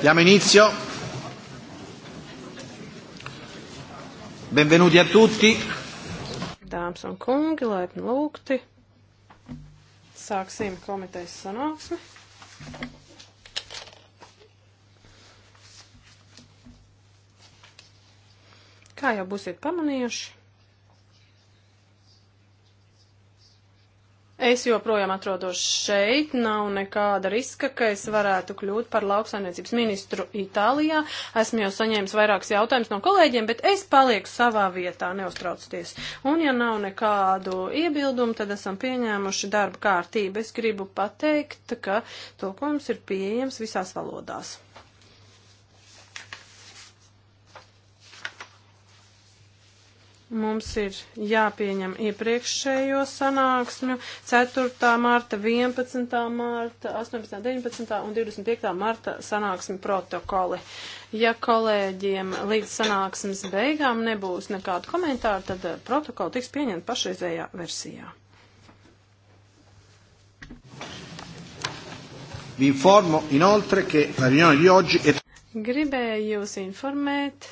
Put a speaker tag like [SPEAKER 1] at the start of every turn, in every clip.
[SPEAKER 1] Diamo inizio. Benvenuti a tutti.
[SPEAKER 2] Dāmas un kungi, laipni lūgti. Sāksim komitejas sanāksmi. Kā jau būsiet pamanījuši, Es joprojām atrodos šeit, nav nekāda riska, ka es varētu kļūt par lauksaimniecības ministru Itālijā. Esmu jau saņēmis vairākas jautājumas no kolēģiem, bet es palieku savā vietā, neuztraucieties. Un ja nav nekādu iebildumu, tad esam pieņēmuši darba kārtību. Es gribu pateikt, ka tulkojums ir pieejams visās valodās. Mums ir jāpieņem iepriekšējo sanāksmju 4. marta, 11. marta, 18. 19. un 25. marta sanāksmi protokoli. Ja kolēģiem līdz sanāksmes beigām nebūs nekādu komentāru, tad eh, protokoli tiks pieņemt pašreizējā versijā.
[SPEAKER 1] Vi informo inoltre che la riunione di oggi è...
[SPEAKER 2] Gribēju jūs informēt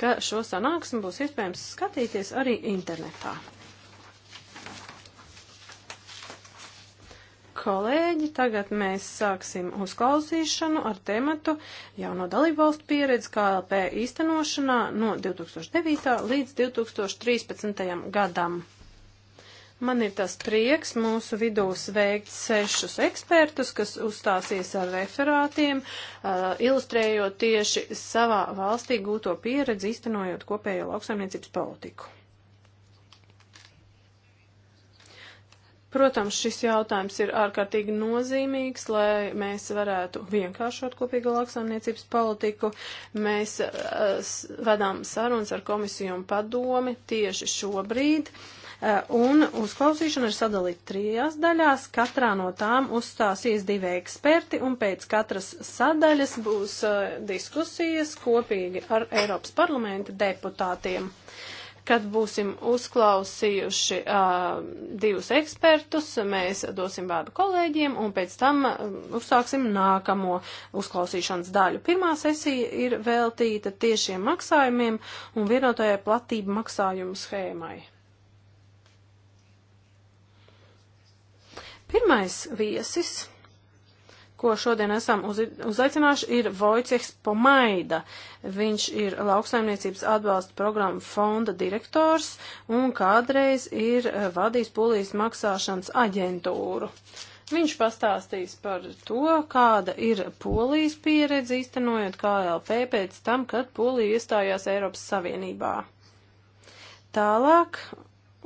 [SPEAKER 2] ka šo sanāksmi būs iespējams skatīties arī internetā. Kolēģi, tagad mēs sāksim uzklausīšanu ar tematu jauno dalībvalstu pieredzi KLP īstenošanā no 2009. līdz 2013. gadam. Man ir tas prieks mūsu vidū sveikt sešus ekspertus, kas uzstāsies ar referātiem, uh, ilustrējot tieši savā valstī gūto pieredzi, iztenojot kopējo lauksaimniecības politiku. Protams, šis jautājums ir ārkārtīgi nozīmīgs, lai mēs varētu vienkāršot kopīgo lauksaimniecības politiku. Mēs uh, vedām sarunas ar komisiju un padomi tieši šobrīd. Uh, Eh, un uzklausīšana ir sadalīta trijās daļās. Katrā no tām uzstāsies divi eksperti, un pēc katras sadaļas būs eh, diskusijas kopīgi ar Eiropas parlamenta deputātiem kad būsim uzklausījuši uh, divus ekspertus, mēs dosim vārdu kolēģiem un pēc tam uzsāksim nākamo uzklausīšanas daļu. Pirmā sesija ir veltīta tiešiem maksājumiem un vienotajai platību maksājumu schēmai. Pirmais viesis, ko šodien esam uz, uzaicinājuši, ir Vojcehs Pomaida. Viņš ir lauksaimniecības atbalsta programma fonda direktors un kādreiz ir eh, vadījis polijas maksāšanas aģentūru. Viņš pastāstīs par to, kāda ir Polijas pieredze īstenojot KLP pēc tam, kad Polija iestājās Eiropas Savienībā. Tālāk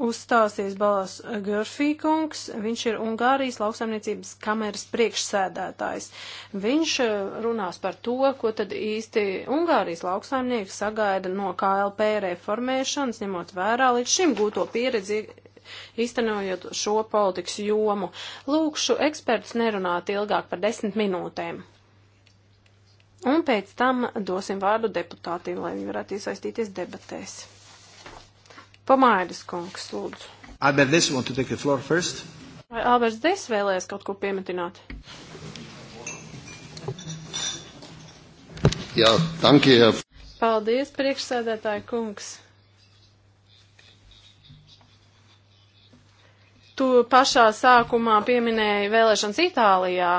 [SPEAKER 2] uzstāsies Balas Görfīkungs, viņš ir Ungārijas lauksaimniecības kameras priekšsēdētājs. Viņš eh, runās par to, ko tad īsti Ungārijas lauksaimnieki sagaida no KLP reformēšanas, ņemot vērā līdz šim gūto pieredzi īstenojot šo politikas jomu. Lūkšu ekspertus nerunāt ilgāk par desmit minūtēm. Un pēc tam dosim vārdu deputātiem, lai viņi varētu iesaistīties debatēs. Pamaidas kungs, lūdzu.
[SPEAKER 1] Albert Des, want to take the floor first?
[SPEAKER 2] Vai Alberts Des vēlēs kaut ko piemetināt?
[SPEAKER 1] Jā, tanki.
[SPEAKER 2] Paldies, priekšsēdētāji kungs. Tu pašā sākumā pieminēji vēlēšanas Itālijā.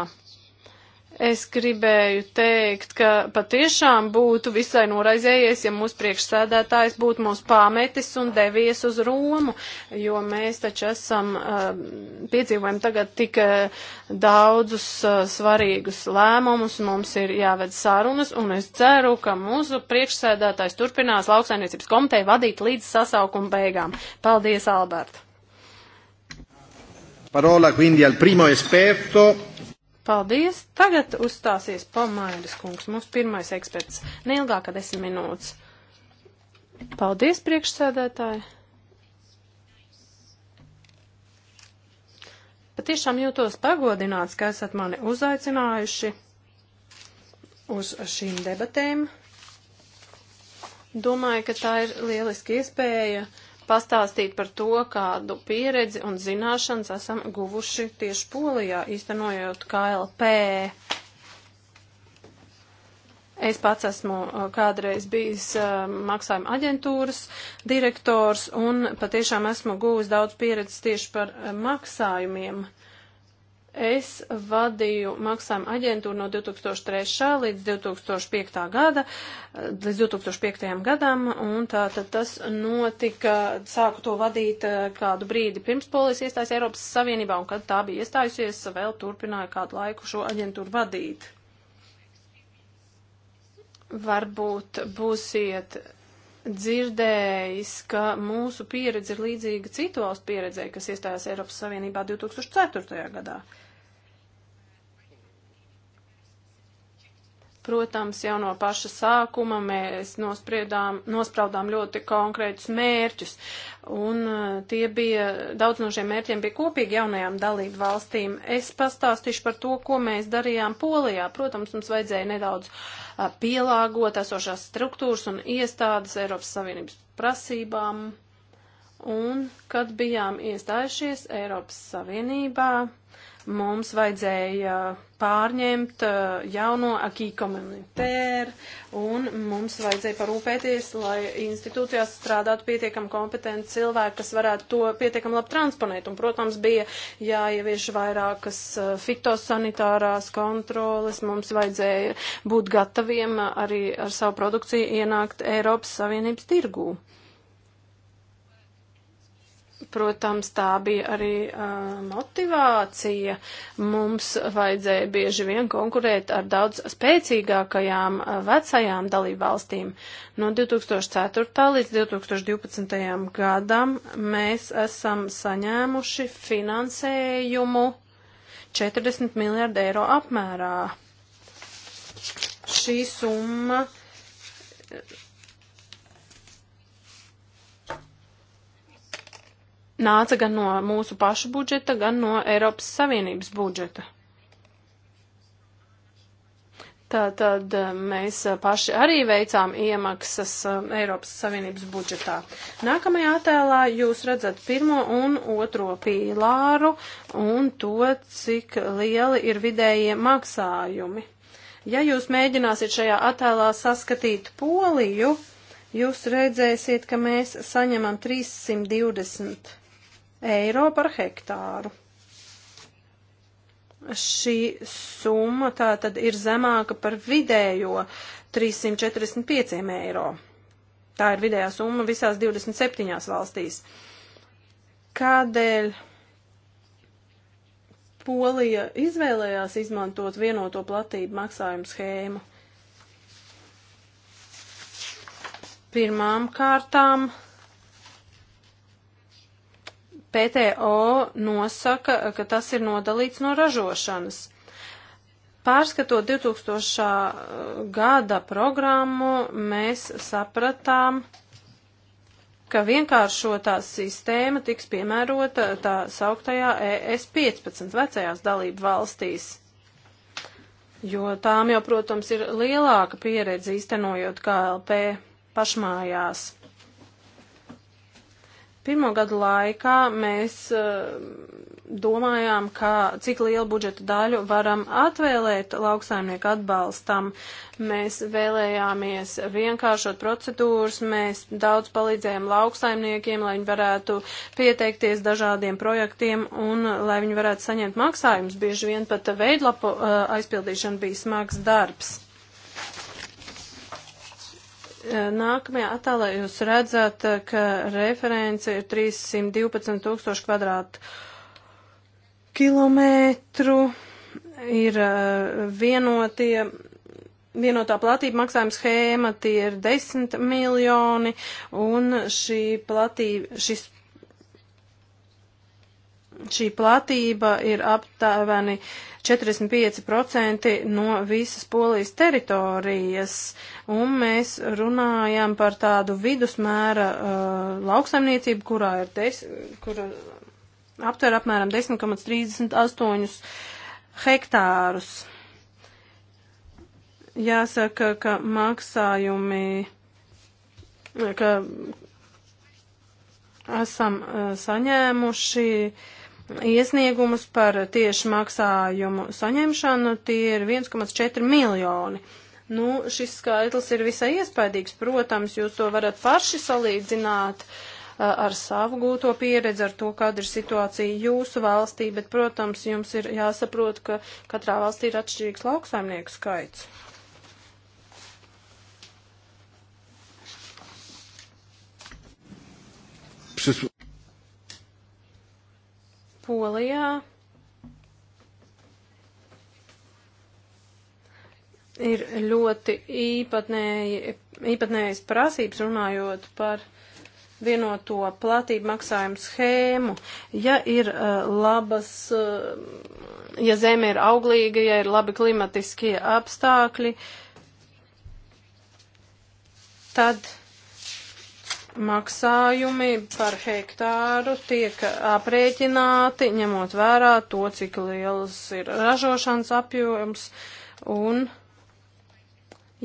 [SPEAKER 2] Es gribēju teikt, ka patiešām būtu visai noraizējies, ja mūsu priekšsēdētājs būtu mūs pāmetis un devies uz Romu, jo mēs taču esam eh, piedzīvojam tagad tik eh, daudzus eh, svarīgus lēmumus, mums ir jāved sarunas, un es ceru, ka mūsu priekšsēdētājs turpinās lauksainiecības komiteju vadīt līdz sasaukuma beigām. Paldies, Alberta!
[SPEAKER 1] Parola quindi al primo esperto.
[SPEAKER 2] Paldies! Tagad uzstāsies Pamairas kungs, mūsu pirmais eksperts, neilgākā desmit minūtes. Paldies, priekšsēdētāji! Patiešām jūtos pagodināts, ka esat mani uzaicinājuši uz šīm debatēm. Domāju, ka tā ir lieliski iespēja uh, pastāstīt par to, kādu pieredzi un zināšanas esam guvuši tieši Polijā, īstenojot KLP. Es pats esmu uh, kādreiz bijis uh, maksājuma aģentūras direktors un patiešām esmu guvis daudz pieredzes tieši par uh, maksājumiem. Uh, Es vadīju maksājumu aģentūru no 2003. līdz 2005. gada, līdz 2005. gadam, un tā tad tas notika, sāku to vadīt eh, kādu brīdi pirms polijas iestājas Eiropas Savienībā, un kad tā bija iestājusies, vēl turpināju kādu laiku šo aģentūru vadīt. Varbūt būsiet dzirdējis, ka mūsu pieredze ir līdzīga citu valstu pieredzē, kas iestājās Eiropas Savienībā 2004. gadā. Protams, jau no paša sākuma mēs nospraudām ļoti konkrētus mērķus, un uh, tie bija, daudz no šiem mērķiem bija kopīgi jaunajām dalību valstīm. Es pastāstīšu par to, ko mēs darījām Polijā. Protams, mums vajadzēja nedaudz uh, pielāgot esošās struktūras un iestādes Eiropas Savienības prasībām, un kad bijām iestājušies Eiropas Savienībā, mums vajadzēja uh, pārņemt uh, jauno akī komunitēru, un mums vajadzēja parūpēties, lai institūcijās strādātu pietiekami kompetenti cilvēki, kas varētu to pietiekami labi transponēt. Un, protams, bija jāievieš vairākas uh, fitosanitārās kontroles, mums vajadzēja būt gataviem arī ar savu produkciju ienākt Eiropas Savienības tirgū protams, tā bija arī uh, motivācija. Mums vajadzēja bieži vien konkurēt ar daudz spēcīgākajām uh, vecajām dalībvalstīm. No 2004. līdz 2012. gadam mēs esam saņēmuši finansējumu 40 miljārdu eiro apmērā. Šī summa nāca gan no mūsu pašu budžeta, gan no Eiropas Savienības budžeta. Tātad eh, mēs paši arī veicām iemaksas eh, Eiropas Savienības budžetā. Nākamajā attēlā jūs redzat pirmo un otro pīlāru un to, cik lieli ir vidējie maksājumi. Ja jūs mēģināsiet šajā attēlā saskatīt poliju, jūs redzēsiet, ka mēs saņemam 320 eiro par hektāru. Šī summa tā tad ir zemāka par vidējo 345 eiro. Tā ir vidējā summa visās 27 valstīs. Kādēļ Polija izvēlējās izmantot vienoto platību maksājumu schēmu? Pirmām kārtām PTO nosaka, ka tas ir nodalīts no ražošanas. Pārskatot 2000. Uh, gada programmu, mēs sapratām, ka vienkāršotā sistēma tiks piemērota tā sauktajā ES 15 vecajās dalību valstīs, jo tām jau, protams, ir lielāka pieredze īstenojot KLP pašmājās. Pirmo gadu laikā mēs eh, domājām, kā, cik lielu budžeta daļu varam atvēlēt lauksaimnieku atbalstam. Mēs vēlējāmies vienkāršot procedūras, mēs daudz palīdzējām lauksaimniekiem, lai viņi varētu pieteikties dažādiem projektiem un lai viņi varētu saņemt maksājumus. Bieži vien pat veidlapu eh, aizpildīšana bija smags darbs. Nākamajā attēlā jūs redzat, ka reference ir 312 tūkstoši kvadrātu kilometru, ir vienotie, vienotā platība maksājuma schēma, tie ir 10 miljoni, un šī platība, šis šī platība ir aptuveni 45% no visas polijas teritorijas, un mēs runājam par tādu vidusmēra uh, lauksaimniecību, kurā ir des, kura aptver apmēram 10,38 hektārus. Jāsaka, ka maksājumi, ka esam uh, saņēmuši uh, iesniegumus par tieši maksājumu saņemšanu, tie ir 1,4 miljoni. Nu, šis skaitlis ir visai iespaidīgs, protams, jūs to varat paši salīdzināt ar savu gūto pieredzi, ar to, kāda ir situācija jūsu valstī, bet, protams, jums ir jāsaprot, ka katrā valstī ir atšķirīgs lauksaimnieku skaits. Pris... Polijā ir ļoti īpatnēji, īpatnējas prasības runājot par vienoto platību maksājumu schēmu. Ja ir uh, labas, uh, ja zeme ir auglīga, ja ir labi klimatiskie apstākļi, tad maksājumi par hektāru tiek aprēķināti, ņemot vērā to, cik liels ir ražošanas apjoms un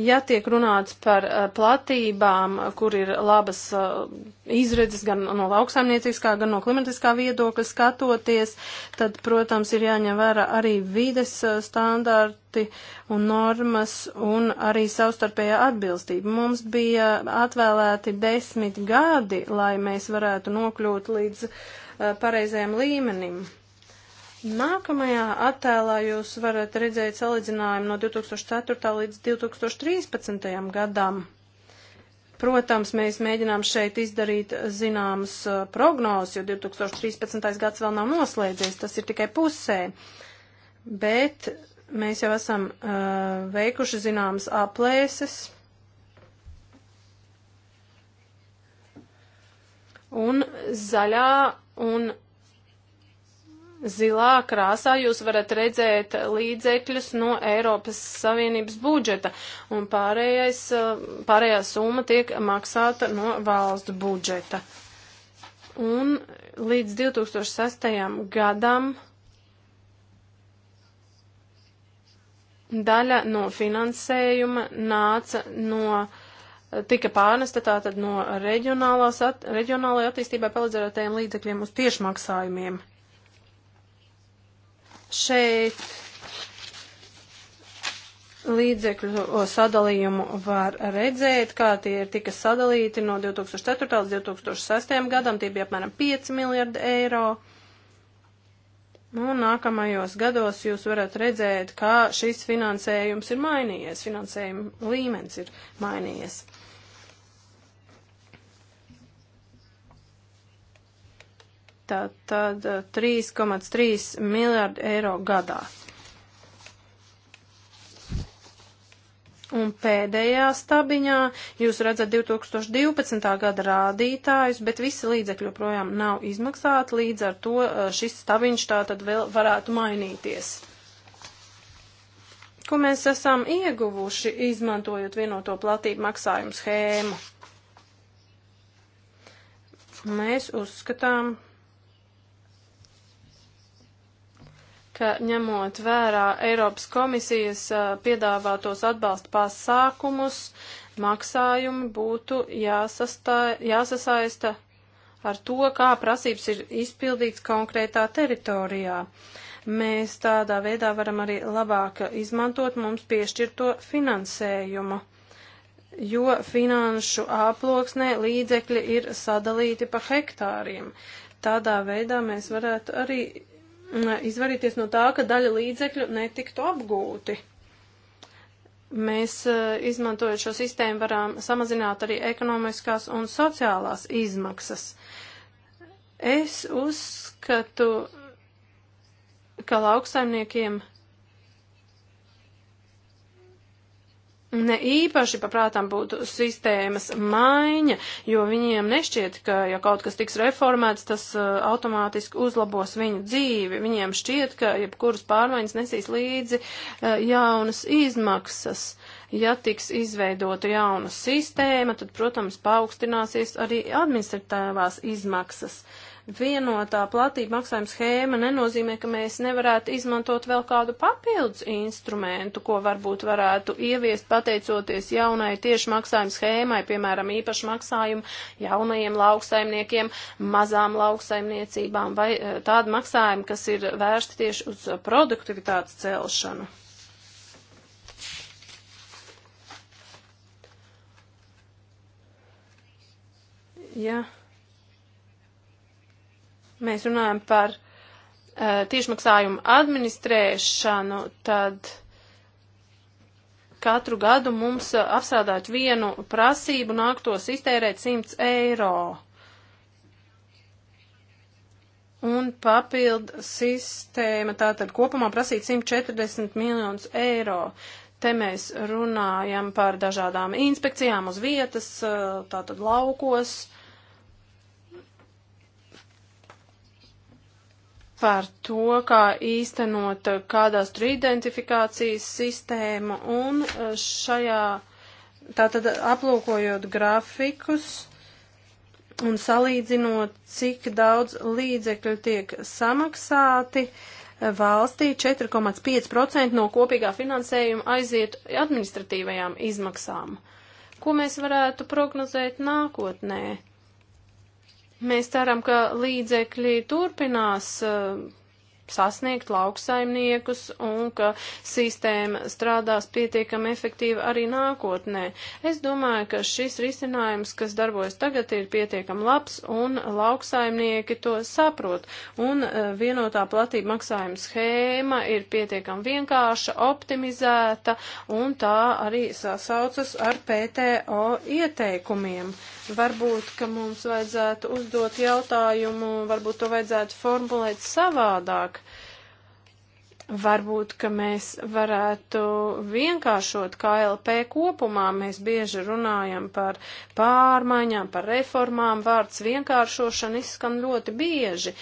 [SPEAKER 2] Ja tiek runāts par eh, platībām, kur ir labas eh, izredzes gan no lauksaimnieciskā, gan no klimatiskā viedokļa skatoties, tad, protams, ir jāņem vērā arī vides eh, standarti un normas un arī savstarpējā atbilstība. Mums bija atvēlēti desmit gadi, lai mēs varētu nokļūt līdz pareizajam līmenim. Nākamajā attēlā jūs varat redzēt salīdzinājumu no 2004. līdz 2013. gadam. Protams, mēs mēģinām šeit izdarīt zināmas prognozes, jo 2013. gads vēl nav noslēdzies, tas ir tikai pusē. Bet mēs jau esam uh, veikuši zināmas aplēses. Un zaļā un Zilā krāsā jūs varat redzēt līdzekļus no Eiropas Savienības budžeta, un pārējais, eh, pārējā summa tiek maksāta no valsts budžeta. Un līdz 2006. gadam daļa no finansējuma nāca no, tika pārnesta tātad no reģionālās, at, reģionālajai attīstībai paredzētajiem līdzekļiem uz tiešmaksājumiem. Šeit līdzekļu sadalījumu var redzēt, kā tie ir tika sadalīti no 2004. līdz 2006. gadam, tie bija apmēram 5 miljardi eiro. Nu, un nākamajos gados jūs varat redzēt, kā šis finansējums ir mainījies, finansējuma līmenis ir mainījies. Tātad 3,3 eh, miljārdi eiro gadā. Un pēdējā stabiņā jūs redzat 2012. gada rādītājus, bet visi līdzekļi joprojām nav izmaksāti, līdz ar to eh, šis stabiņš tā tad vēl varētu mainīties. Ko mēs esam ieguvuši, izmantojot vienoto platību maksājumu schēmu? Mēs uzskatām, ka ņemot vērā Eiropas komisijas piedāvātos atbalsta pasākumus, maksājumi būtu jāsastā, jāsasaista ar to, kā prasības ir izpildīts konkrētā teritorijā. Mēs tādā veidā varam arī labāk izmantot mums piešķirto finansējumu, jo finanšu aploksnē līdzekļi ir sadalīti pa hektāriem. Tādā veidā mēs varētu arī izvarīties no tā, ka daļa līdzekļu netiktu apgūti. Mēs, eh, izmantojot šo sistēmu, varam samazināt arī ekonomiskās un sociālās izmaksas. Es uzskatu, ka lauksaimniekiem Ne īpaši paprātām būtu sistēmas maiņa, jo viņiem nešķiet, ka ja kaut kas tiks reformēts, tas uh, automātiski uzlabos viņu dzīvi. Viņiem šķiet, ka jebkuras pārmaiņas nesīs līdzi uh, jaunas izmaksas. Ja tiks izveidota jauna sistēma, tad, protams, paaugstināsies arī administratīvās izmaksas. Uh, vienotā platība maksājuma schēma nenozīmē, ka mēs nevarētu izmantot vēl kādu papildus instrumentu, ko varbūt varētu ieviest pateicoties jaunai tieši maksājuma schēmai, piemēram, īpašu maksājumu jaunajiem lauksaimniekiem, mazām lauksaimniecībām vai eh, tādu maksājumu, kas ir vērsti tieši uz produktivitātes celšanu. Yeah mēs runājam par uh, tiešmaksājumu administrēšanu, tad katru gadu mums uh, apstrādāt vienu prasību nāktos iztērēt 100 eiro. Un papildu sistēma tātad kopumā prasīt 140 miljonus eiro. Te mēs runājam par dažādām inspekcijām uz vietas, eh, tātad laukos, par to, kā īstenot kādās tur identifikācijas sistēmu un uh, šajā, tātad aplūkojot grafikus un salīdzinot, cik daudz līdzekļu tiek samaksāti, uh, valstī 4,5% no kopīgā finansējuma aiziet administratīvajām izmaksām. Ko mēs varētu prognozēt nākotnē? Mēs ceram, ka līdzekļi turpinās uh, sasniegt lauksaimniekus un ka sistēma strādās pietiekami efektīvi arī nākotnē. Es domāju, ka šis risinājums, kas darbojas tagad, ir pietiekami labs un lauksaimnieki to saprot. Un uh, vienotā platība maksājuma schēma ir pietiekami vienkārša, optimizēta un tā arī sasaucas ar PTO ieteikumiem. Varbūt, ka mums vajadzētu uzdot jautājumu, varbūt to vajadzētu formulēt savādāk. Varbūt, ka mēs varētu vienkāršot KLP kopumā. Mēs bieži runājam par pārmaiņām, par reformām. Vārds vienkāršošana izskan ļoti bieži.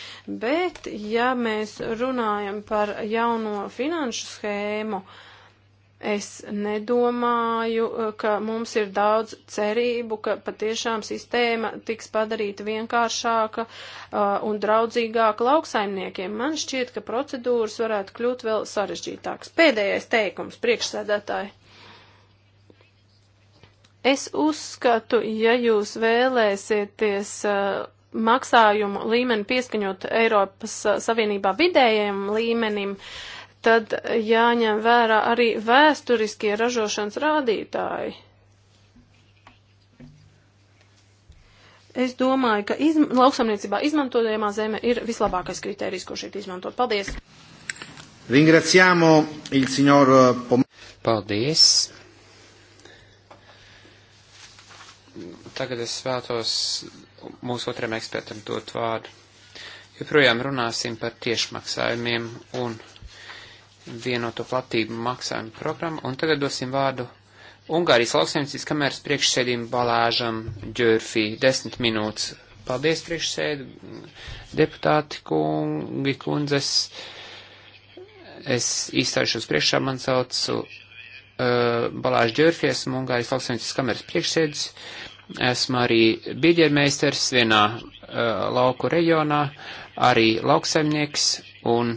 [SPEAKER 2] Bet, ja mēs runājam par jauno finanšu schēmu, uh, Es nedomāju, eh, ka mums ir daudz cerību, ka patiešām sistēma tiks padarīta vienkāršāka uh, un draudzīgāka lauksaimniekiem. Man šķiet, ka procedūras varētu kļūt vēl sarežģītākas. Pēdējais teikums priekšsēdētāji. Es uzskatu, ja jūs vēlēsieties uh, maksājumu līmeni pieskaņot Eiropas uh, Savienībā vidējiem līmenim, uh, tad jāņem vērā arī vēsturiskie ražošanas rādītāji. Es domāju, ka izm lauksamniecībā izmantojamā zeme ir vislabākais kritērijs, ko šeit izmantot. Paldies!
[SPEAKER 3] Ringraciamo il signor eh, Pom Paldies! Tagad es vētos mūsu otram ekspertam dot vārdu. Joprojām runāsim par tiešmaksājumiem un vienoto platību maksājumu programmu, un tagad dosim vārdu Ungārijas lauksaimniecības kameras priekšsēdīm Balāžam Džurfī. Desmit minūtes. Paldies priekšsēdi, deputāti kungi, kundzes. Es izstājušos priekšā, man sauc uh, Balāžs Džurfī, esmu Ungārijas lauksaimniecības kameras priekšsēdis. Esmu arī biģermeisters vienā uh, lauku reģionā, arī lauksaimnieks un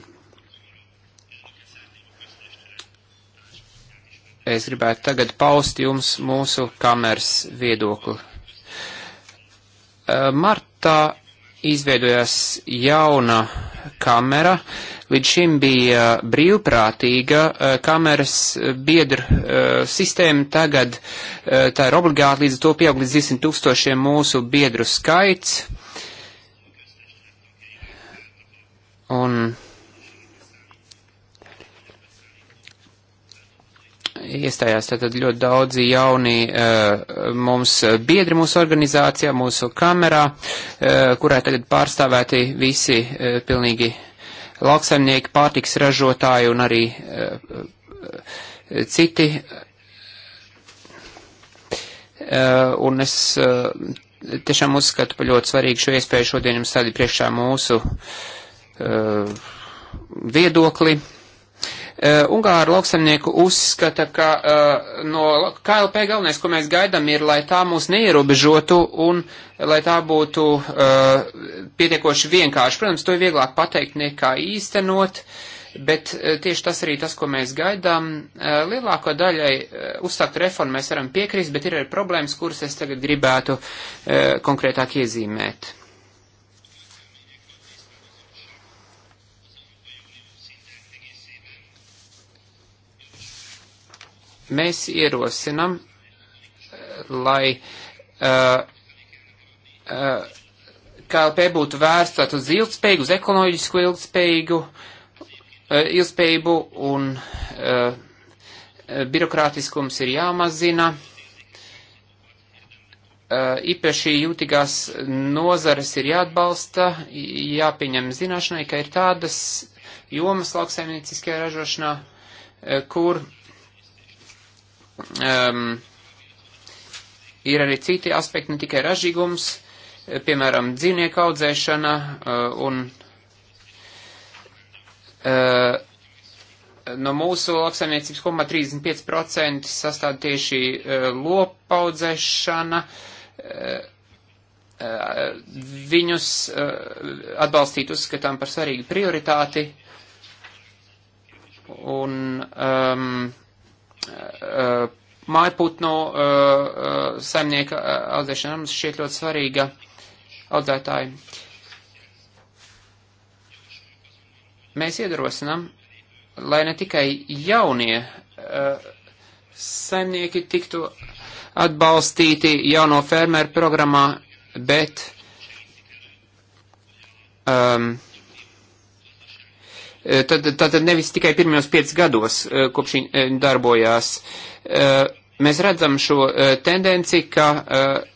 [SPEAKER 3] es gribētu tagad paust jums mūsu kameras viedokli. Eh, Martā izveidojās jauna kamera, līdz šim bija brīvprātīga eh, kameras biedra eh, sistēma, tagad tā ir obligāta, līdz to pieaug līdz 200 tūkstošiem mūsu biedru skaits. Un iestājās tātad ļoti daudzi jauni uh, mums biedri mūsu organizācijā, mūsu kamerā, uh, kurā tagad pārstāvēti visi uh, pilnīgi lauksaimnieki, pārtiks ražotāji un arī uh, citi. Uh, un es uh, tiešām uzskatu par ļoti svarīgu šo iespēju šodien jums stādīt priekšā mūsu uh, viedokli. Uh, Uh, Ungāru lauksaimnieku uzskata, ka uh, no KLP galvenais, ko mēs gaidām, ir, lai tā mūs neierobežotu un lai tā būtu uh, pietiekoši vienkārši. Protams, to ir vieglāk pateikt nekā īstenot. Bet uh, tieši tas arī tas, ko mēs gaidām. Uh, lielāko daļai uzsākt reformu mēs varam piekrist, bet ir arī problēmas, kuras es tagad gribētu konkrētāk iezīmēt. Mēs ierosinam, lai uh, uh, KLP būtu vērsta uz ilgspējīgu, uz ekoloģisku ilgspējīgu, uh, ilgspējību un uh, birokrātiskums ir jāmazina. Uh, īpaši jūtīgās nozares ir jāatbalsta, jāpieņem zināšanai, ka ir tādas jomas lauksaimnieciskajā ražošanā, uh, kur uh, um, ir arī citi aspekti, ne tikai ražīgums, eh, piemēram, dzīvnieku audzēšana uh, un uh, no mūsu lauksaimniecības kopumā 35% sastāv tieši uh, lopaudzēšana. Uh, uh, viņus uh, atbalstīt uzskatām par svarīgu prioritāti. Un um, Uh, mājputnu uh, uh, saimnieka audzēšana mums šķiet ļoti svarīga audzētāji. Mēs iedrosinām, lai ne tikai jaunie saimnieki tiktu atbalstīti jauno fermeru programmā, bet um, E, tad, tad nevis tikai pirmajos piecus gados, e, kopš viņi e, darbojās. Mēs redzam šo tendenci, ka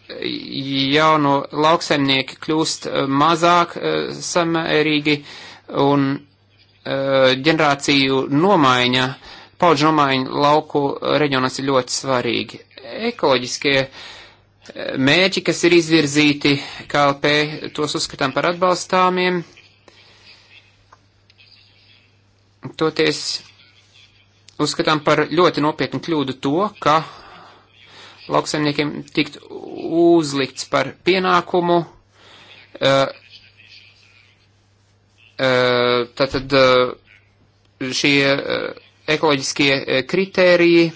[SPEAKER 3] jauno lauksaimnieki kļūst mazāk samērīgi un ģenerāciju nomaiņa, paudžu nomaiņa lauku reģionos ir ļoti svarīgi. Ekoloģiskie mērķi, kas ir izvirzīti KLP, tos uzskatām par atbalstāmiem. Toties uzskatām par ļoti nopietnu kļūdu to, ka lauksaimniekiem tikt uzlikts par pienākumu uh, uh, tātad uh, šie ekoloģiskie kritēriji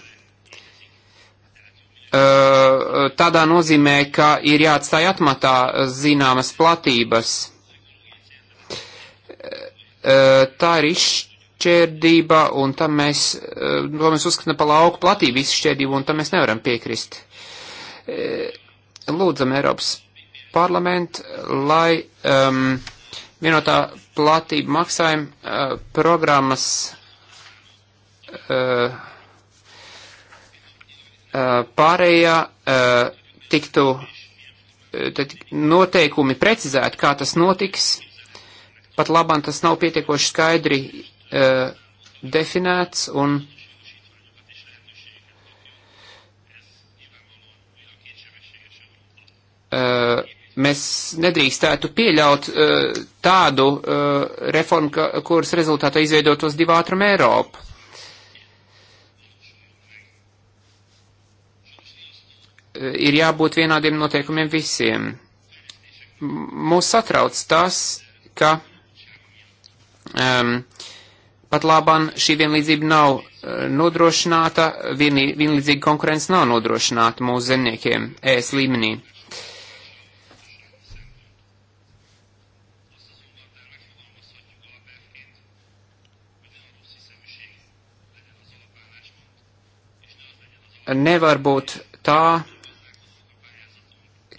[SPEAKER 3] tādā nozīmē, ka ir jāatstāj atmatā zināmas platības. Tā ir izšķirta šķērdība, un tam mēs, eh, to mēs uzskatām pa lauku platību visu šķērdību, un tam mēs nevaram piekrist. Eh, lūdzam Eiropas parlamentu, lai um, vienotā platība maksājuma uh, programmas uh, uh, pārējā uh, tiktu tad noteikumi precizēti, kā tas notiks. Pat labam tas nav pietiekoši skaidri uh, definēts un uh, mēs nedrīkstētu pieļaut uh, tādu uh, reformu, ka, kuras rezultātā izveidotos divu ātrumu Eiropu. Uh, ir jābūt vienādiem noteikumiem visiem. M mūs satrauc tas, ka um, uh, Pat labam šī vienlīdzība nav e, nodrošināta, vienī, vienlīdzīga konkurence nav nodrošināta mūsu zemniekiem ES līmenī. nevar būt tā,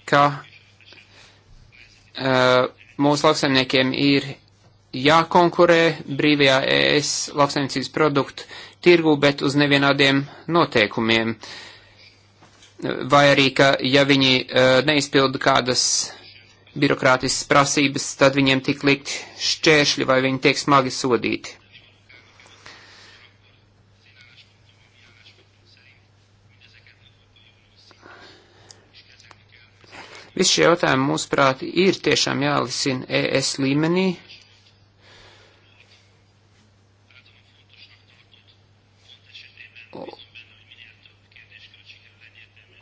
[SPEAKER 3] ka uh, mūsu lauksaimniekiem ir jākonkurē brīvajā ES lauksaimniecības produktu tirgu, bet uz nevienādiem noteikumiem. Vai arī, ka ja viņi uh, e, neizpilda kādas birokrātiskas prasības, tad viņiem tik likt šķēršļi vai viņi tiek smagi sodīti. Visi šie jautājumi, mūsuprāt, ir tiešām jālisina ES līmenī,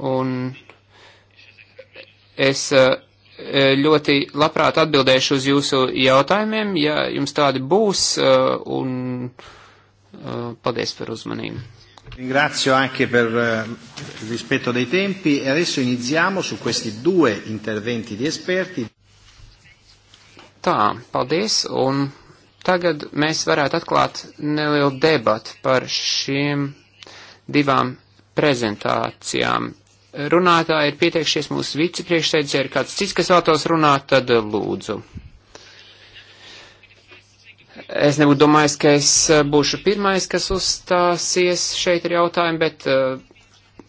[SPEAKER 3] Un es eh, ļoti labprāt atbildēšu uz jūsu jautājumiem, ja jums tādi būs, eh, un eh, paldies par uzmanību. Ringrazio anche per il rispetto dei tempi e adesso iniziamo su questi due interventi di esperti. Tā, paldies, un tagad mēs varētu atklāt nelielu debatu par šiem divām prezentācijām runātāji ir pieteikšies mūsu vicepriekšsēdus, ja ir kāds cits, kas vēlētos runāt, tad eh, lūdzu. Es nebūtu domājis, ka es eh, būšu pirmais, kas uzstāsies šeit ar jautājumu, bet eh,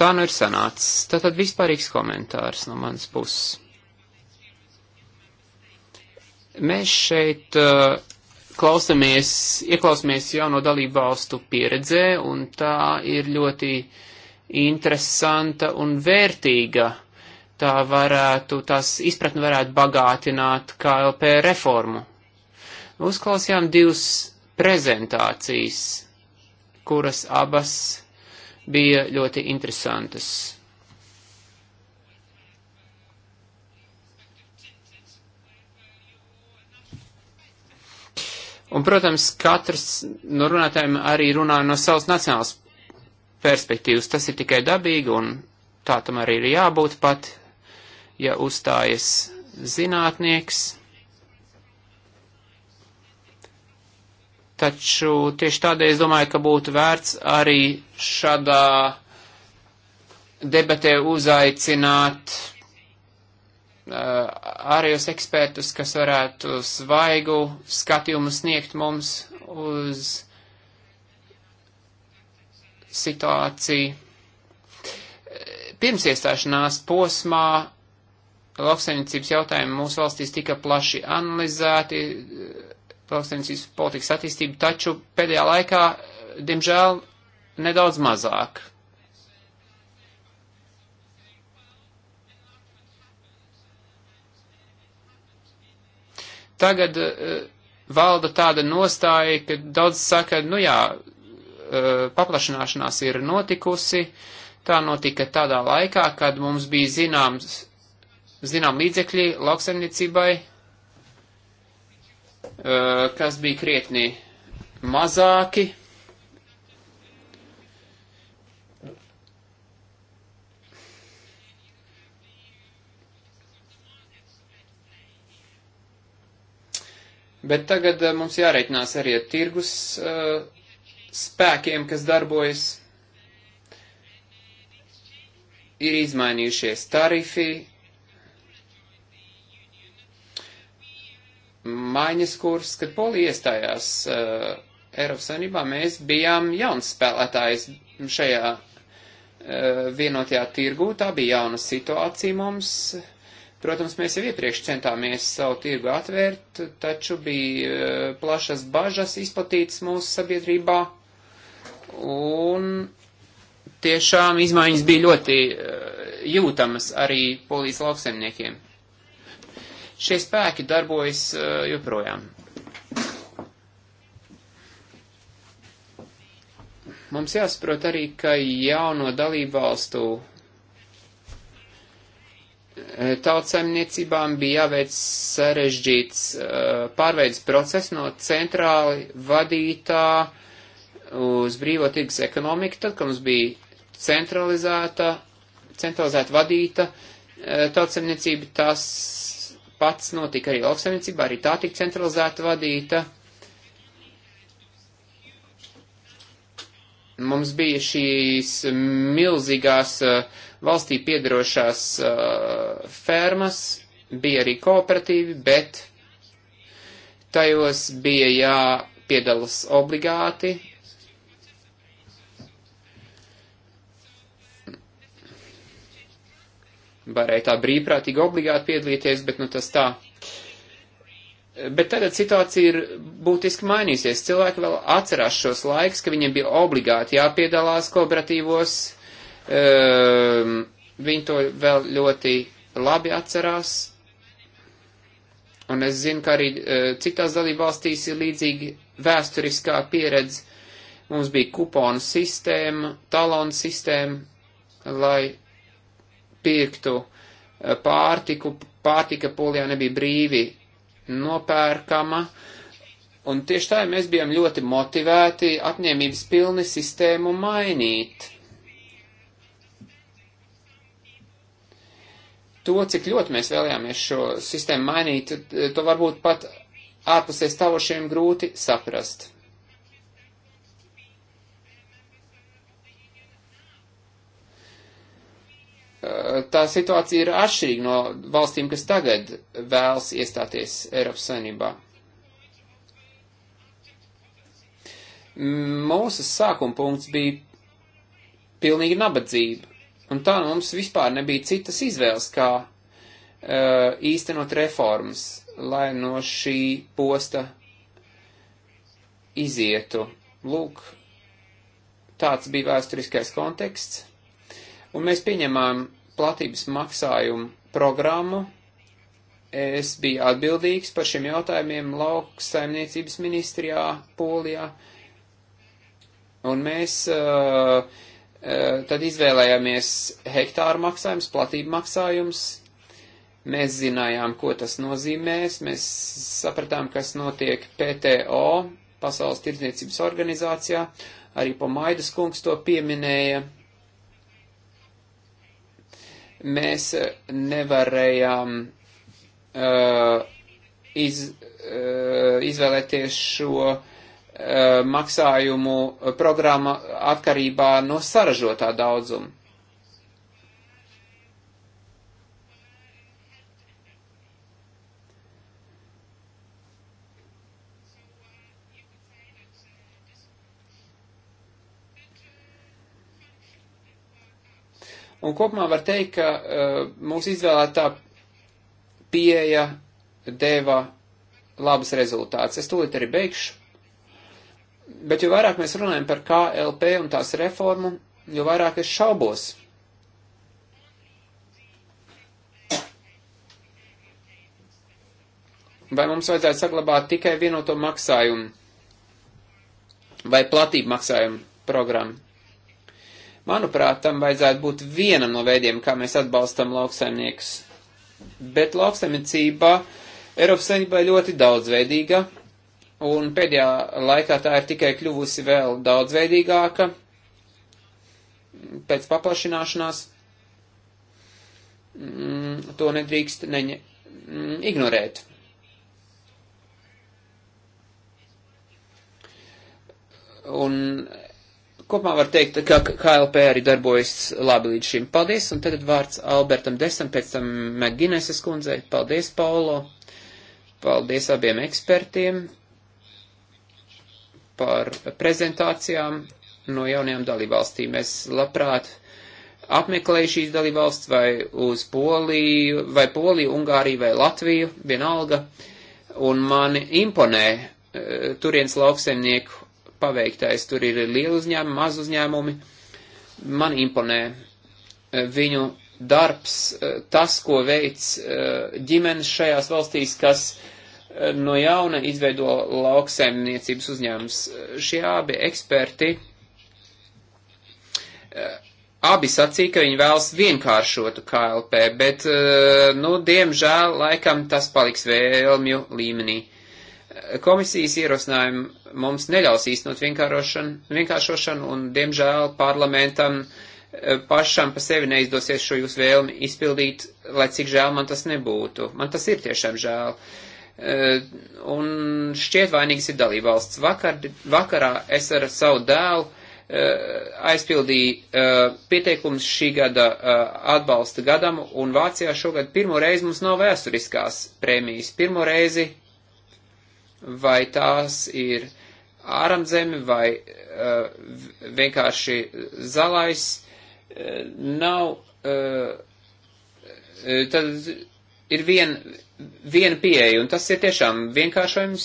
[SPEAKER 3] tā nu ir sanācis. Tātad vispārīgs komentārs no manas puses. Mēs šeit klausamies, ieklausamies jauno dalību valstu pieredzē, un tā ir ļoti uh, interesanta un vērtīga. Tā varētu, tās izpratni varētu bagātināt KLP reformu. Uzklausījām divas prezentācijas, kuras abas bija ļoti interesantas. Un, protams, katrs no runātājiem arī runā no savas nacionālas perspektīvas. Tas ir tikai dabīgi un tā tam arī ir jābūt pat, ja uzstājas zinātnieks. Taču tieši tādēļ es domāju, ka būtu vērts arī šādā debatē uzaicināt uh, ārējos ekspertus, kas varētu svaigu skatījumu sniegt mums uz situāciju. Pirms iestāšanās posmā lauksaimniecības jautājumi mūsu valstīs tika plaši analizēti, lauksaimniecības politikas attīstība, taču pēdējā laikā, diemžēl, nedaudz mazāk. Tagad eh, valda tāda nostāja, ka daudz saka, nu jā, Eh, paplašanāšanās ir notikusi. Tā notika tādā laikā, kad mums bija zināms, zinām līdzekļi lauksaimniecībai, eh, kas bija krietni mazāki. Bet tagad eh, mums jāreikinās arī ar tirgus uh, spēkiem, kas darbojas, ir izmainījušies tarifi, maiņas kurs, kad Polija iestājās uh, Eiropas Savienībā, mēs bijām jauns spēlētājs šajā uh, vienotajā tirgū, tā bija jauna situācija mums. Protams, mēs jau iepriekš centāmies savu tirgu atvērt, taču bija uh, plašas bažas izplatītas mūsu sabiedrībā. Un tiešām izmaiņas bija ļoti eh, jūtamas arī polijas lauksemniekiem. Šie spēki darbojas eh, joprojām. Mums jāsaprot arī, ka jauno dalību valstu eh, tautsaimniecībām bija jāveic sarežģīts pārveids process no centrāli vadītā uh, uz brīvo tirgus ekonomiku, tad, kad mums bija centralizēta, centralizēta vadīta e, tautsemniecība, tas pats notika arī lauksemniecībā, arī tā tika centralizēta vadīta. Mums bija šīs milzīgās e, valstī piedarošās e, fermas, bija arī kooperatīvi, bet tajos bija jāpiedalas obligāti, varēja tā brīvprātīgi obligāti piedalīties, bet nu tas tā. Bet tagad situācija ir būtiski mainīsies. Cilvēki vēl atcerās šos laiks, ka viņiem bija obligāti jāpiedalās kooperatīvos. Um, viņi to vēl ļoti labi atcerās. Un es zinu, ka arī uh, citās dalībvalstīs ir līdzīgi vēsturiskā pieredze. Mums bija kuponu sistēma, talonu sistēma, lai pirktu eh, pārtiku, pārtika polijā nebija brīvi nopērkama. Un tieši tā mēs bijām ļoti motivēti, apņēmības pilni sistēmu mainīt. To, cik ļoti mēs vēlējāmies šo sistēmu mainīt, eh, to varbūt pat ārpusē stāvošiem grūti saprast. tā situācija ir atšķirīga no valstīm, kas tagad vēlas iestāties Eiropas saimnībā. Mūsu sākuma punkts bija pilnīgi nabadzība, un tā mums vispār nebija citas izvēles, kā uh, īstenot reformas, lai no šī posta izietu. Lūk, tāds bija vēsturiskais konteksts, un mēs pieņemām platības maksājumu programmu. Es biju atbildīgs par šiem jautājumiem lauksaimniecības ministrijā, Polijā. Un mēs uh, uh, tad izvēlējāmies hektāru maksājumus, platību maksājumus. Mēs zinājām, ko tas nozīmēs. Mēs sapratām, kas notiek PTO, Pasaules tirdzniecības organizācijā. Arī Pamaidas kungs to pieminēja mēs eh, nevarējām uh, iz, uh, izvēlēties šo uh, maksājumu programmu atkarībā no saražotā daudzuma. Un kopumā var teikt, ka uh, mūsu izvēlētā pieeja deva labas rezultātus. Es tūlīt arī beigšu. Bet jo vairāk mēs runājam par KLP un tās reformu, jo vairāk es šaubos. Vai mums vajadzētu saglabāt tikai vienoto maksājumu vai platību maksājumu programmu? Manuprāt, tam vajadzētu būt vienam no veidiem, kā mēs atbalstam lauksaimniekus. Bet lauksaimniecība Eiropas Savienībā ir ļoti daudzveidīga, un pēdējā laikā tā ir tikai kļuvusi vēl daudzveidīgāka pēc paplašināšanās. Mm, to nedrīkst neņa, mm, ignorēt. Un Kopumā var teikt, ka KLP arī darbojas labi līdz šim. Paldies, un tagad vārds Albertam Desam, pēc tam Megineses kundzei. Paldies, Paulo. Paldies abiem ekspertiem par prezentācijām no jaunajām dalībvalstīm. Es labprāt apmeklēju šīs dalībvalsts vai uz Poliju, vai Poliju, Ungāriju vai Latviju, vienalga, un mani imponē eh, turienes lauksemnieku paveiktais. Tur ir liela uzņēmuma, maz uzņēmumi. Man imponē e, viņu darbs, e, tas, ko veic e, ģimenes šajās valstīs, kas no jauna izveido lauksaimniecības uzņēmums. Šie abi eksperti abi sacīja, ka viņi vēlas vienkāršotu KLP, bet, nu, diemžēl, laikam tas paliks vēlmju līmenī. Komisijas ierosinājumi mums neļaus īstenot vienkāršošanu, un, diemžēl, parlamentam eh, pašam pa sevi neizdosies šo jūsu vēlmi izpildīt, lai cik žēl man tas nebūtu. Man tas ir tiešām žēl. Eh, un šķiet vainīgs ir dalībvalsts. Vakar, vakarā es ar savu dēlu eh, aizpildīja pieteikums šī gada atbalsta gadam, un Vācijā šogad pirmo reizi mums nav vēsturiskās prēmijas. Pirmo reizi vai tās ir ārzemi vai uh, vienkārši zalais, uh, nav, uh, tad ir viena viena pieeja, un tas ir tiešām vienkāršojums,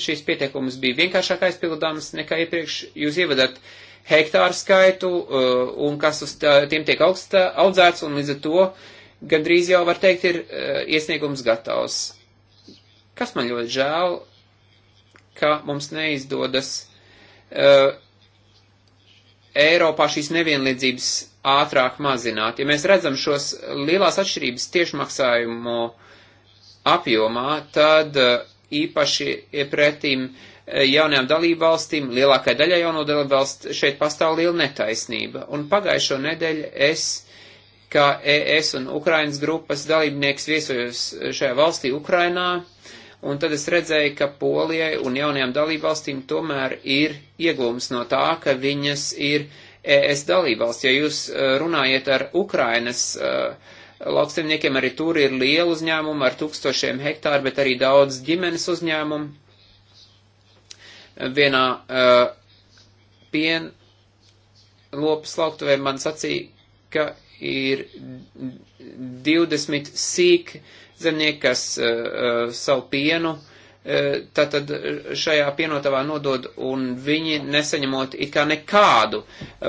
[SPEAKER 3] šīs pieteikums bija vienkāršāk aizpildāms nekā iepriekš, jūs ievadat hektāru skaitu, un kas uz tā, tiem tiek augstā, audzēts, un līdz ar to gandrīz jau var teikt ir iesniegums gatavs. Kas man ļoti žēl, ka mums neizdodas uh, Eiropā šīs nevienlīdzības ātrāk mazināt. Ja mēs redzam šos lielās atšķirības tiešmaksājumu apjomā, tad uh, īpaši pretim uh, jaunajām dalībvalstīm, lielākai daļai jauno dalībvalstu šeit pastāv liela netaisnība. Un pagājušo nedēļu es, kā ES un Ukrainas grupas dalībnieks viesojos šajā valstī Ukrainā, uh, un tad es redzēju, ka Polijai un jaunajām dalībvalstīm tomēr ir iegūms no tā, ka viņas ir ES dalībvalsts. Ja jūs e, runājat ar Ukrainas uh, lauksaimniekiem, arī tur ir liela uzņēmuma ar tūkstošiem hektāru, bet arī daudz ģimenes uzņēmumu. Vienā uh, e, pien lopas lauktuvē man sacīja, ka ir 20 sīk uh, zemnieki, kas uh, eh, eh, savu pienu uh, tātad šajā pienotavā nodod un viņi nesaņemot it kā nekādu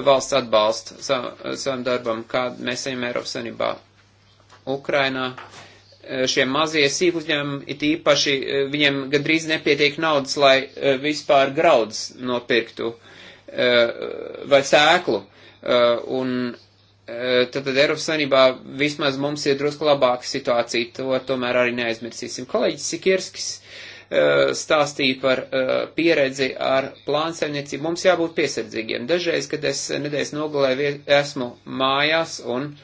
[SPEAKER 3] valsts atbalstu sav, savam darbam, kādu mēs saņemam Eiropas Savienībā. Ukrainā šie mazie sīk uzņēmumi it īpaši, viņiem gandrīz nepietiek naudas, lai vispār graudus nopirktu vai sēklu. Un tad, tad Eiropas Savienībā vismaz mums ir drusku labāka situācija, to tomēr arī neaizmirsīsim. Kolēģis Sikirskis stāstīja par pieredzi ar plānsaimniecību. Mums jābūt piesardzīgiem. Dažreiz, kad es nedēļas nogalē esmu mājās un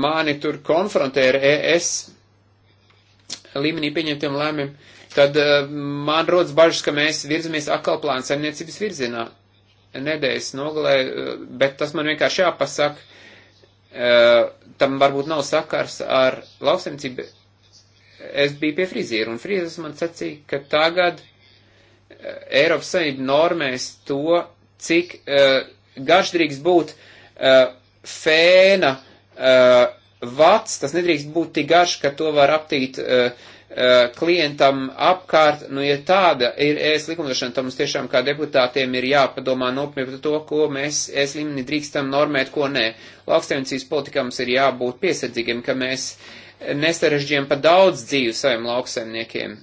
[SPEAKER 3] mani tur konfrontē ar ES līmenī pieņemtiem lēmumiem, tad man rodas bažas, ka mēs virzamies atkal plānsaimniecības virzienā nedēļas nogalē, eh, bet tas man vienkārši jāpasaka, eh, tam varbūt nav sakars ar lauksemcību. Es biju pie frizieru, un frizieris man sacīja, ka tagad eh, Eiropas Savienība normēs to, cik garš drīkst būt fēna vats, tas nedrīkst būt tik garš, ka to var aptīt uh, Eh, klientam apkārt, nu, ja tāda ir ēs likumdošana, tad mums tiešām kā deputātiem ir jāpadomā nopietni par to, ko mēs ēs līmenī drīkstam normēt, ko nē. Lauksaimniecības politikams ir jābūt piesardzīgiem, ka mēs nestarežģiem pa daudz dzīvi saviem lauksaimniekiem.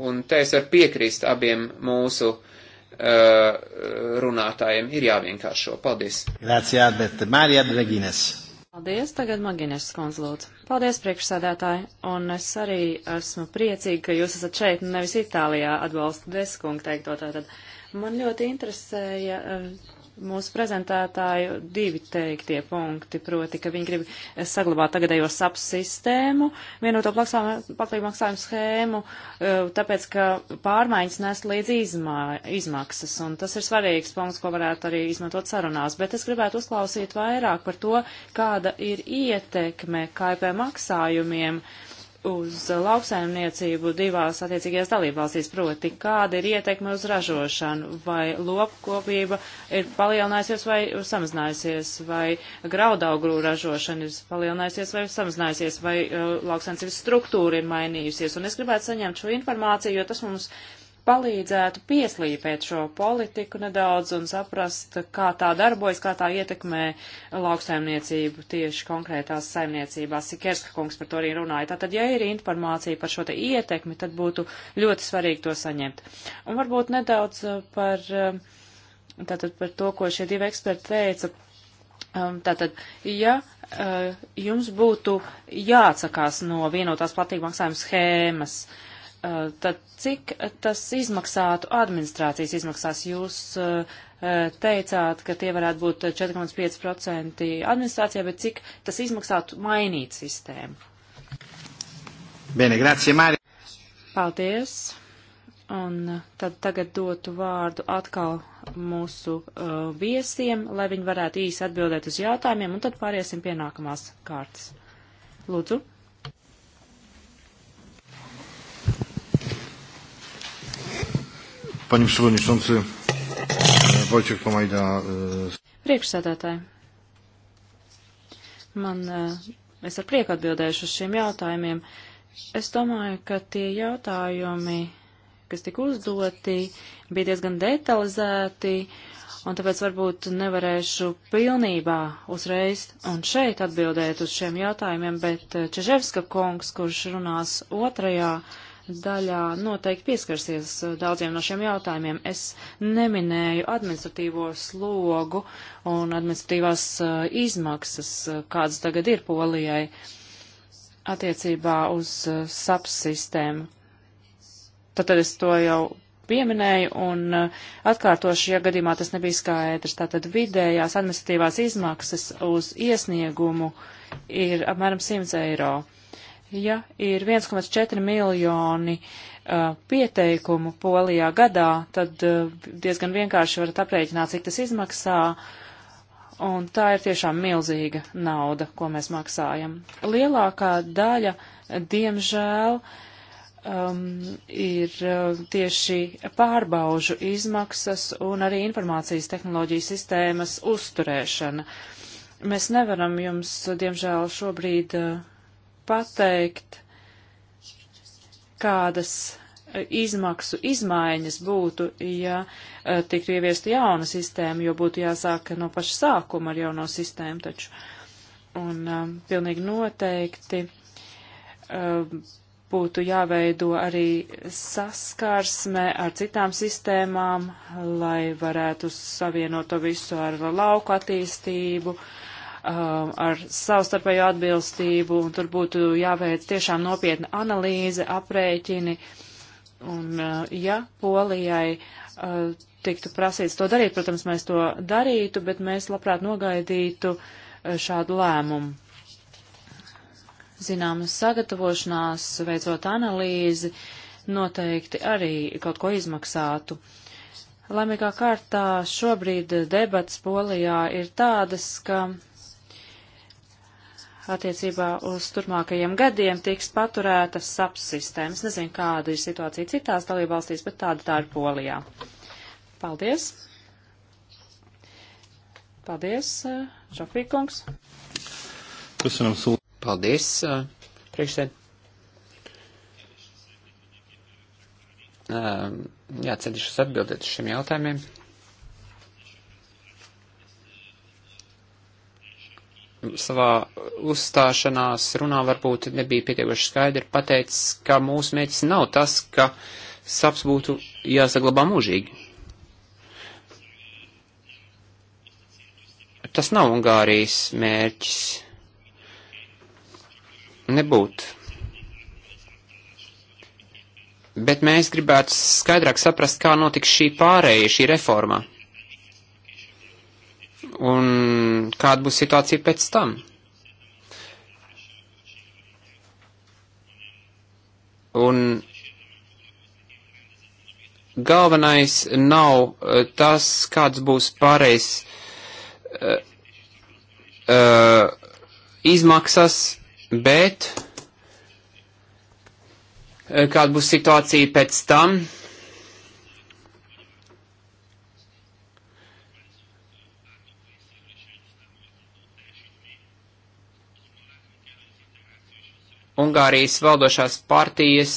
[SPEAKER 3] Un te es varu piekrist abiem mūsu uh, runātājiem. Ir jāvienkāršo. Paldies. Grazie, Albert. Marija Dreginas.
[SPEAKER 4] Paldies, tagad Magineša skundz lūdzu. Paldies, priekšsādātāji, un es arī esmu priecīga, ka jūs esat šeit, nevis Itālijā atbalstu deskungu teikto tātad. Man ļoti interesēja eh, mūsu prezentētāju divi teiktie punkti, proti, ka viņi grib saglabāt tagadējo SAP sistēmu, vienoto paklību maksājumu schēmu, e, tāpēc, ka pārmaiņas nes līdz izmā, izmaksas, un tas ir svarīgs punkts, ko varētu arī izmantot sarunās, bet es gribētu uzklausīt vairāk par to, kāda ir ietekme KP maksājumiem. Uh, uz lauksaimniecību divās attiecīgajās dalībvalstīs, proti, kāda ir ietekme uz ražošanu, vai lopkopība ir palielinājusies vai samazinājusies, vai graudaugru ražošana ir palielinājusies vai samazinājusies, vai uh, lauksaimniecības struktūra ir mainījusies. Un es gribētu saņemt šo informāciju, jo tas mums palīdzētu pieslīpēt šo politiku nedaudz un saprast, kā tā darbojas, kā tā ietekmē lauksaimniecību tieši konkrētās saimniecībās. Sikerska kungs par to arī runāja. Tātad, ja ir informācija par šo te ietekmi, tad būtu ļoti svarīgi to saņemt. Un varbūt nedaudz uh, par, um, tātad par to, ko šie divi eksperti teica. Um, tātad, ja uh, jums būtu jāatsakās no vienotās platība maksājuma schēmas, uh, Uh, tad cik tas izmaksātu administrācijas izmaksās? Jūs uh, uh, teicāt, ka tie varētu būt 4,5% administrācijā, bet cik tas izmaksātu mainīt sistēmu?
[SPEAKER 2] Bene, grazie, Mārija.
[SPEAKER 4] Paldies. Un tad tagad dotu vārdu atkal mūsu uh, viesiem, lai viņi varētu īsi atbildēt uz jautājumiem, un tad pāriesim pie nākamās kārtas. Lūdzu.
[SPEAKER 5] Paņem šodien Vojček pamaidā.
[SPEAKER 4] Priekšsēdētāji, man, e, es ar prieku atbildēšu uz šiem jautājumiem. Es domāju, ka tie jautājumi, kas tika uzdoti, bija diezgan detalizēti, un tāpēc varbūt nevarēšu pilnībā uzreiz un šeit atbildēt uz šiem jautājumiem, bet e, Čeževska kungs, kurš runās otrajā daļā noteikti pieskarsies eh, daudziem no šiem jautājumiem. Es neminēju administratīvo slogu un administratīvās eh, izmaksas, eh, kādas tagad ir Polijai attiecībā uz SAP sistēmu. Tad, tad es to jau pieminēju un atkārtošu, ja gadījumā tas nebija skaidrs. Tātad vidējās administratīvās izmaksas uz iesniegumu ir apmēram 100 eiro ja ir 1,4 miljoni uh, pieteikumu polijā gadā, tad uh, diezgan vienkārši varat aprēķināt, cik tas izmaksā. Un tā ir tiešām milzīga nauda, ko mēs maksājam. Lielākā daļa, diemžēl, um, ir uh, tieši pārbaužu izmaksas un arī informācijas tehnoloģiju sistēmas uzturēšana. Mēs nevaram jums, diemžēl, šobrīd uh, pateikt, kādas e, izmaksu izmaiņas būtu, ja e, tiktu ieviesta jauna sistēma, jo būtu jāsāk no paša sākuma ar jauno sistēmu taču. Un um, pilnīgi noteikti um, būtu jāveido arī saskarsme ar citām sistēmām, lai varētu savienot to visu ar lauku attīstību, uh, Um, ar savstarpēju atbilstību, un tur būtu jāveic tiešām nopietna analīze, aprēķini, un uh, ja Polijai uh, tiktu prasīts to darīt, protams, mēs to darītu, bet mēs labprāt nogaidītu uh, šādu lēmumu. Zināmas sagatavošanās, veicot analīzi, noteikti arī kaut ko izmaksātu. Laimīgā kārtā šobrīd debats Polijā ir tādas, ka attiecībā uz turpmākajiem gadiem tiks paturētas SAP sistēmas. Nezinu, kāda ir situācija citās dalībvalstīs, bet tāda tā ir Polijā. Paldies! Paldies, Žofīkungs!
[SPEAKER 3] Eh, Paldies, eh, priekšsēd! Eh, Jā, ceļšos atbildēt uz šiem jautājumiem. savā uzstāšanās runā varbūt nebija pietiekoši skaidri pateicis, ka mūsu mērķis nav tas, ka saps būtu jāsaglabā mūžīgi. Tas nav Ungārijas mērķis. Nebūt. Bet mēs gribētu skaidrāk saprast, kā notiks šī pārēja, šī reforma un kāda būs situācija pēc tam. Un galvenais nav eh, tas, kāds būs pārējais uh, uh, izmaksas, bet uh, kāda būs situācija pēc tam. Uh, Ungārijas valdošās partijas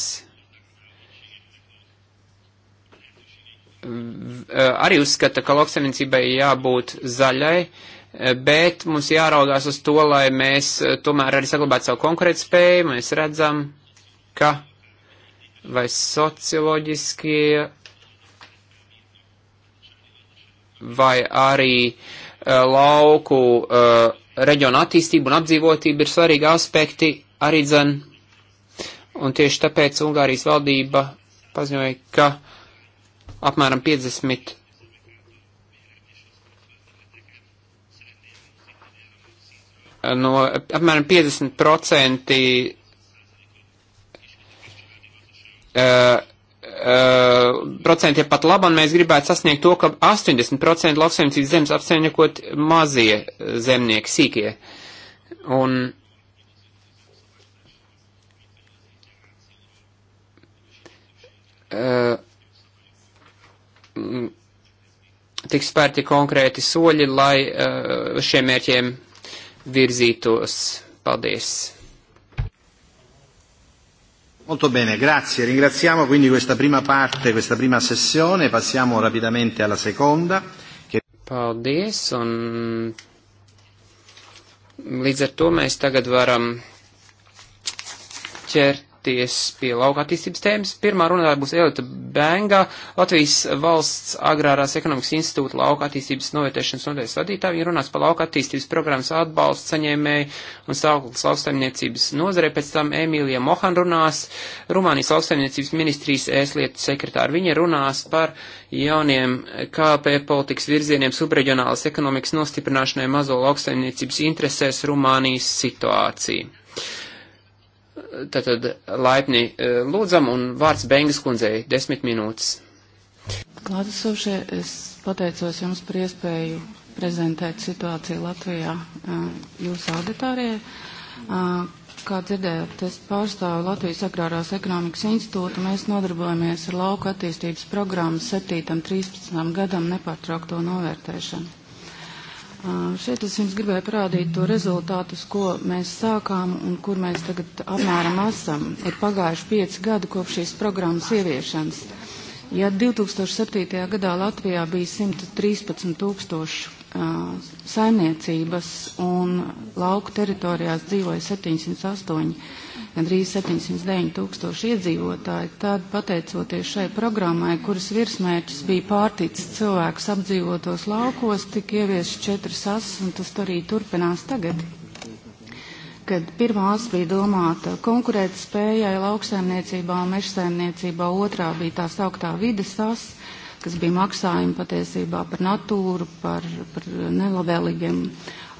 [SPEAKER 3] eh, arī uzskata, ka lauksaimniecībai jābūt zaļai, eh, bet mums jāraugās uz to, lai mēs eh, tomēr arī saglabātu savu konkurētspēju. Mēs redzam, ka vai socioloģiskie vai arī lauku reģionu attīstību un apdzīvotību ir svarīgi aspekti arī dzen, un tieši tāpēc Ungārijas valdība paziņoja, ka apmēram 50 no apmēram 50% uh, uh, procentiem pat labam mēs gribētu sasniegt to, ka 80% lauksaimniecības zemes apsaimniekot mazie zemnieki, sīkie. Un Eh, tiks spērti konkrēti soļi, lai uz eh, šiem mērķiem virzītos. Paldies!
[SPEAKER 1] Molto bene, grazie. Ringraziamo quindi questa prima
[SPEAKER 3] parte, questa prima sessione. Passiamo rapidamente alla seconda. Che... Paldies, un... līdz ar to mēs tagad varam ķert ķerties pie lauka attīstības tēmas. Pirmā runātāja būs Elita Bēngā, Latvijas valsts agrārās ekonomikas institūta lauka attīstības novērtēšanas nodaļas vadītāja. Viņa runās par lauka attīstības programmas atbalstu saņēmēju un stāvoklis lauksaimniecības nozarei. Pēc tam Emīlija Mohan runās, Rumānijas lauksaimniecības ministrijas ēslietu sekretāra. Viņa runās par jauniem KP politikas virzieniem subreģionālas ekonomikas nostiprināšanai mazo lauksaimniecības interesēs Rumānijas situāciju. Tātad laipni e, lūdzam un vārds Bengas kundzei desmit minūtes.
[SPEAKER 6] Klātesošie, es pateicos jums par iespēju prezentēt situāciju Latvijā e, jūsu auditorijai. E, kā dzirdējāt, es pārstāvu Latvijas Agrārās ekonomikas institūtu. Mēs nodarbojamies ar lauku attīstības programmu 7.13. gadam nepārtraukto novērtēšanu. Šeit es jums gribēju parādīt to rezultātus, ko mēs sākām un kur mēs tagad apmēram esam. Ir pagājuši pieci gadi kopš šīs programmas ieviešanas. Ja 2007. gadā Latvijā bija 113 tūkstoši uh, saimniecības un lauku teritorijās dzīvoja 708 gandrīz 709 tūkstoši iedzīvotāji, tad pateicoties šai programmai, kuras virsmērķis bija pārticis cilvēkus apdzīvotos laukos, tika ievies četras asas, un tas arī turpinās tagad kad pirmā asa bija domāta konkurēt spējai lauksaimniecībā un mežsaimniecībā, otrā bija tā sauktā vides asa, kas bija maksājumi patiesībā par natūru, par, par nelabvēlīgiem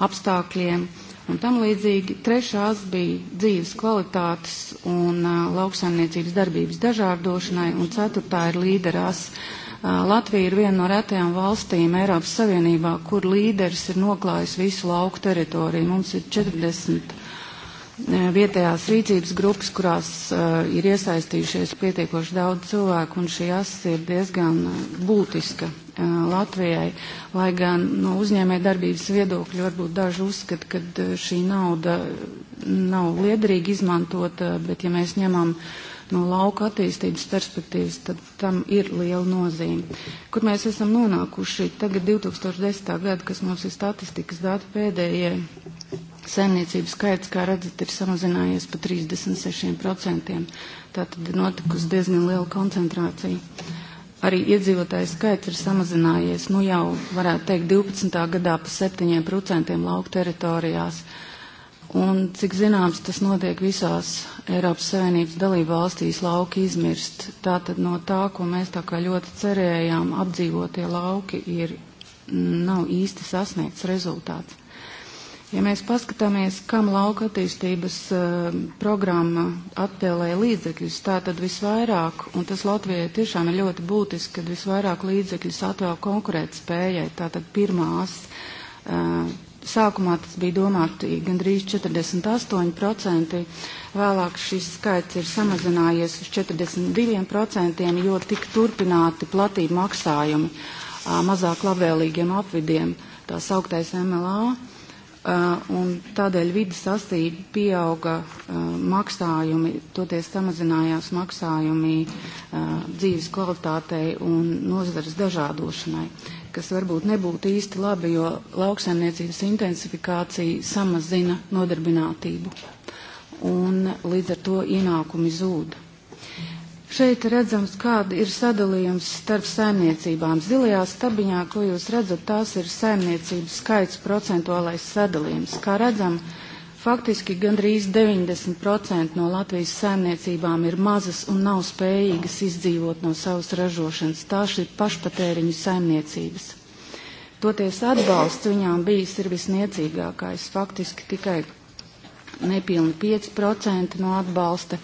[SPEAKER 6] apstākļiem. Uh, un tam līdzīgi. Trešās bija dzīves kvalitātes un uh, lauksaimniecības darbības dažārdošanai, un ceturtā ir līderās. Uh, Latvija ir viena no retajām valstīm Eiropas Savienībā, kur līderis ir noklājis visu lauku teritoriju. Mums ir 40 Eh, vietējās rīcības grupas, kurās uh, ir iesaistījušies pietiekoši daudz cilvēku, un šī asa ir diezgan eh, būtiska uh, Latvijai. Lai gan no uzņēmē darbības viedokļa varbūt daži uzskata, ka šī nauda nav liederīgi izmantota, bet ja mēs ņemam no lauka attīstības perspektīvas, tad tam ir liela nozīme. Kur mēs esam nonākuši tagad 2010. gada, kas mums ir statistikas dati pēdējie, saimniecības skaits, kā redzat, ir samazinājies pa 36%. Tātad ir notikusi diezgan liela koncentrācija. Arī iedzīvotāju skaits ir samazinājies, nu jau varētu teikt 12. gadā pa 7% lauku teritorijās. Un, cik zināms, tas notiek visās Eiropas Savienības dalību valstīs, lauki izmirst. Tātad no tā, ko mēs tā kā ļoti cerējām, apdzīvotie lauki ir, nav īsti sasniegts rezultāts. Ja mēs paskatāmies, kam lauka attīstības uh, programma atvēlēja līdzekļus, tā tad visvairāk, un tas Latvijai tiešām ir ļoti būtiski, kad visvairāk līdzekļus atvēl konkurēt spējai, tā tad pirmās, uh, eh, sākumā tas bija domāti gandrīz 48%, vēlāk šis skaits ir samazinājies uz 42%, jo tik turpināti platība maksājumi uh, mazāk labvēlīgiem apvidiem, tā sauktais MLA Uh, un tādēļ vidas asī pieauga uh, maksājumi, toties samazinājās maksājumi uh, dzīves kvalitātei un nozares dažādošanai, kas varbūt nebūtu īsti labi, jo lauksaimniecības intensifikācija samazina nodarbinātību un līdz ar to ienākumi zūda. Šeit redzams, kāda ir sadalījums starp saimniecībām. Zilajā stabiņā, ko jūs redzat, tās ir saimniecības skaits procentuālais sadalījums. Kā redzam, faktiski gandrīz 90% no Latvijas saimniecībām ir mazas un nav spējīgas izdzīvot no savas ražošanas. Tās ir pašpatēriņu saimniecības. Toties atbalsts viņām bijis ir visniecīgākais, faktiski tikai nepilni 5% no atbalsta.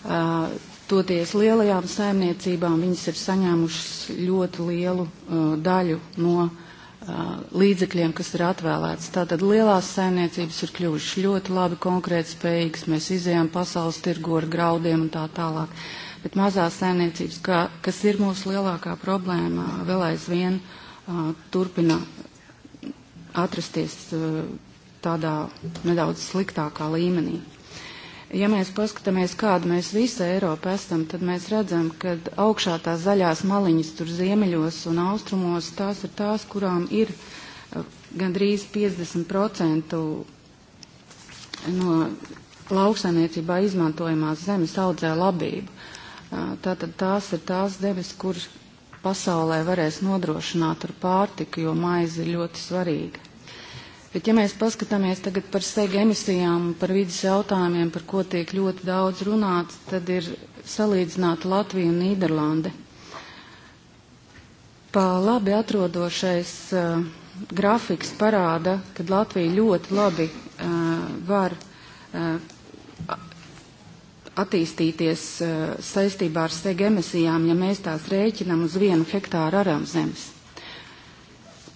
[SPEAKER 6] Uh, Toties lielajām saimniecībām viņas ir saņēmušas ļoti lielu uh, daļu no uh, līdzekļiem, kas ir atvēlēts. Tātad lielās saimniecības ir kļuvušas ļoti labi konkurētspējīgas, mēs izējām pasaules tirgu ar graudiem un tā tālāk. Bet mazās saimniecības, kā, kas ir mūsu lielākā problēma, vēl aizvien uh, turpina atrasties uh, tādā nedaudz sliktākā līmenī. Ja mēs paskatāmies, kāda mēs visa Eiropa esam, tad mēs redzam, ka augšā tās zaļās maliņas tur ziemeļos un austrumos, tās ir tās, kurām ir uh, gandrīz 50% no lauksainiecībā izmantojamās zemes audzē labību. Uh, tātad tās ir tās zemes, kur pasaulē varēs nodrošināt ar pārtiku, jo maize ir ļoti svarīga. Bet, ja mēs paskatāmies tagad par sega emisijām, par vidas jautājumiem, par ko tiek ļoti daudz runāts, tad ir salīdzināta Latvija un Nīderlande. Pa labi atrodošais uh, grafiks parāda, ka Latvija ļoti labi uh, var uh, attīstīties uh, saistībā ar sega emisijām, ja mēs tās rēķinam uz vienu hektāru aram zemes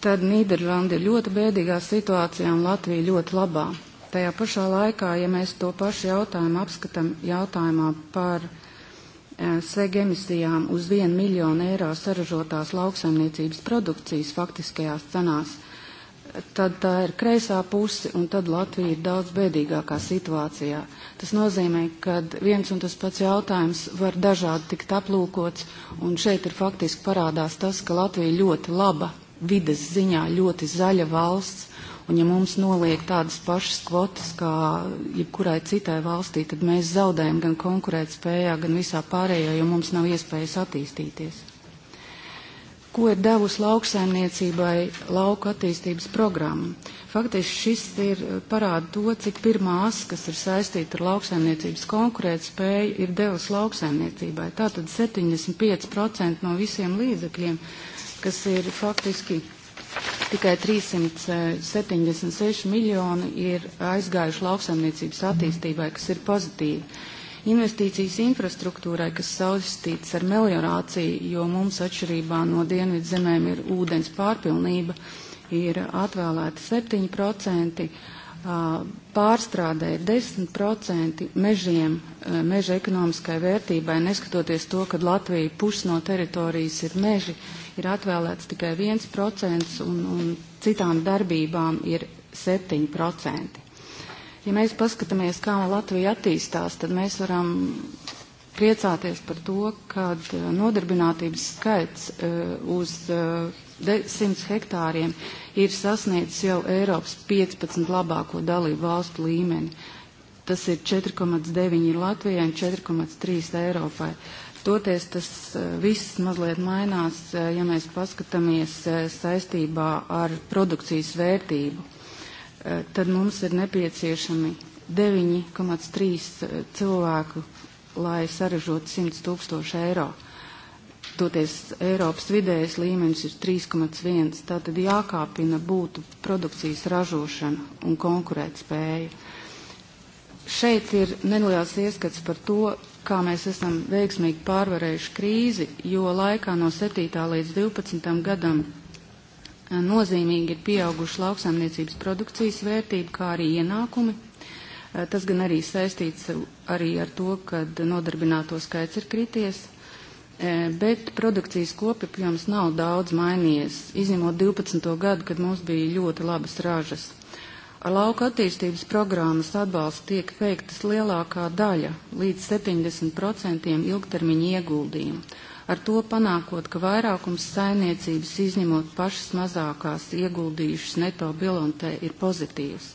[SPEAKER 6] tad Nīderlanda ir ļoti bēdīgā situācijā un Latvija ļoti labā. Tajā pašā laikā, ja mēs to pašu jautājumu apskatām jautājumā par e, sveg emisijām uz 1 miljonu eiro saražotās lauksaimniecības produkcijas faktiskajās cenās, tad tā ir kreisā pusi, un tad Latvija ir daudz bēdīgākā situācijā. Tas nozīmē, ka viens un tas pats jautājums var dažādi tikt aplūkots, un šeit ir faktiski parādās tas, ka Latvija ļoti laba vides ziņā ļoti zaļa valsts, un ja mums noliek tādas pašas kvotas kā jebkurai citai valstī, tad mēs zaudējam gan konkurētspējā, gan visā pārējā, jo mums nav iespējas attīstīties. Ko ir devusi lauksaimniecībai lauku attīstības programma? Faktiski šis ir eh, parāda to, cik pirmā asa, kas ir saistīta ar lauksaimniecības konkurētspēju, ir devusi lauksaimniecībai. Tātad 75% no visiem līdzekļiem kas ir faktiski tikai 376 miljoni, ir aizgājuši lauksaimniecības attīstībai, kas ir pozitīvi. Investīcijas infrastruktūrai, kas saistīts ar meliorāciju, jo mums atšķirībā no dienvidu zemēm ir ūdens pārpilnība, ir atvēlēti 7%, pārstrādē ir 10% mežiem, meža ekonomiskai vērtībai, neskatoties to, ka Latvija pus no teritorijas ir meži, ir atvēlēts tikai 1% un, un citām darbībām ir 7%. Ja mēs paskatāmies, kā Latvija attīstās, tad mēs varam priecāties par to, ka nodarbinātības skaits uz 100 hektāriem ir sasniedzis jau Eiropas 15 labāko dalību valstu līmeni. Tas ir 4,9 Latvijai un 4,3 Eiropai. Toties tas eh, viss mazliet mainās, eh, ja mēs paskatāmies eh, saistībā ar produkcijas vērtību. Tad mums ir nepieciešami 9,3 cilvēku, lai saražotu 100 tūkstoši eiro. Uh, toties Eiropas vidējais līmenis ir 3,1. Tātad jākāpina būtu produkcijas ražošana un konkurētspēja. Šeit ir neliels ieskats par to, kā mēs esam veiksmīgi pārvarējuši krīzi, jo laikā no 7. līdz 12. gadam eh, nozīmīgi ir pieauguši lauksaimniecības produkcijas vērtība, kā arī ienākumi. Eh, tas gan arī saistīts arī ar to, ka nodarbināto skaits ir krities, bet produkcijas kopapjoms nav daudz mainījies, izņemot 12. gadu, kad mums bija ļoti labas ražas. Ar lauka attīstības programmas atbalstu tiek veiktas lielākā daļa līdz 70% ilgtermiņa ieguldījumu, ar to panākot, ka vairākums saimniecības izņemot pašas mazākās ieguldījušas neto bilantē ir pozitīvs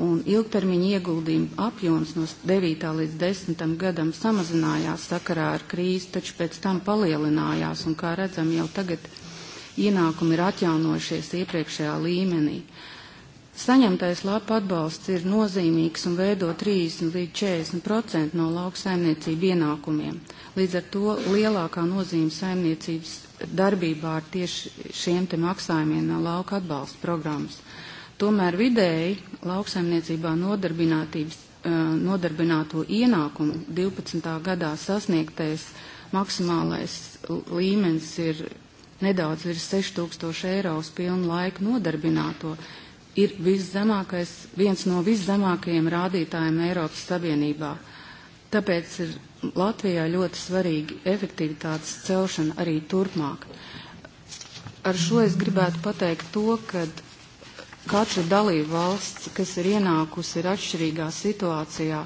[SPEAKER 6] un ilgtermiņa ieguldījumu apjoms no 9. līdz 10. gadam samazinājās sakarā ar krīzi, taču pēc tam palielinājās, un kā redzam, jau tagad ienākumi ir atjaunojušies iepriekšējā līmenī. Saņemtais lapa atbalsts ir nozīmīgs un veido 30 līdz 40% no lauksaimniecību ienākumiem. Līdz ar to lielākā nozīme saimniecības darbībā ar tieši šiem te maksājumiem no lauka atbalsta programmas. Tomēr vidēji lauksaimniecībā nodarbinātības, eh, nodarbināto ienākumu 12. gadā sasniegtais maksimālais līmenis ir nedaudz virs 6000 eiro uz pilnu laiku nodarbināto, ir viszemākais, viens no viszemākajiem rādītājiem Eiropas Savienībā. Tāpēc ir Latvijā ļoti svarīgi efektivitātes celšana arī turpmāk. Ar šo es gribētu pateikt to, ka katra dalība valsts, kas ir ienākusi, ir atšķirīgā situācijā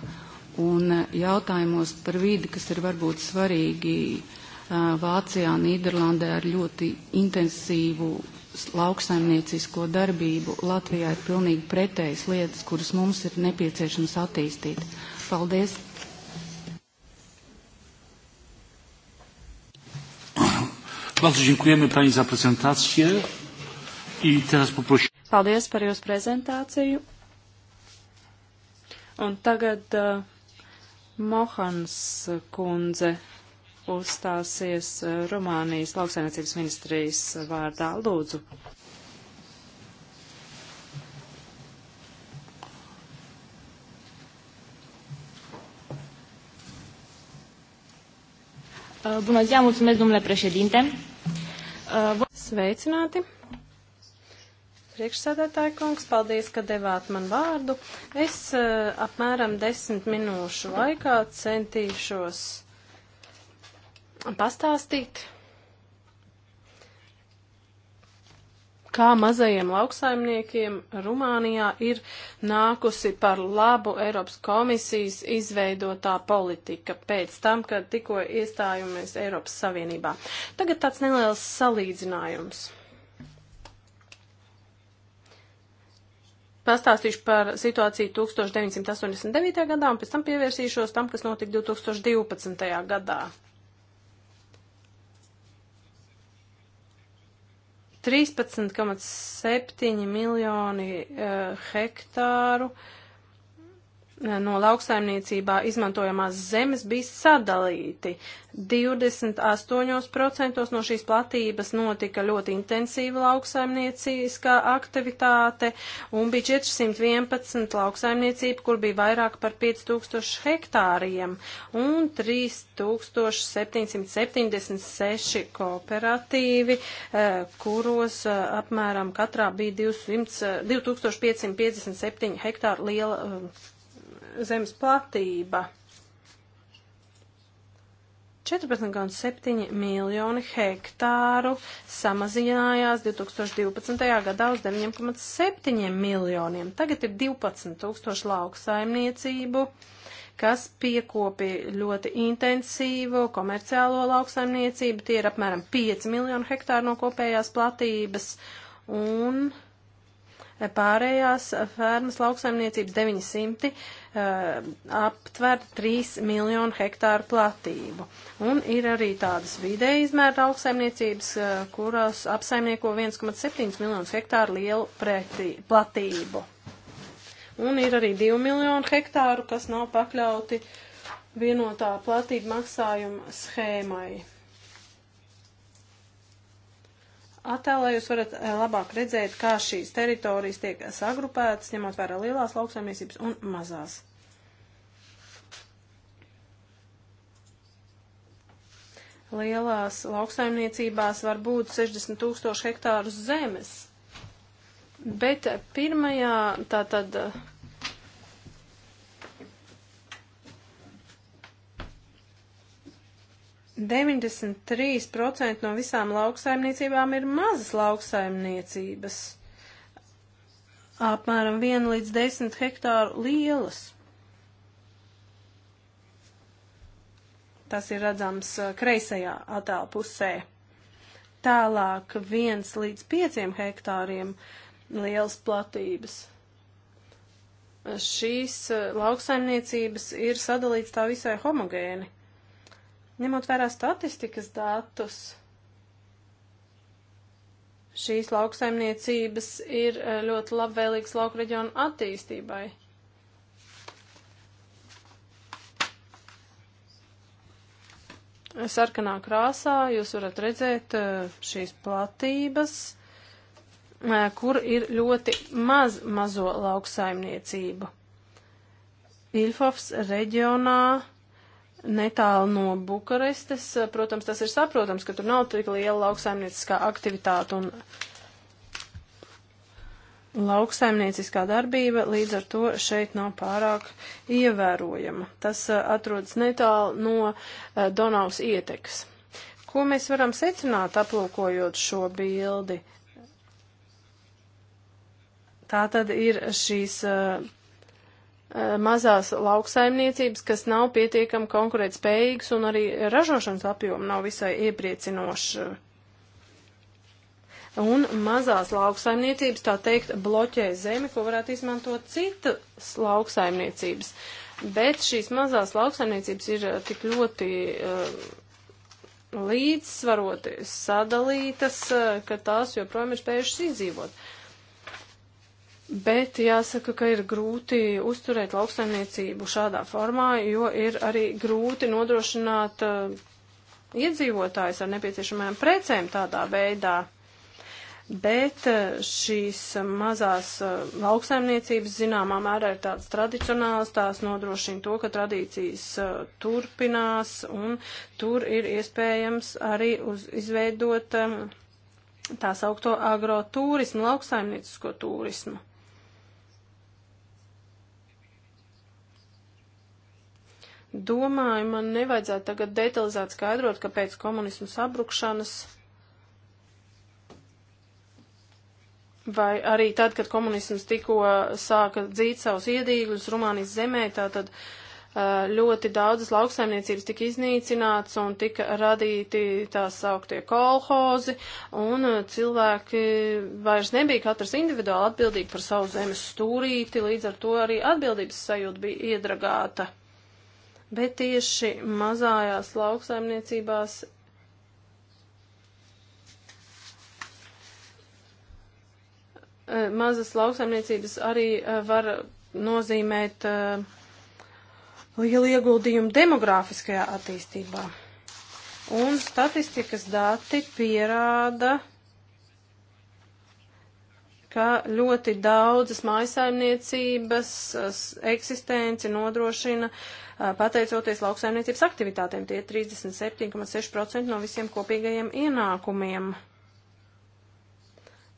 [SPEAKER 6] un e, jautājumos par vidi, kas ir varbūt svarīgi e, Vācijā, Nīderlandē ar ļoti intensīvu lauksaimniecisko darbību. Latvijā ir pilnīgi pretējas lietas, kuras mums ir nepieciešams attīstīt. Paldies!
[SPEAKER 1] Bardzo dziękujemy Pani za prezentację i teraz poprosimy.
[SPEAKER 4] Paldies par jūsu prezentāciju. Un tagad uh, Mohans kundze uzstāsies uh, Rumānijas lauksainiecības ministrijas vārdā. Lūdzu. Uh, bună ziua, mulțumesc, domnule președinte.
[SPEAKER 2] Uh, Sveicināti! priekšsēdētāja kungs, paldies, ka devāt man vārdu. Es uh, apmēram desmit minūšu laikā centīšos pastāstīt, kā mazajiem lauksaimniekiem Rumānijā ir nākusi par labu Eiropas komisijas izveidotā politika pēc tam, kad tikko iestājumies Eiropas Savienībā. Tagad tāds neliels salīdzinājums. pastāstīšu par situāciju 1989. gadā un pēc tam pievērsīšos tam, kas notika 2012. gadā. 13,7 miljoni uh, hektāru uh, no lauksaimniecībā izmantojamās zemes bija sadalīti. 28% no šīs platības notika ļoti intensīva lauksaimniecīskā aktivitāte un bija 411 lauksaimniecība, kur bija vairāk par 5000 hektāriem un 3776 kooperatīvi, eh, kuros eh, apmēram katrā bija 200, 2557 hektāru liela eh, zemes platība. 14,7 miljoni hektāru samazinājās 2012. gadā uz 9,7 miljoniem. Tagad ir 12 tūkstoši lauksaimniecību, kas piekopi ļoti intensīvu komerciālo lauksaimniecību. Tie ir apmēram 5 miljoni hektāru no kopējās platības. Un pārējās fermas lauksaimniecības 900 uh, eh, aptver 3 miljonu hektāru platību. Un ir arī tādas vidēji izmēra lauksaimniecības, uh, eh, kurās apsaimnieko 1,7 miljonus hektāru lielu pretī, platību. Un ir arī 2 miljonu hektāru, kas nav pakļauti vienotā platība maksājuma schēmai. attēlā jūs varat eh, labāk redzēt, kā šīs teritorijas tiek sagrupētas, ņemot vērā lielās lauksaimniecības un mazās. Lielās lauksaimniecībās var būt 60 tūkstoši hektārus zemes, bet pirmajā tātad 93% no visām lauksaimniecībām ir mazas lauksaimniecības, apmēram 1 līdz 10 hektāru lielas. Tas ir redzams uh, kreisajā attēla pusē. Tālāk 1 līdz 5 hektāriem lielas platības. Šīs uh, lauksaimniecības ir sadalīts tā visai homogēni. Ņemot vērā statistikas datus, šīs lauksaimniecības ir eh, ļoti labvēlīgas lauku reģionu attīstībai. Sarkanā krāsā jūs varat redzēt eh, šīs platības, eh, kur ir ļoti maz mazo lauksaimniecību. Ilfovs reģionā netālu no Bukarestes. Protams, tas ir saprotams, ka tur nav tik liela lauksaimnieciskā aktivitāte un lauksaimnieciskā darbība, līdz ar to šeit nav pārāk ievērojama. Tas eh, atrodas netālu no eh, Donavas ietekas. Ko mēs varam secināt, aplūkojot šo bildi? Tā tad ir šīs uh, Eh, mazās lauksaimniecības, kas nav pietiekami konkurētspējīgas un arī ražošanas apjoma nav visai iepriecinoša. Un mazās lauksaimniecības, tā teikt, bloķē zemi, ko varētu izmantot citas lauksaimniecības. Bet šīs mazās lauksaimniecības ir eh, tik ļoti uh, līdzsvaroti sadalītas, ka tās joprojām ir spējušas izdzīvot. Uh, Bet jāsaka, ka ir grūti uzturēt lauksaimniecību šādā formā, jo ir arī grūti nodrošināt uh, eh, iedzīvotājus ar nepieciešamajām precēm tādā veidā. Bet uh, šīs mazās uh, lauksaimniecības zināmā mērā ir tādas tradicionālas, tās nodrošina to, ka tradīcijas turpinās un tur ir iespējams arī uz, izveidot tā saukto agroturismu, lauksaimniecisko turismu. Domāju, man nevajadzētu tagad detalizēt skaidrot, ka pēc komunismu sabrukšanas vai arī tad, kad komunisms tikko sāka dzīt savus iedīgļus Rumānijas zemē, tātad ļoti daudzas lauksaimniecības tika iznīcināts un tika radīti tās sauktie kolhozi, un cilvēki vairs nebija katrs individuāli atbildīgi par savu zemes stūrīti, līdz ar to arī atbildības sajūta bija iedragāta. Bet tieši mazājās lauksaimniecībās e, mazas lauksaimniecības arī e, var nozīmēt e, lielu ieguldījumu demografiskajā attīstībā. Un statistikas dati pierāda, ka ļoti daudzas maisaimniecības eksistenci nodrošina uh, pateicoties lauksaimniecības aktivitātēm. Tie 37,6% no visiem kopīgajiem ienākumiem.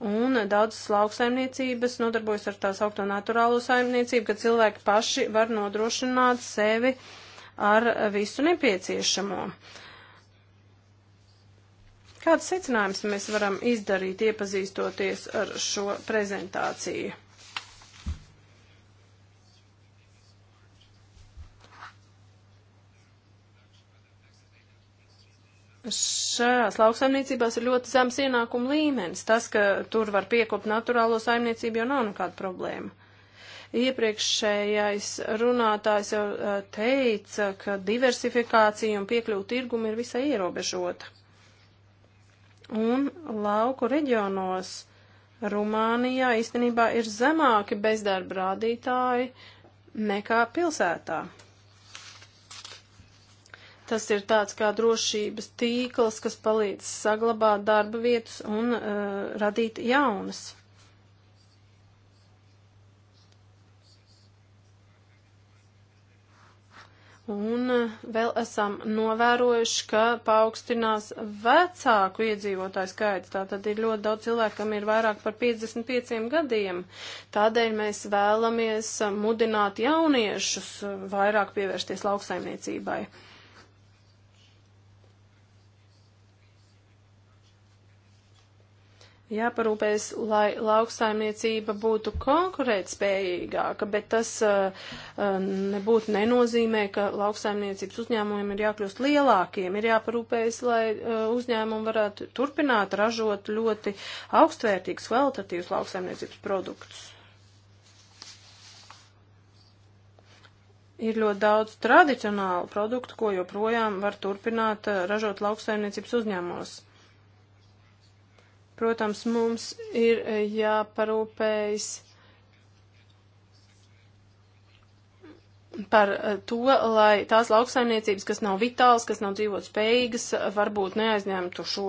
[SPEAKER 2] Un daudzas lauksaimniecības nodarbojas ar tās augto naturālo saimniecību, ka cilvēki paši var nodrošināt sevi ar visu nepieciešamo. Kāds secinājums mēs varam izdarīt, iepazīstoties ar šo prezentāciju? Šajās lauksaimniecībās ir ļoti zems ienākuma līmenis. Tas, ka tur var piekopt naturālo saimniecību, jau nav nekāda problēma. Iepriekšējais runātājs jau teica, ka diversifikācija un piekļūt tirgumi ir visai ierobežota. Un lauku reģionos Rumānijā īstenībā ir zemāki bezdarba rādītāji nekā pilsētā. Tas ir tāds kā drošības tīkls, kas palīdz saglabāt darba vietas un uh, radīt jaunas. Un uh, vēl esam novērojuši, ka paaugstinās vecāku iedzīvotāju skaits. Tātad ir ļoti daudz cilvēku, kam ir vairāk par 55 gadiem. Tādēļ mēs vēlamies mudināt jauniešus vairāk pievērsties lauksaimniecībai. jāparūpēs, lai lauksaimniecība būtu konkurētspējīgāka, bet tas uh, nebūtu nenozīmē, ka lauksaimniecības uzņēmumiem ir jākļūst lielākiem, ir jāparūpēs, lai uh, uzņēmumi varētu turpināt ražot ļoti augstvērtīgus, kvalitatīvus lauksaimniecības produktus. Ir ļoti daudz tradicionālu produktu, ko joprojām var turpināt ražot lauksaimniecības uzņēmumos. Protams, mums ir e, jāparūpējas par e, to, lai tās lauksaimniecības, kas nav vitāls, kas nav dzīvot spējīgas, varbūt neaizņemtu šo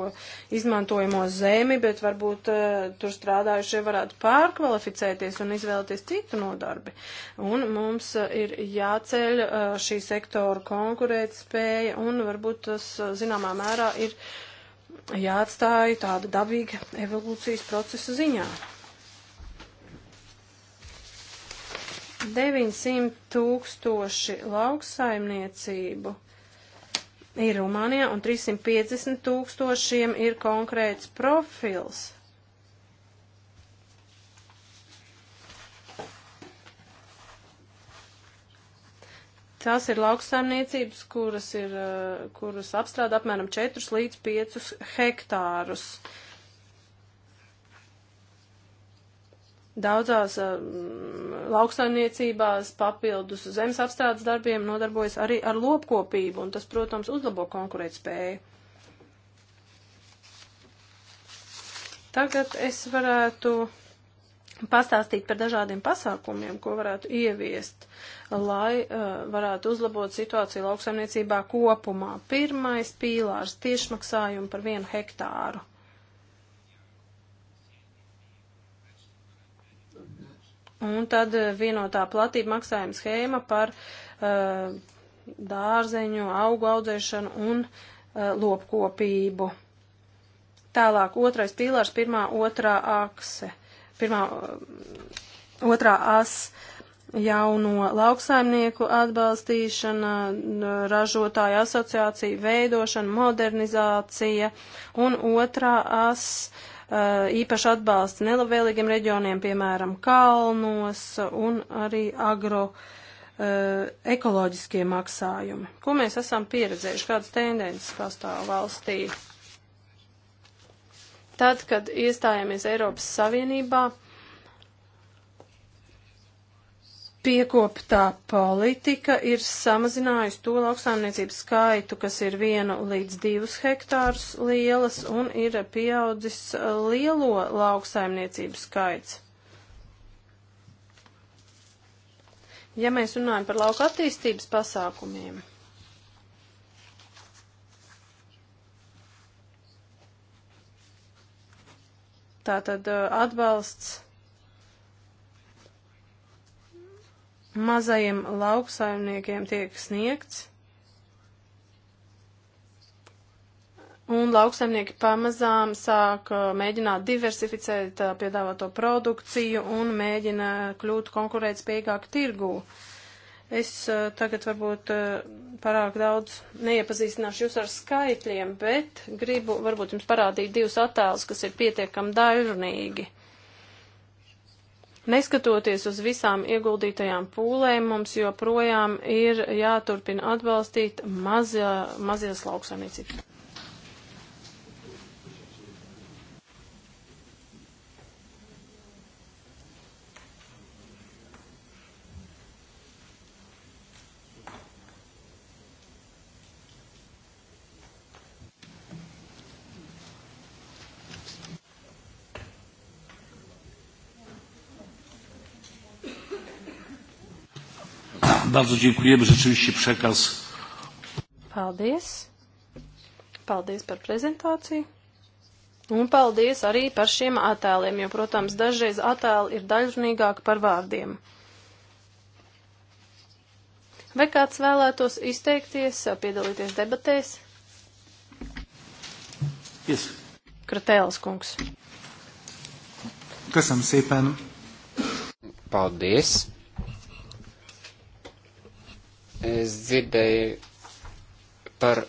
[SPEAKER 2] izmantojamo zemi, bet varbūt uh, tur strādājušie varētu pārkvalificēties un izvēlēties citu nodarbi. Un mums ir jāceļ uh, šī sektora konkurētspēja un varbūt tas zināmā mērā ir. Uh, jāatstāj tāda dabīga evolūcijas procesa ziņā. 900 tūkstoši lauksaimniecību ir Rumānijā un 350 tūkstošiem ir konkrēts profils. Tās ir lauksaimniecības, kuras, ir, eh, kuras apstrāda apmēram 4 līdz 5 hektārus. Daudzās eh, lauksaimniecībās papildus zemes apstrādes darbiem nodarbojas arī ar lopkopību, un tas, protams, uzlabo konkurētspēju. Tagad es varētu pastāstīt par dažādiem pasākumiem, ko varētu ieviest, lai uh, varētu uzlabot situāciju lauksaimniecībā kopumā. Pirmais pīlārs - tiešmaksājumi par vienu hektāru. Un tad eh, vienotā platība maksājuma schēma par uh, dārzeņu, augu audzēšanu un uh, lopkopību. Tālāk otrais pīlārs, pirmā, otrā akse pirmā, otrā as jauno lauksaimnieku atbalstīšana, ražotāja asociācija veidošana, modernizācija un otrā as eh, īpaši atbalsts nelabvēlīgiem reģioniem, piemēram, kalnos un arī agro eh, ekoloģiskie maksājumi. Ko mēs esam pieredzējuši, kādas tendences pastāv valstī? Tad, kad iestājāmies Eiropas Savienībā, piekoptā politika ir samazinājusi to lauksaimniecības skaitu, kas ir vienu līdz divus hektārus lielas, un ir pieaudzis lielo lauksaimniecības skaits. Ja mēs runājam par lauka attīstības pasākumiem. Tātad atbalsts mazajiem lauksaimniekiem tiek sniegts. Un lauksaimnieki pamazām sāk mēģināt diversificēt piedāvāto produkciju un mēģina kļūt konkurētspējīgāk tirgū. Uh, Es eh, tagad varbūt eh, pārāk daudz neiepazīstināšu jūs ar skaitļiem, bet gribu varbūt jums parādīt divus attēlus, kas ir pietiekami dažnīgi. Neskatoties uz visām ieguldītajām pūlēm, mums joprojām ir jāturpina atbalstīt mazā, mazies lauksaimniecības.
[SPEAKER 1] Bardzo dziękujemy. Rzeczywiście przekaz.
[SPEAKER 2] Paldies. Paldies par prezentāciju. Un paldies arī par šiem attēliem, jo, protams, dažreiz attēli ir daļrunīgāki par vārdiem. Vai kāds vēlētos izteikties, piedalīties debatēs? Yes. Kratēls kungs.
[SPEAKER 1] Kasam
[SPEAKER 3] sīpēnu. Paldies. Es dzirdēju par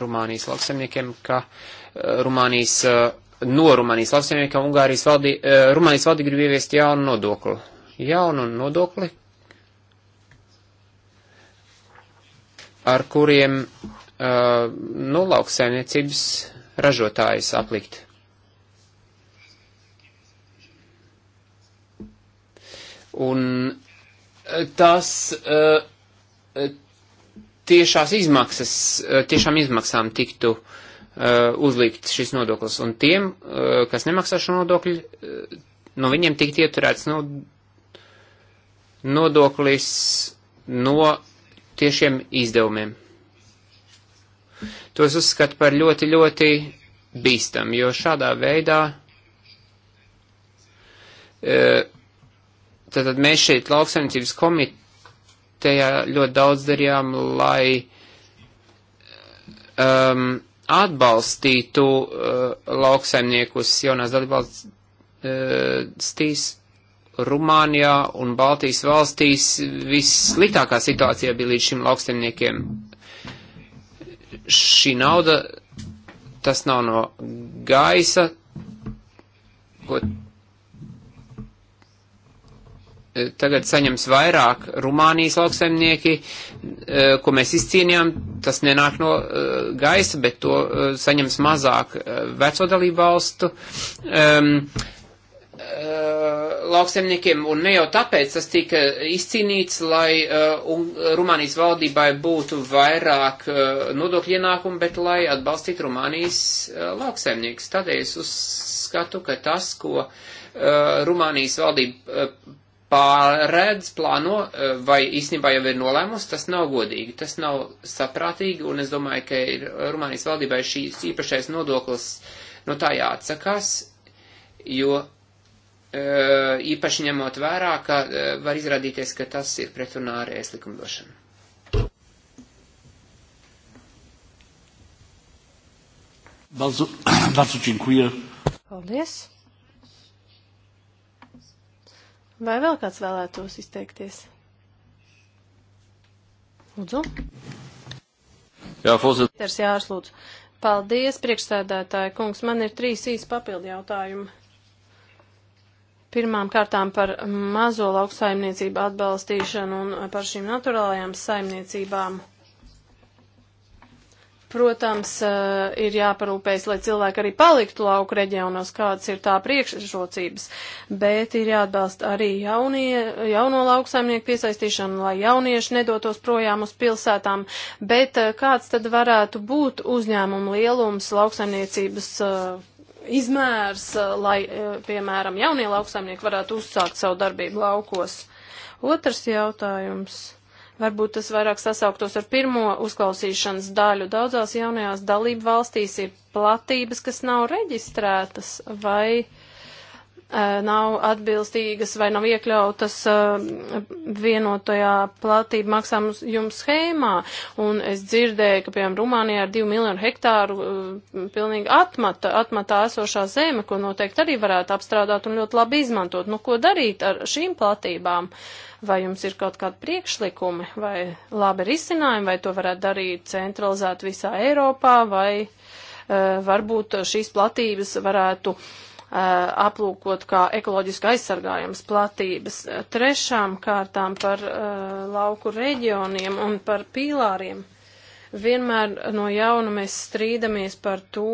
[SPEAKER 3] Rumānijas lauksemniekiem, ka eh, Rumānijas, eh, no Rumānijas lauksemniekiem Ungārijas valdī, eh, Rumānijas valdī grib ieviest jaunu nodokli. Jaunu nodokli, ar kuriem uh, nu lauksaimniecības ražotājus aplikt. Un tas uh, tiešās izmaksas, eh, tiešām izmaksām tiktu uh, eh, uzlikt šis nodoklis. Un tiem, uh, kas nemaksā šo nodokļu, uh, no viņiem tikt ieturēts no, nodoklis no tiešiem izdevumiem. Tos uzskatu par ļoti, ļoti bīstam, jo šādā veidā tātad mēs šeit lauksaimniecības komiteja komitejā ļoti daudz darījām, lai um, atbalstītu uh, lauksaimniekus jaunās dalībvalstīs uh, Rumānijā un Baltijas valstīs vissliktākā situācija bija līdz šim lauksaimniekiem. Šī nauda, tas nav no gaisa, ko tagad saņems vairāk Rumānijas lauksaimnieki, eh, ko mēs izcīnījām, tas nenāk no eh, gaisa, bet to eh, saņems mazāk veco dalību valstu um, lauksaimniekiem, un ne jau tāpēc tas tika izcīnīts, lai Rumānijas valdībai būtu vairāk nodokļu ienākumu, bet lai atbalstītu Rumānijas lauksaimniekus. Tādēļ es uzskatu, ka tas, ko Rumānijas valdība pārēdz, plāno, eh, vai īstenībā jau ir nolēmusi, tas nav godīgi, tas nav saprātīgi, un es domāju, ka ir Rumānijas valdībai šīs īpašais nodoklis no tā jāatsakās, jo eh, īpaši ņemot vērā, ka eh, var izrādīties, ka tas ir pretrunā ar ēs likumdošanu.
[SPEAKER 1] Bardzo, bardzo dziękuję.
[SPEAKER 2] Paldies. Vai vēl kāds vēlētos izteikties? Lūdzu. Jā, Fulzet. Ters Jārs, lūdzu. Paldies, priekšsēdētāji kungs. Man ir trīs īsi papildi jautājumi. Pirmām kārtām par mazo lauksaimniecību atbalstīšanu un par šīm naturālajām saimniecībām. Protams, eh, ir jāparūpējas, lai cilvēki arī paliktu lauku reģionos, kādas ir tā priekšrocības, bet ir jāatbalsta arī jaunie, jauno lauksaimnieku piesaistīšanu, lai jaunieši nedotos projām uz pilsētām, bet eh, kāds tad varētu būt uzņēmumu lielums lauksaimniecības eh, izmērs, lai, piemēram, jaunie lauksaimnieki varētu uzsākt savu darbību laukos? Otrs jautājums Varbūt tas vairāk sasauktos ar pirmo uzklausīšanas daļu. Daudzās jaunajās dalību valstīs ir platības, kas nav reģistrētas vai e, nav atbilstīgas vai nav iekļautas e, vienotajā platību maksājumu schēmā. Un es dzirdēju, ka, piemēram, Rumānijā ar 2 miljonu hektāru e, pilnīgi atmata, atmatā esošā zeme, ko noteikti arī varētu apstrādāt un ļoti labi izmantot. Nu, ko darīt ar šīm platībām? Uh, Vai jums ir kaut kādi priekšlikumi vai labi risinājumi, vai to varētu darīt centralizēt visā Eiropā, vai uh, varbūt šīs platības varētu uh, aplūkot kā ekoloģiski aizsargājams platības. Eh, trešām kārtām par uh, lauku reģioniem un par pīlāriem. Vienmēr no jauna mēs strīdamies par to,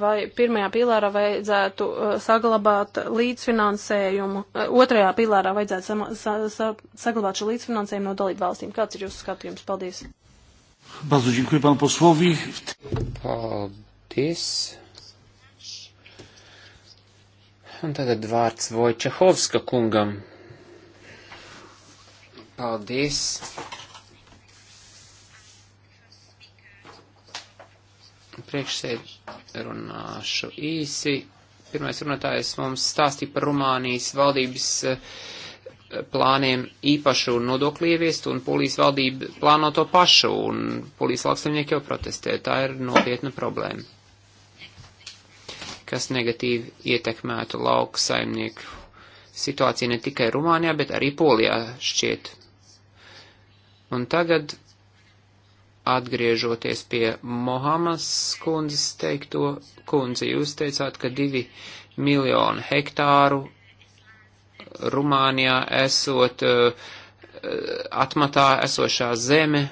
[SPEAKER 2] vai pirmajā pilārā vajadzētu uh, saglabāt līdzfinansējumu, uh, otrajā pilārā vajadzētu sama, sa, sa, saglabāt šo līdzfinansējumu no dalību valstīm. Kāds ir jūsu skatījums? Paldies!
[SPEAKER 3] Bardzo dziękuję panu posłowi. Paldies. Un tagad vārds Vojčehovska kungam. Paldies. priekšsēd runāšu īsi. Pirmais runātājs mums stāstīja par Rumānijas valdības eh, plāniem īpašu nodokli ieviest, un polijas valdība plāno to pašu, un polijas lauksaimnieki jau protestē. Tā ir nopietna problēma, kas negatīvi ietekmētu lauksaimnieku situāciju ne tikai Rumānijā, bet arī Polijā šķiet. Un tagad atgriežoties pie Mohamas kundzes teikto, kundze, jūs teicāt, ka divi miljoni hektāru Rumānijā esot eh, atmatā esošā zeme.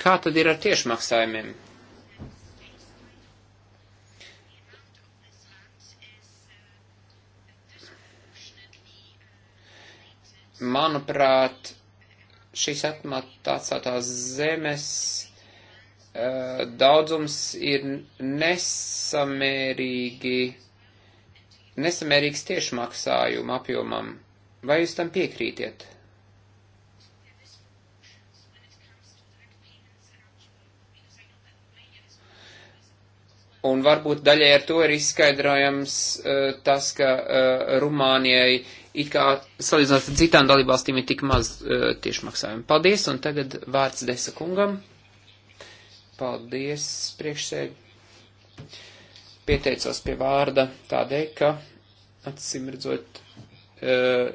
[SPEAKER 3] Kā tad ir ar tiešmaksājumiem? Manuprāt, šīs atmatācātās zemes uh, daudzums ir nesamērīgi, nesamērīgs tiešmaksājuma apjomam. Vai jūs tam piekrītiet? Un varbūt daļai ar to ir izskaidrojams uh, tas, ka uh, Rumānijai it kā salīdzinot ar citām dalībvalstīm ir tik maz uh, eh, tiešmaksājumi. Paldies, un tagad vārds Desa kungam. Paldies, priekšsēd. Pieteicos pie vārda tādēļ, ka, acīm redzot, uh,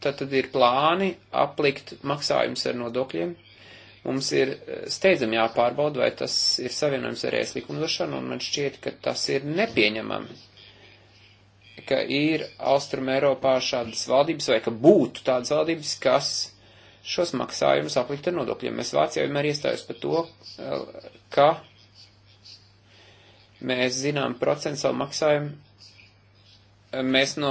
[SPEAKER 3] tad, tad ir plāni aplikt maksājums ar nodokļiem Mums ir eh, steidzami jāpārbauda, vai tas ir savienojums ar ēs likumdošanu, un man šķiet, ka tas ir nepieņemami, ka ir Austrum Eiropā šādas valdības, vai ka būtu tādas valdības, kas šos maksājumus aplikt ar nodokļiem. Mēs Vācijā vienmēr iestājos par to, eh, ka mēs zinām procentu savu maksājumu mēs no,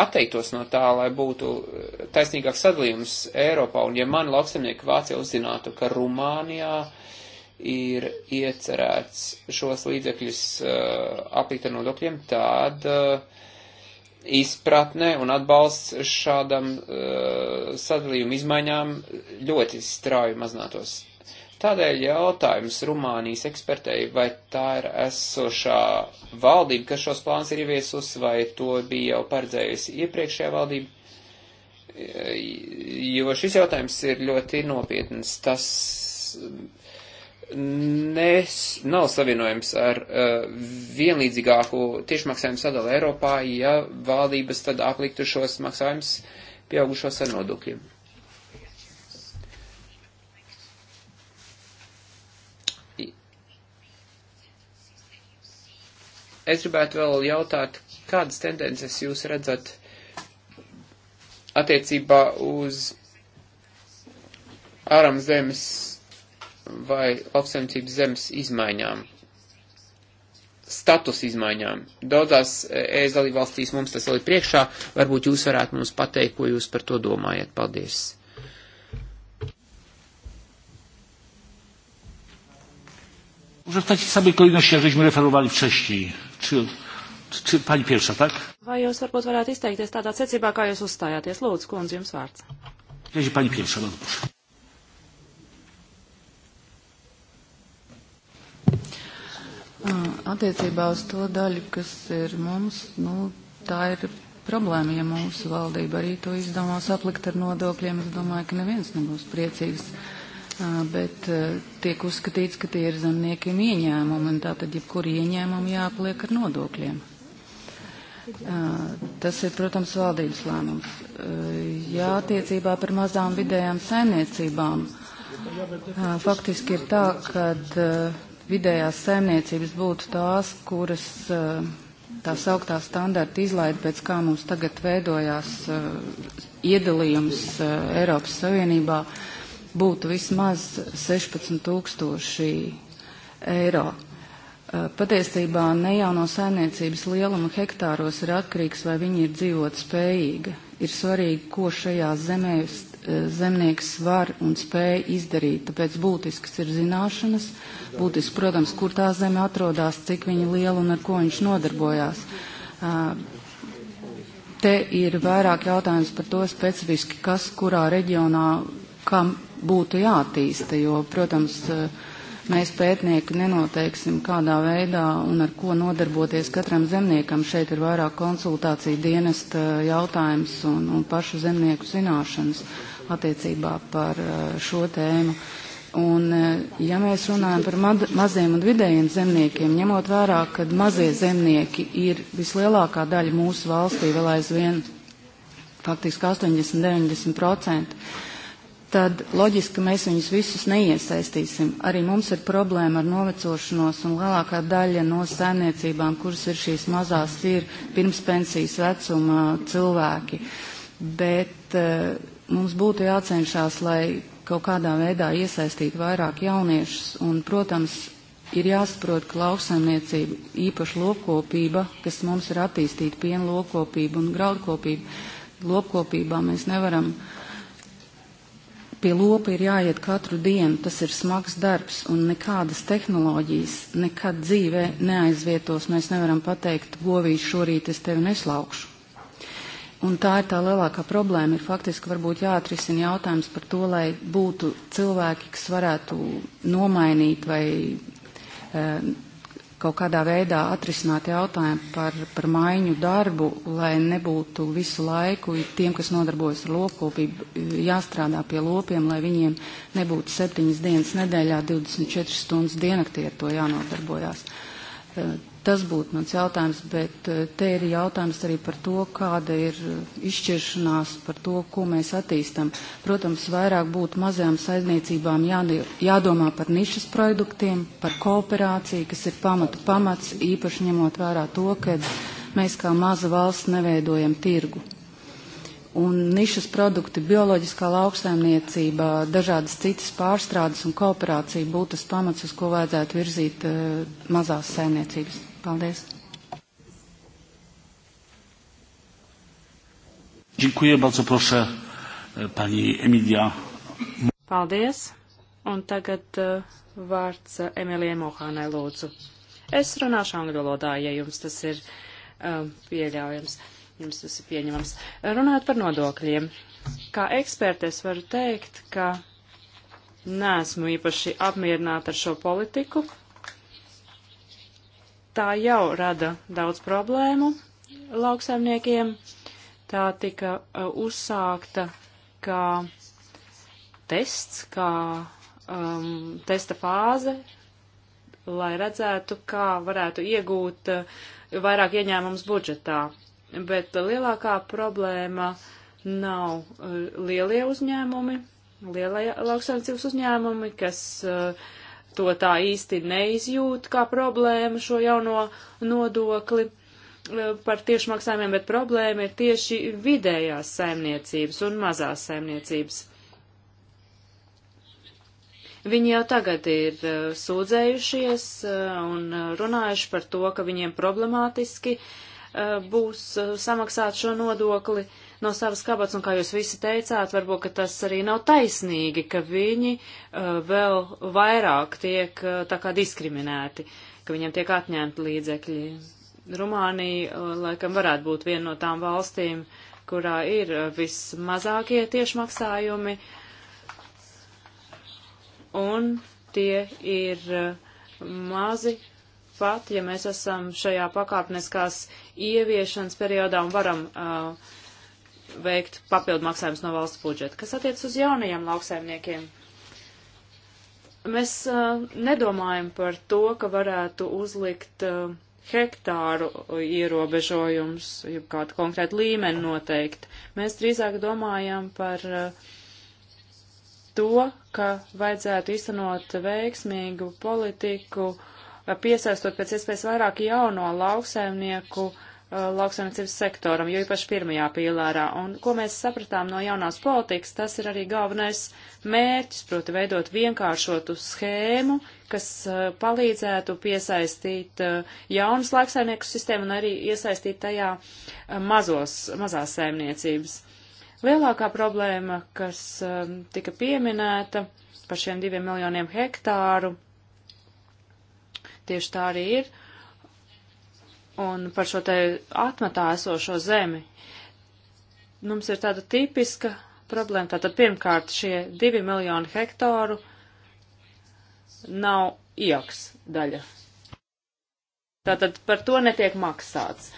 [SPEAKER 3] atteiktos no tā, lai būtu eh, taisnīgāks sadalījums Eiropā. Un ja mani lauksemnieki Vācijā uzzinātu, ka Rumānijā ir iecerēts šos līdzekļus uh, aplikt ar nodokļiem, tad uh, izpratne un atbalsts šādam uh, sadalījuma izmaiņām ļoti strauji mazinātos. Tādēļ jautājums Rumānijas ekspertei, vai tā ir esošā valdība, kas šos plānus ir ieviesusi, vai to bija jau paredzējusi iepriekšējā valdība, jo šis jautājums ir ļoti nopietns. Tas nes, nav savienojams ar uh, vienlīdzīgāku tiešmaksājumu sadalu Eiropā, ja valdības tad apliktu šos maksājumus pieaugušos ar nodokļiem. Es gribētu vēl jautāt, kādas tendences jūs redzat attiecībā uz ārām zemes vai lauksaimniecības zemes izmaiņām, status izmaiņām. Daudzās ES dalībvalstīs mums tas vēl ir priekšā, varbūt jūs varētu mums pateikt, ko jūs par to domājat. Paldies!
[SPEAKER 1] Może w takiej samej kolejności, jak żeśmy referowali wcześniej. Czy, czy pani pierwsza, tak?
[SPEAKER 4] Vai jūs varbūt varētu izteikties tādā secībā, kā jūs uzstājāties? Lūdzu, kundze,
[SPEAKER 6] jums vārds.
[SPEAKER 1] Jeśli pani pierwsza, bardzo proszę.
[SPEAKER 6] Attiecībā uz to daļu, kas ir mums, nu, tā ir problēma, ja mūsu valdība arī to izdomās aplikt ar nodokļiem. Es domāju, ka neviens nebūs priecīgs. Uh, bet tiek uzskatīts, ka tie ir zemniekiem ieņēmumi, un tātad jebkur ieņēmumi jāpliek ar nodokļiem. Tas ir, protams, valdības lēmums. Jā, attiecībā par mazām vidējām saimniecībām. Faktiski ir tā, ka vidējās saimniecības būtu tās, kuras tā sauktā standarta izlaida, pēc kā mums tagad veidojās iedalījums Eiropas Savienībā. Uh, būtu vismaz 16 tūkstoši eiro. Patiesībā ne jau no saimniecības lieluma hektāros ir atkarīgs, vai viņi ir dzīvot spējīga. Ir svarīgi, ko šajā zemē zemnieks var un spēj izdarīt. Tāpēc būtisks ir zināšanas, būtisks, protams, kur tā zeme atrodas, cik viņa liela un ar ko viņš nodarbojās. Te ir vairāk jautājums par to specifiski, kas kurā reģionā, kam būtu jātīsta, jo, protams, eh, mēs pētnieki nenoteiksim, kādā veidā un ar ko nodarboties katram zemniekam. Šeit ir vairāk konsultācija dienesta jautājums un, un pašu zemnieku zināšanas attiecībā par eh, šo tēmu. Un, eh, ja mēs runājam par maziem un vidējiem zemniekiem, ņemot vērā, ka mazie zemnieki ir vislielākā daļa mūsu valstī, vēl aizvien faktiski 80-90%, tad loģiski mēs viņus visus neiesaistīsim. Arī mums ir problēma ar novecošanos, un lielākā daļa no saimniecībām, kuras ir šīs mazās, ir pirmspensijas vecuma cilvēki. Bet uh, mums būtu jācenšas, lai kaut kādā veidā iesaistītu vairāk jauniešus, un, protams, ir jāsaprot, ka lauksaimniecība, īpaši lopkopība, kas mums ir attīstīta piena lopkopība un graudkopība, lopkopībā mēs nevaram uh, pie lopa ir jāiet katru dienu, tas ir smags darbs, un nekādas tehnoloģijas nekad dzīvē neaizvietos. Mēs nevaram pateikt, govīši šorīt es tevi neslaukšu. Un tā ir tā lielākā problēma. Ir faktiski varbūt jāatrisina jautājums par to, lai būtu cilvēki, kas varētu nomainīt vai e, kaut kādā veidā atrisināt jautājumu par, par maiņu darbu, lai nebūtu visu laiku tiem, kas nodarbojas ar lopkopību, jāstrādā pie lopiem, lai viņiem nebūtu septiņas dienas nedēļā, 24 stundas diennaktī ar to jānodarbojās. Eh, Tas būtu mans jautājums, bet eh, te ir jautājums arī par to, kāda ir eh, izšķiršanās par to, ko mēs attīstam. Protams, vairāk būtu mazajām saimniecībām jādomā par nišas produktiem, par kooperāciju, kas ir pamatu pamats, īpaši ņemot vērā to, ka mēs kā maza valsts neveidojam tirgu. Un nišas produkti, bioloģiskā lauksaimniecība, dažādas citas pārstrādes un kooperācija būtu tas pamats, uz ko vajadzētu virzīt uh, mazās saimniecības. Paldies!
[SPEAKER 1] Dziękuję, bardzo proszę e, pani Emilia.
[SPEAKER 4] Paldies! Un tagad uh, vārds Emilijai Mohānai lūdzu. Es runāšu angļu valodā, ja jums tas ir um, uh, pieļaujams, jums tas ir pieņemams. Runājot par nodokļiem, kā ekspertes varu teikt, ka neesmu īpaši apmierināta ar šo politiku, tā jau rada daudz problēmu lauksaimniekiem. Tā tika uh, uzsākta kā tests, kā um, testa fāze, lai redzētu, kā varētu iegūt uh, vairāk ieņēmums budžetā. Bet lielākā problēma nav uh, lielie uzņēmumi, lielie lauksaimniecības uzņēmumi, kas uh, to tā īsti neizjūt kā problēmu šo jauno nodokli e, par tiešmaksājumiem, bet problēma ir tieši vidējās saimniecības un mazās saimniecības. Viņi jau tagad ir e, sūdzējušies e, un runājuši par to, ka viņiem problemātiski būs samaksāt šo nodokli. Uh, no savas kabatas, un kā jūs visi teicāt, varbūt, ka tas arī nav taisnīgi, ka viņi uh, vēl vairāk tiek uh, tā kā diskriminēti, ka viņiem tiek atņemti līdzekļi. Rumānija, uh, laikam, varētu būt viena no tām valstīm, kurā ir uh, vismazākie tiešmaksājumi, un tie ir uh, mazi pat, ja mēs esam šajā pakāpeniskās ieviešanas periodā un varam uh, veikt papildu maksājumus no valsts budžeta. Kas attiec uz jaunajiem lauksaimniekiem? Mēs uh, nedomājam par to, ka varētu uzlikt uh, hektāru uh, ierobežojums, jau kādu konkrētu līmeni noteikt. Mēs drīzāk domājam par uh, to, ka vajadzētu izsanot veiksmīgu politiku, uh, piesaistot pēc iespējas vairāk jauno lauksaimnieku uh, Uh, lauksaimniecības sektoram, jo īpaši pirmajā pīlārā. Un ko mēs sapratām no jaunās politikas, tas ir arī galvenais mērķis, proti veidot vienkāršotu schēmu, kas uh, palīdzētu piesaistīt uh, jaunas lauksaimnieku sistēmu un arī iesaistīt tajā uh, mazos, mazās saimniecības. Lielākā problēma, kas um, tika pieminēta par šiem diviem miljoniem hektāru, tieši tā arī ir un par šo te atmatā esošo zemi. Mums ir tāda tipiska problēma. Tātad pirmkārt šie divi miljoni hektāru nav ieks daļa. Tātad par to netiek maksāts,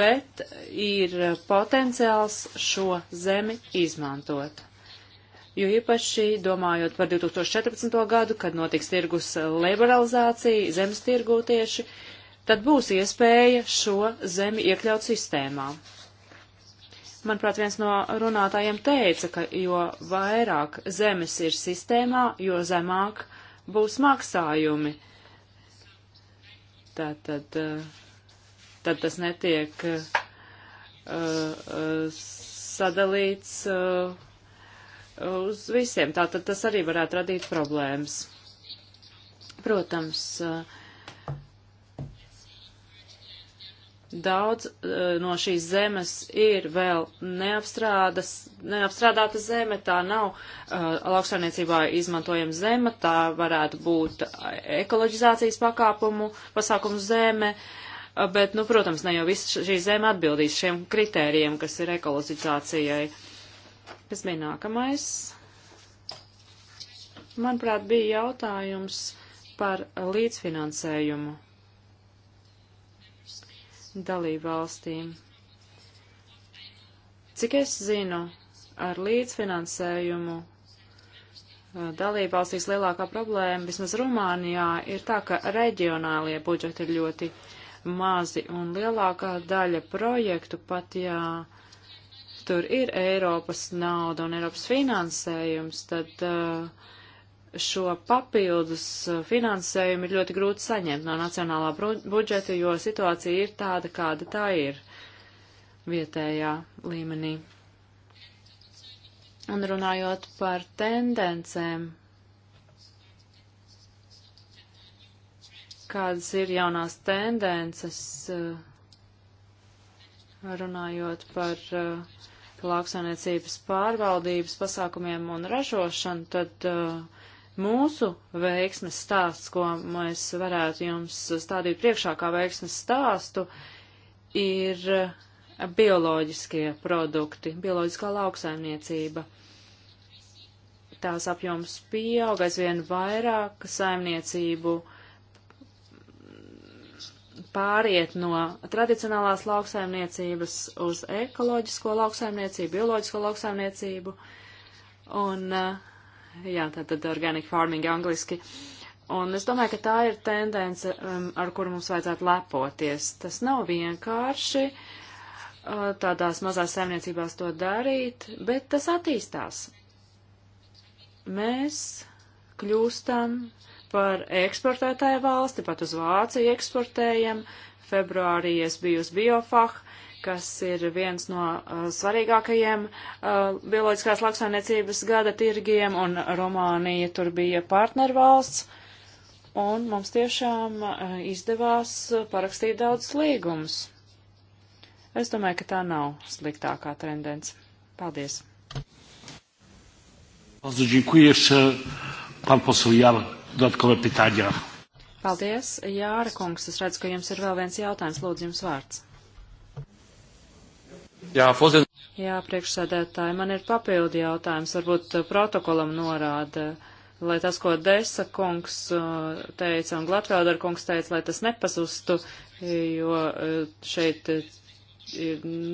[SPEAKER 4] bet ir potenciāls šo zemi izmantot. Jo īpaši domājot par 2014. gadu, kad notiks tirgus liberalizācija, zemes tirgū tieši, uh, tad būs iespēja šo zemi iekļaut sistēmā. Manuprāt, viens no runātājiem teica, ka jo vairāk zemes ir sistēmā, jo zemāk būs maksājumi. Tātad, eh, tad tas netiek uh, uh, sadalīts uh, uz visiem. Tātad tas arī varētu radīt problēmas. Protams, uh, Daudz eh, no šīs zemes ir vēl neapstrādāta zeme, tā nav uh, lauksaimniecībā izmantojama zeme, tā varētu būt ekoloģizācijas pakāpumu, pasākumu zeme, eh, bet, nu, protams, ne jau viss šī zeme atbildīs šiem kritērijiem, kas ir ekoloģizācijai. Kas bija nākamais? Manuprāt, bija jautājums par līdzfinansējumu dalībvalstīm. Cik es zinu, ar līdzfinansējumu eh, dalībvalstīs lielākā problēma, vismaz Rumānijā, ir tā, ka reģionālie budžeti ir ļoti mazi un lielākā daļa projektu pat, ja tur ir Eiropas nauda un Eiropas finansējums, tad uh, šo papildus uh, finansējumu ir ļoti grūti saņemt no nacionālā budžeta, jo situācija ir tāda, kāda tā ir vietējā līmenī. Un runājot par tendencēm, kādas ir jaunās tendences, uh, runājot par uh, lauksainiecības pārvaldības pasākumiem un ražošanu, tad uh, mūsu veiksmes stāsts, ko mēs varētu jums stādīt priekšā kā veiksmes stāstu, ir bioloģiskie produkti, bioloģiskā lauksaimniecība. Tās apjoms pieaug aizvien vairāk saimniecību pāriet no tradicionālās lauksaimniecības uz ekoloģisko lauksaimniecību, bioloģisko lauksaimniecību, un uh, Jā, tātad organic farming angliski. Un es domāju, ka tā ir tendence, um, ar kuru mums vajadzētu lepoties. Tas nav vienkārši uh, tādās mazās saimniecībās to darīt, bet tas attīstās. Mēs kļūstam par eksportētāju valsti, pat uz Vāciju eksportējam. Februārī es biju uz Biofah, kas ir viens no uh, svarīgākajiem uh, bioloģiskās lauksaimniecības gada tirgiem, un Romānija tur bija partnervalsts, un mums tiešām uh, izdevās parakstīt daudz līgumus. Es domāju, ka tā nav sliktākā tendence. Paldies! Paldies, Jāra kungs. Es redzu, ka jums ir vēl viens jautājums. Lūdzu, jums vārds. Jā, Fozen. Jā, priekšsēdētāji, man ir papildi jautājums, varbūt uh, protokolam norāda, uh, lai tas, ko Desa kungs uh, teica un Glatvēldar kungs teica, lai tas nepazustu, jo šeit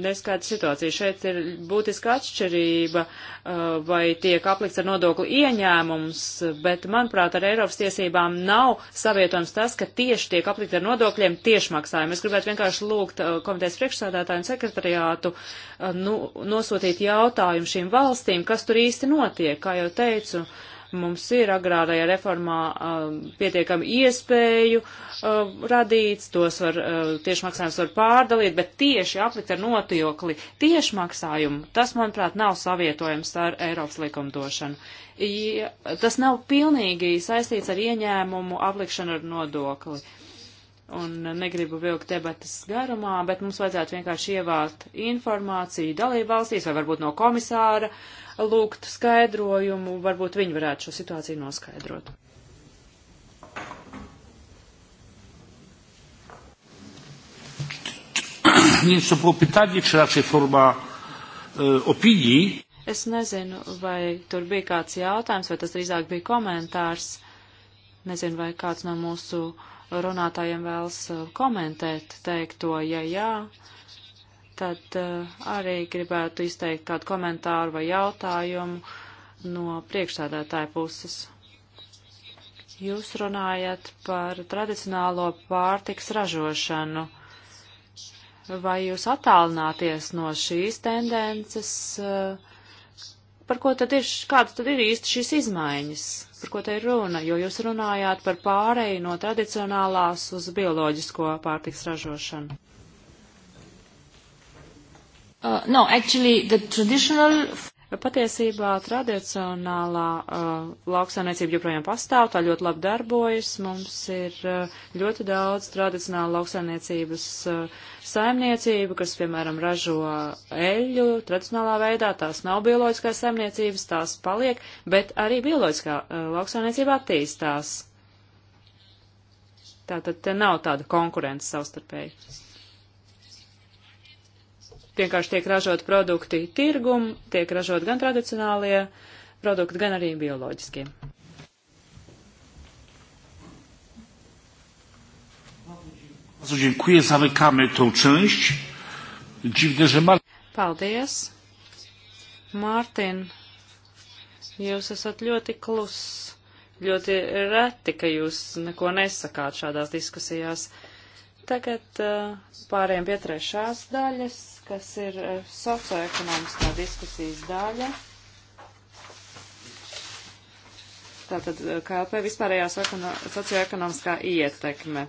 [SPEAKER 4] neskaidra situācija. Šeit ir būtiska atšķirība, uh, vai tiek aplikts ar nodokli ieņēmums, bet, manuprāt, ar Eiropas tiesībām nav savietojams tas, ka tieši tiek aplikt ar nodokļiem tiešmaksājumi. Es gribētu vienkārši lūgt uh, komitejas priekšsādātāju un sekretariātu uh, nu, nosūtīt jautājumu šīm valstīm, kas tur īsti notiek, kā jau teicu. Uh, Mums ir agrārajā reformā um, pietiekami iespēju um, radīts, tos var, uh, tiešmaksājums var pārdalīt, bet tieši aplikt ar notjokli tiešmaksājumu, tas, manuprāt, nav savietojams ar Eiropas likumdošanu. Ja, tas nav pilnīgi saistīts ar ieņēmumu aplikšanu ar nodokli. Uh, un negribu vilkt debatas garumā, bet mums vajadzētu vienkārši ievākt informāciju dalību valstīs vai varbūt no komisāra lūgt skaidrojumu, varbūt viņi varētu šo situāciju noskaidrot.
[SPEAKER 1] nie wiem, czy to było pytanie, czy raczej forma e, opinii.
[SPEAKER 4] Es nezinu, vai tur bija kāds jautājums, vai tas drīzāk bija komentārs. Nezinu, vai kāds no mūsu runātājiem vēlas uh, komentēt teikto, ja jā, tad uh, arī gribētu izteikt kādu komentāru vai jautājumu no priekšsādātāja puses. Jūs runājat par tradicionālo pārtiks ražošanu. Vai jūs attālināties no šīs tendences? Uh, par ko tad ir, kādas tad ir īsti šīs izmaiņas? par ko te ir runa, jo jūs runājāt par pāreju no tradicionālās uz bioloģisko pārtiks ražošanu. Uh, no, actually, the traditional... Patiesībā tradicionālā uh, lauksaimniecība joprojām pastāv, tā ļoti labi darbojas. Mums ir uh, ļoti daudz tradicionāla lauksaimniecības uh, saimniecība, kas, piemēram, ražo eļļu tradicionālā veidā. Tās nav bioloģiskās saimniecības, tās paliek, bet arī bioloģiskā uh, lauksaimniecība attīstās. Tātad te nav tāda konkurence savstarpēji vienkārši tiek ražot produkti tirgum, tiek ražot gan tradicionālie produkti, gan arī bioloģiskie.
[SPEAKER 1] Dziękuję, zamykamy tą część. Dziwne, że ma...
[SPEAKER 4] Paldies. Mārtiņ, jūs esat ļoti kluss. Ļoti reti, ka jūs neko nesakāt šādās diskusijās. Tagad uh, pāriem pie trešās daļas kas ir eh, socioekonomiskā diskusijas daļa. Tātad eh, KLP vispārējā socioekonomiskā ietekme.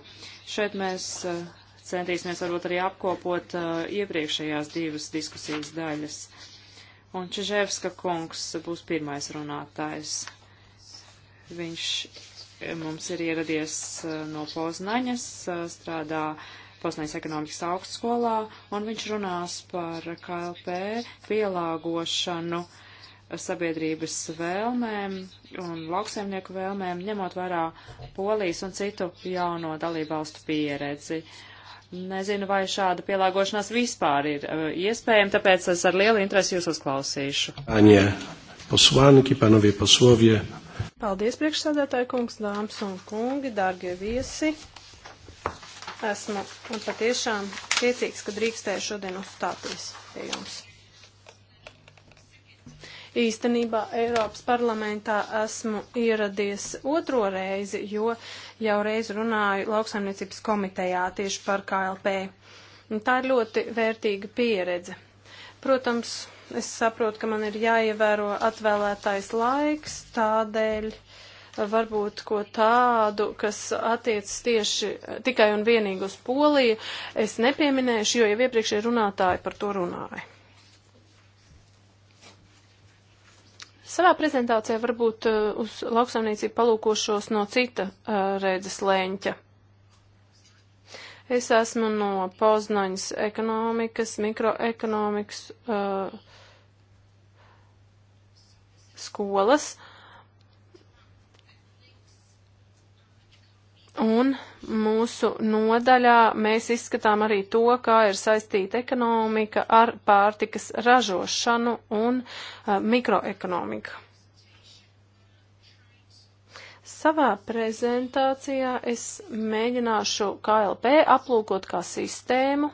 [SPEAKER 4] Šeit mēs eh, centīsimies varbūt arī apkopot uh, iepriekšējās divas diskusijas daļas. Un Čeževska kungs būs pirmais runātājs. Viņš mums ir ieradies uh, no Poznaņas, uh, strādā uh, Poznais ekonomikas augstskolā, un viņš runās par KLP pielāgošanu sabiedrības vēlmēm un lauksaimnieku vēlmēm, ņemot vērā Polijas un citu jauno dalībvalstu pieredzi. Nezinu, vai šāda pielāgošanās vispār ir uh, iespējama, tāpēc es ar lielu interesi jūs uzklausīšu.
[SPEAKER 5] Aņē, posvāniki, panovie posovie.
[SPEAKER 2] Paldies, priekšsādātāji kungs, dāmas un kungi, dārgie viesi. Esmu patiešām priecīgs, ka drīkstēju šodien uzstāties pie jums. Īstenībā Eiropas parlamentā esmu ieradies otro reizi, jo jau reiz runāju lauksaimniecības komitejā tieši par KLP. Un tā ir ļoti vērtīga pieredze. Protams, es saprotu, ka man ir jāievēro atvēlētais laiks, tādēļ uh, varbūt ko tādu, kas attiecas tieši tikai un vienīgi uz Poliju, es nepieminēšu, jo jau iepriekšēji runātāji par to runāja. Savā prezentācijā varbūt eh, uz lauksaimniecību palūkošos no cita eh, redzes lēņķa. Es esmu no Poznaņas ekonomikas, mikroekonomikas uh, skolas. Uh, Un mūsu nodaļā mēs izskatām arī to, kā ir saistīta ekonomika ar pārtikas ražošanu un uh, mikroekonomiku. Savā prezentācijā es mēģināšu KLP aplūkot kā sistēmu,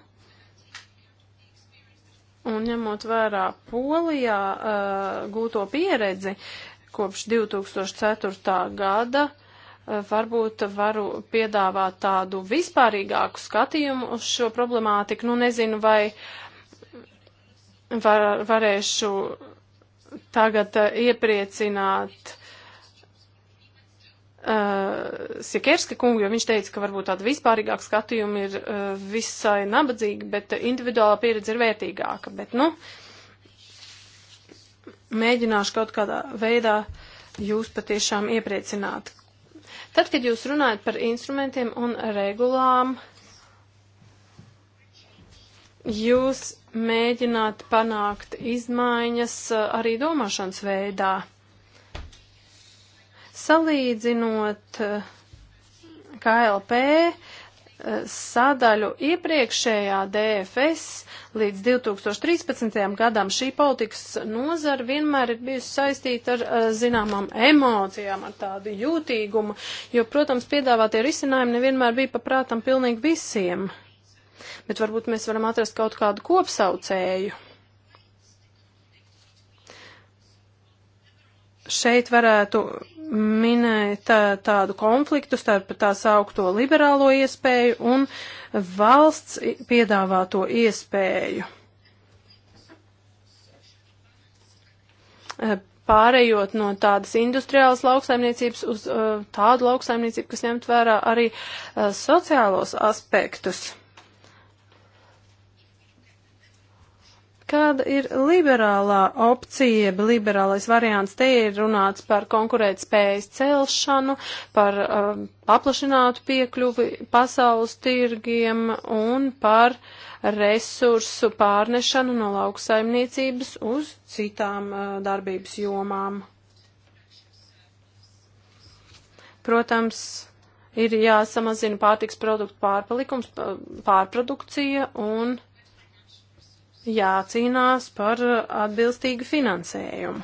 [SPEAKER 2] un ņemot vērā Polijā uh, gūto pieredzi kopš 2004. gada, uh, varbūt varu piedāvāt tādu vispārīgāku skatījumu uz šo problemātiku. Nu, nezinu, vai var, varēšu tagad uh, iepriecināt uh, Sikerska kungu, jo viņš teica, ka varbūt tāda vispārīgāka skatījuma ir uh, visai nabadzīga, bet individuālā pieredze ir vērtīgāka. Bet, nu, mēģināšu kaut kādā veidā jūs patiešām iepriecināt. Tad, kad jūs runājat par instrumentiem un regulām, jūs mēģināt panākt izmaiņas uh, arī domāšanas veidā. Salīdzinot uh, KLP, sadaļu iepriekšējā DFS līdz 2013. gadam šī politikas nozara vienmēr ir bijusi saistīta ar eh, zināmām emocijām, ar tādu jūtīgumu, jo, protams, piedāvātie risinājumi nevienmēr bija paprātam pilnīgi visiem. Bet varbūt mēs varam atrast kaut kādu kopsaucēju. šeit varētu minēt tādu konfliktu starp tās augto liberālo iespēju un valsts piedāvāto iespēju. Pārējot no tādas industriālas lauksaimniecības uz tādu lauksaimniecību, kas ņemt vērā arī sociālos aspektus. Kāda ir liberālā opcija, liberālais variants? Te ir runāts par konkurētspējas celšanu, par um, paplašinātu piekļuvi pasaules tirgiem un par resursu pārnešanu no lauksaimniecības uz citām uh, darbības jomām. Protams, ir jāsamazina pārtiks produktu pārpalikums, pārprodukcija un jācīnās par atbilstīgu finansējumu.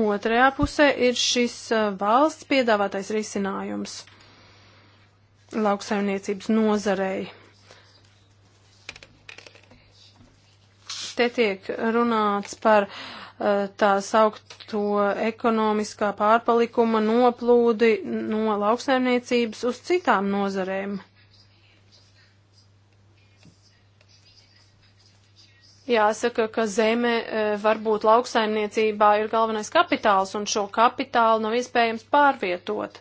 [SPEAKER 2] Otrajā pusē ir šis uh, valsts piedāvātais risinājums lauksaimniecības nozarei. Te tiek runāts par uh, tā saukto ekonomiskā pārpalikuma noplūdi no lauksaimniecības uz citām nozarēm. Jāsaka, ka zeme e, varbūt lauksaimniecībā ir galvenais kapitāls, un šo kapitālu nav iespējams pārvietot.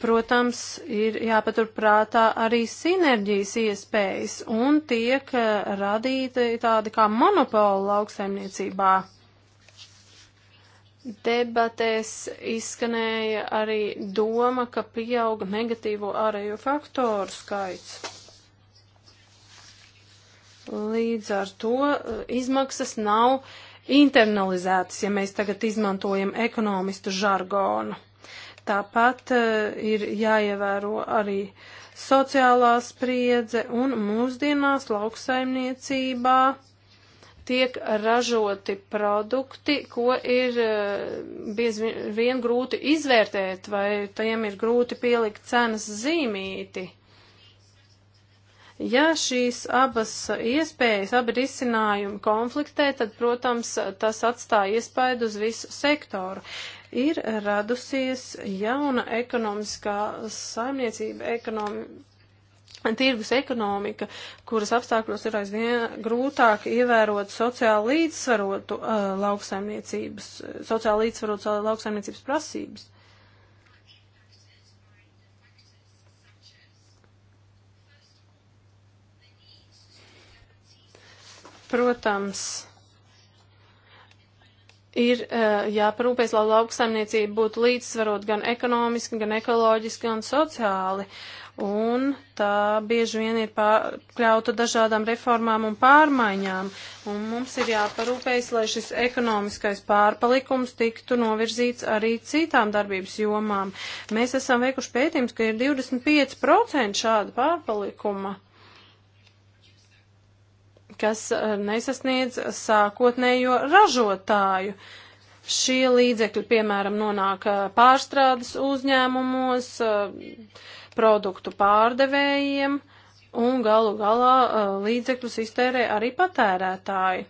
[SPEAKER 2] Protams, ir jāpaturprātā arī sinerģijas iespējas un tiek e, radīti tādi kā monopoli lauksaimniecībā. Debatēs izskanēja arī doma, ka pieauga negatīvo ārējo faktoru skaits. Līdz ar to e, izmaksas nav internalizētas, ja mēs tagad izmantojam ekonomistu žargonu. Tāpat e, ir jāievēro arī sociālā spriedze un mūsdienās lauksaimniecībā tiek ražoti produkti, ko ir e, bieži vien, vien grūti izvērtēt, vai tajiem ir grūti pielikt cenas zīmīti. Ja šīs abas iespējas, abi risinājumi konfliktē, tad, protams, tas atstāja iespaidu uz visu sektoru. Ir radusies jauna ekonomiskā saimniecība, ekonomi, tirgus ekonomika, kuras apstākļos ir aizvien grūtāk ievērot sociāli līdzsvarotu uh, lauksaimniecības, sociāli līdzsvarotu uh, lauksaimniecības prasības. Protams, ir eh, jāparūpēs, lai lauksaimniecība būtu līdzsvarot gan ekonomiski, gan ekoloģiski, gan sociāli. Un tā bieži vien ir pakļauta dažādām reformām un pārmaiņām. Un mums ir jāparūpējas, lai šis ekonomiskais pārpalikums tiktu novirzīts arī citām darbības jomām. Mēs esam veikuši pētījums, ka ir 25% šāda pārpalikuma kas eh, nesasniedz sākotnējo ražotāju. Šie līdzekļi, piemēram, nonāk eh, pārstrādes uzņēmumos, eh, produktu pārdevējiem un galu galā līdzekļus iztērē arī patērētāji.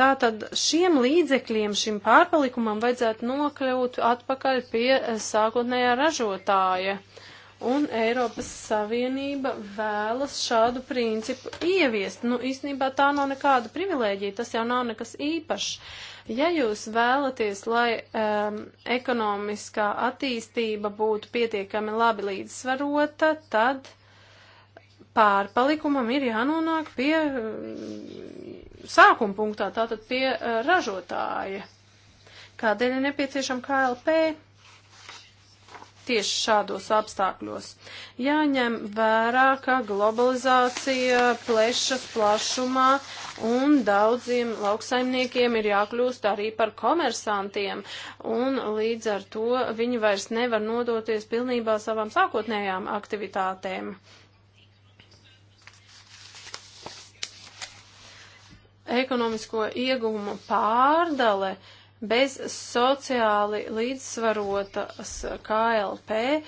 [SPEAKER 2] Tātad šiem līdzekļiem, šim pārpalikumam vajadzētu nokļūt atpakaļ pie sākotnējā ražotāja. Uh, un Eiropas Savienība vēlas šādu principu ieviest. Nu, īstenībā tā nav nekāda privilēģija, tas jau nav nekas īpašs. Ja jūs vēlaties, lai um, ekonomiskā attīstība būtu pietiekami labi līdzsvarota, tad pārpalikumam ir jānonāk pie um, sākuma punktā, tātad pie uh, ražotāja. Kādēļ ir nepieciešama KLP? tieši šādos apstākļos. Jāņem vērā, ka globalizācija plešas plašumā un daudziem lauksaimniekiem ir jākļūst arī par komersantiem, un līdz ar to viņi vairs nevar nodoties pilnībā savām sākotnējām aktivitātēm. Ekonomisko ieguvumu pārdale uh, Bez sociāli līdzsvarotas KLP eh,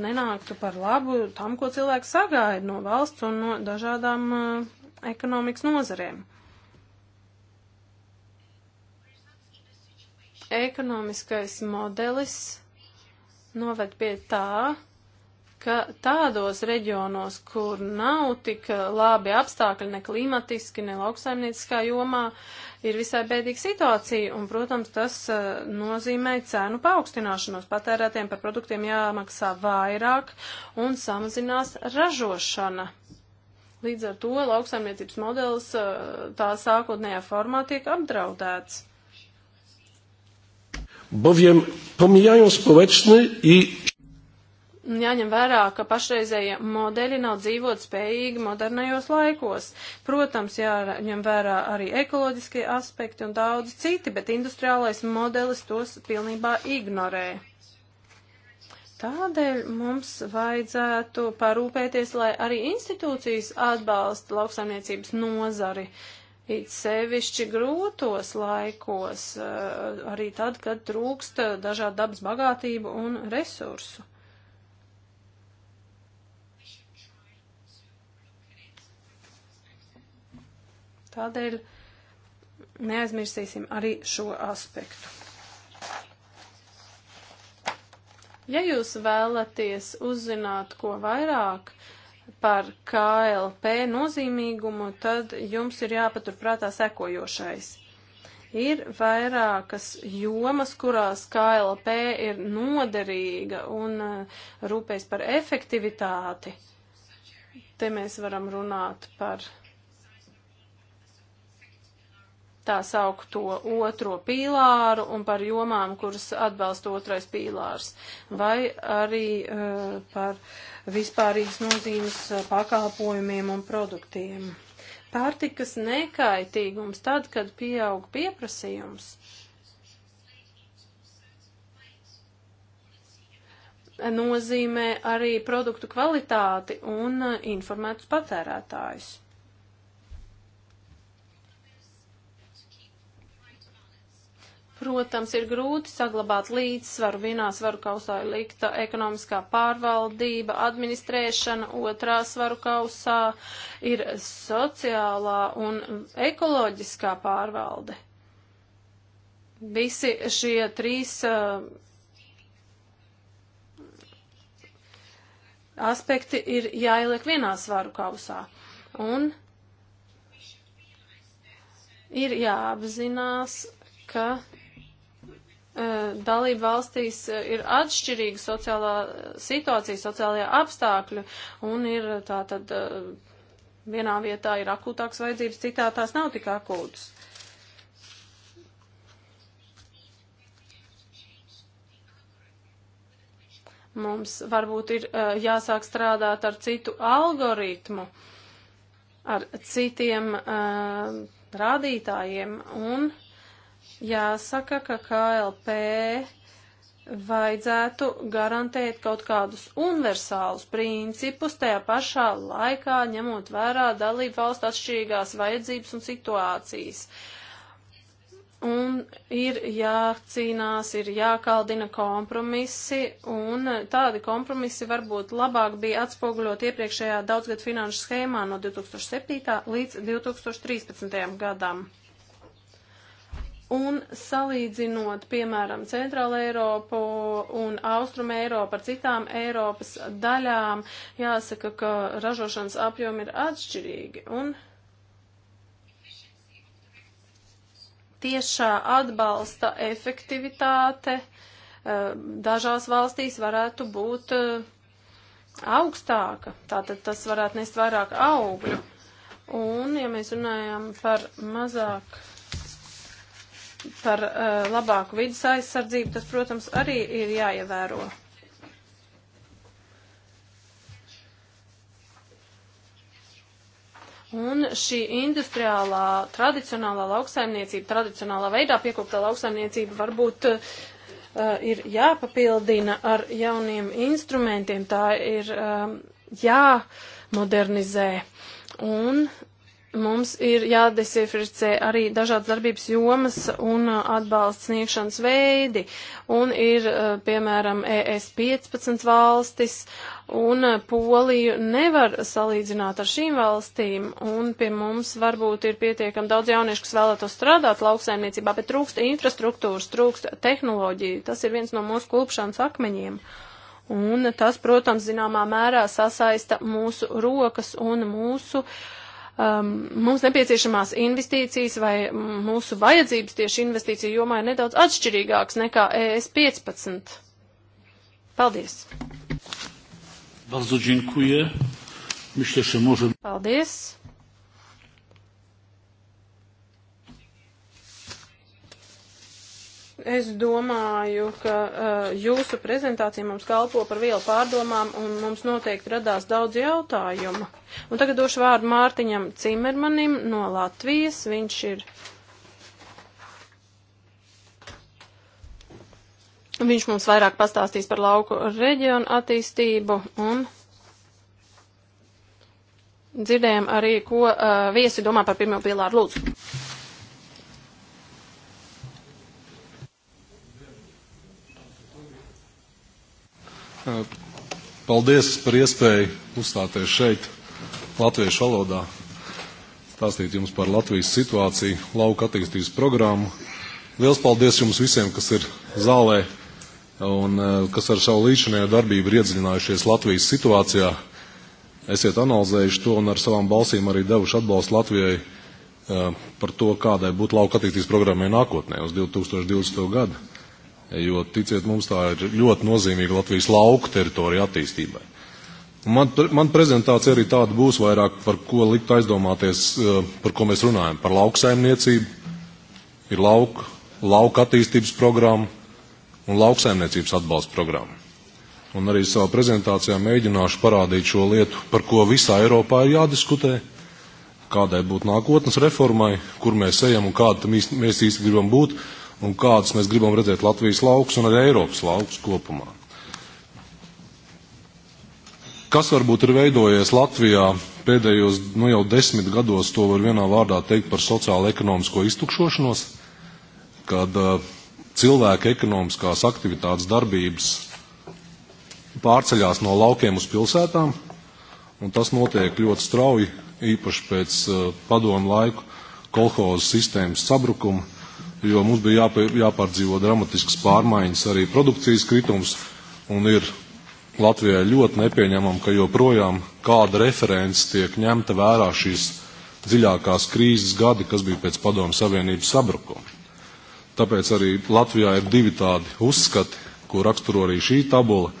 [SPEAKER 2] nenāktu par labu tam, ko cilvēki sagaida no valsts un no dažādām eh, ekonomikas nozarēm. Ekonomiskais modelis noved pie tā, ka tādos reģionos, kur nav tik labi apstākļi ne klimatiski, ne lauksaimnieciskā jomā, uh, ir visai bēdīga situācija, un, protams, tas uh, nozīmē cēnu paaugstināšanos. Patērētiem par produktiem jāmaksā vairāk un samazinās ražošana. Līdz ar to lauksaimniecības modelis uh, tā sākotnējā formā tiek apdraudēts.
[SPEAKER 1] Bowiem pomijają społeczny i
[SPEAKER 2] jāņem vērā, ka pašreizējie modeļi nav dzīvot spējīgi modernajos laikos. Protams, jāņem vērā arī ekoloģiskie aspekti un daudz citi, bet industriālais modelis tos pilnībā ignorē. Tādēļ mums vajadzētu parūpēties, lai arī institūcijas atbalsta lauksaimniecības nozari. It sevišķi grūtos laikos, eh, arī tad, kad trūkst dažādu dabas bagātību un resursu. Tādēļ neaizmirsīsim arī šo aspektu. Ja jūs vēlaties uzzināt ko vairāk par KLP nozīmīgumu, tad jums ir jāpaturprātā sekojošais ir vairākas jomas, kurās KLP ir noderīga un uh, rūpēs par efektivitāti. Te mēs varam runāt par tā saukto otro pīlāru un par jomām, kuras atbalsta otrais pīlārs, vai arī uh, par vispārīgas nozīmes eh, pakalpojumiem un produktiem. Pārtikas nekaitīgums tad, kad pieaug pieprasījums. nozīmē arī produktu kvalitāti un eh, informētus patērētājus. Protams, ir grūti saglabāt līdzsvaru. Vienā svaru kausā ir likta ekonomiskā pārvaldība, administrēšana, otrā svaru kausā ir sociālā un ekoloģiskā pārvalde. Visi šie trīs uh, aspekti ir jāieliek vienā svaru kausā. Un ir jāapzinās, ka Uh, dalību valstīs uh, ir atšķirīga sociālā uh, situācija, sociālajā apstākļi, un ir tā tad vienā vietā ir akūtāks vajadzības, citā tās nav tik akūtas. Mums varbūt ir jāsāk strādāt ar citu algoritmu, ar citiem uh, rādītājiem un Jāsaka, ka KLP vajadzētu garantēt kaut kādus universālus principus, tajā pašā laikā ņemot vērā dalību valstu atšķirīgās vajadzības un situācijas. Un ir jācīnās, ir jākaldina kompromisi, un tādi kompromisi varbūt labāk bija atspoguļot iepriekšējā daudzgad finanšu schēmā no 2007. līdz 2013. gadam. Un salīdzinot, piemēram, Centrāla Eiropu un Austruma Eiropu ar citām Eiropas daļām, jāsaka, ka ražošanas apjomi ir atšķirīgi. Un tiešā atbalsta efektivitāte eh, dažās valstīs varētu būt eh, augstāka. Tātad tas varētu nest vairāk augļu. Un, ja mēs runājam par mazāk par uh, labāku vidas aizsardzību, tas, protams, arī ir jāievēro. Un šī industriālā, tradicionālā lauksaimniecība, tradicionālā veidā piekoptā lauksaimniecība varbūt uh, ir jāpapildina ar jauniem instrumentiem, tā ir um, jāmodernizē. Un Mums ir jādesifricē arī dažādas darbības jomas un uh, atbalsts sniegšanas veidi, un ir, uh, piemēram, ES 15 valstis, un uh, Poliju nevar salīdzināt ar šīm valstīm, un pie mums varbūt ir pietiekami daudz jauniešu, kas vēlētos strādāt lauksaimniecībā, bet trūkst infrastruktūras, trūkst tehnoloģiju. Tas ir viens no mūsu klupšanas akmeņiem. Un tas, protams, zināmā mērā sasaista mūsu rokas un mūsu uh, um, mums nepieciešamās investīcijas vai mūsu vajadzības tieši investīciju jomā ir nedaudz atšķirīgāks nekā ES 15. Paldies!
[SPEAKER 1] Bardzo dziękuję. Myślę, że może...
[SPEAKER 2] Paldies! Es domāju, ka uh, jūsu prezentācija mums kalpo par vielu pārdomām un mums noteikti radās daudz jautājumu. Un tagad došu vārdu Mārtiņam Cimermanim no Latvijas. Viņš ir. Viņš mums vairāk pastāstīs par lauku reģionu attīstību un dzirdējām arī, ko uh, viesi domā par pirmo pilāru lūdzu.
[SPEAKER 5] Eh, paldies par iespēju uzstāties šeit, latviešu valodā, stāstīt jums par Latvijas situāciju, lauka attīstības programmu. Liels paldies jums visiem, kas ir zālē un eh, kas ar savu līdzinējo darbību ir iedziļinājušies Latvijas situācijā. Esiet analizējuši to un ar savām balsīm arī devuši atbalstu Latvijai eh, par to, kādai būtu lauka attīstības programmai nākotnē uz 2020. gadu jo, ticiet mums, tā ir ļoti nozīmīga Latvijas lauku teritorija attīstībai. Man, man prezentācija arī tāda būs vairāk, par ko likt aizdomāties, eh, par ko mēs runājam. Par lauksaimniecību, ir lauka, lauka attīstības programma un lauksaimniecības atbalsta programma. Un arī savā prezentācijā mēģināšu parādīt šo lietu, par ko visā Eiropā ir jādiskutē, kādai būtu nākotnes reformai, kur mēs ejam un kāda mēs īsti gribam būt. Uh, un kādas mēs gribam redzēt Latvijas laukus un arī Eiropas laukus kopumā. Kas varbūt ir veidojies Latvijā pēdējos nu, jau desmit gados, to var vienā vārdā teikt par sociālo-ekonomisko iztukšošanos, kad uh, cilvēka ekonomiskās aktivitātes darbības pārceļās no laukiem uz pilsētām, un tas notiek ļoti strauji, īpaši pēc uh, padomu laiku kolhozu sistēmas sabrukuma jo mums bija jāpē, jāpārdzīvo dramatisks pārmaiņas, arī produkcijas kritums, un ir Latvijai ļoti nepieņemam, ka joprojām kāda referents tiek ņemta vērā šīs dziļākās krīzes gadi, kas bija pēc padomu savienības sabrukuma. Tāpēc arī Latvijā ir divi tādi uzskati, ko raksturo arī šī tabula.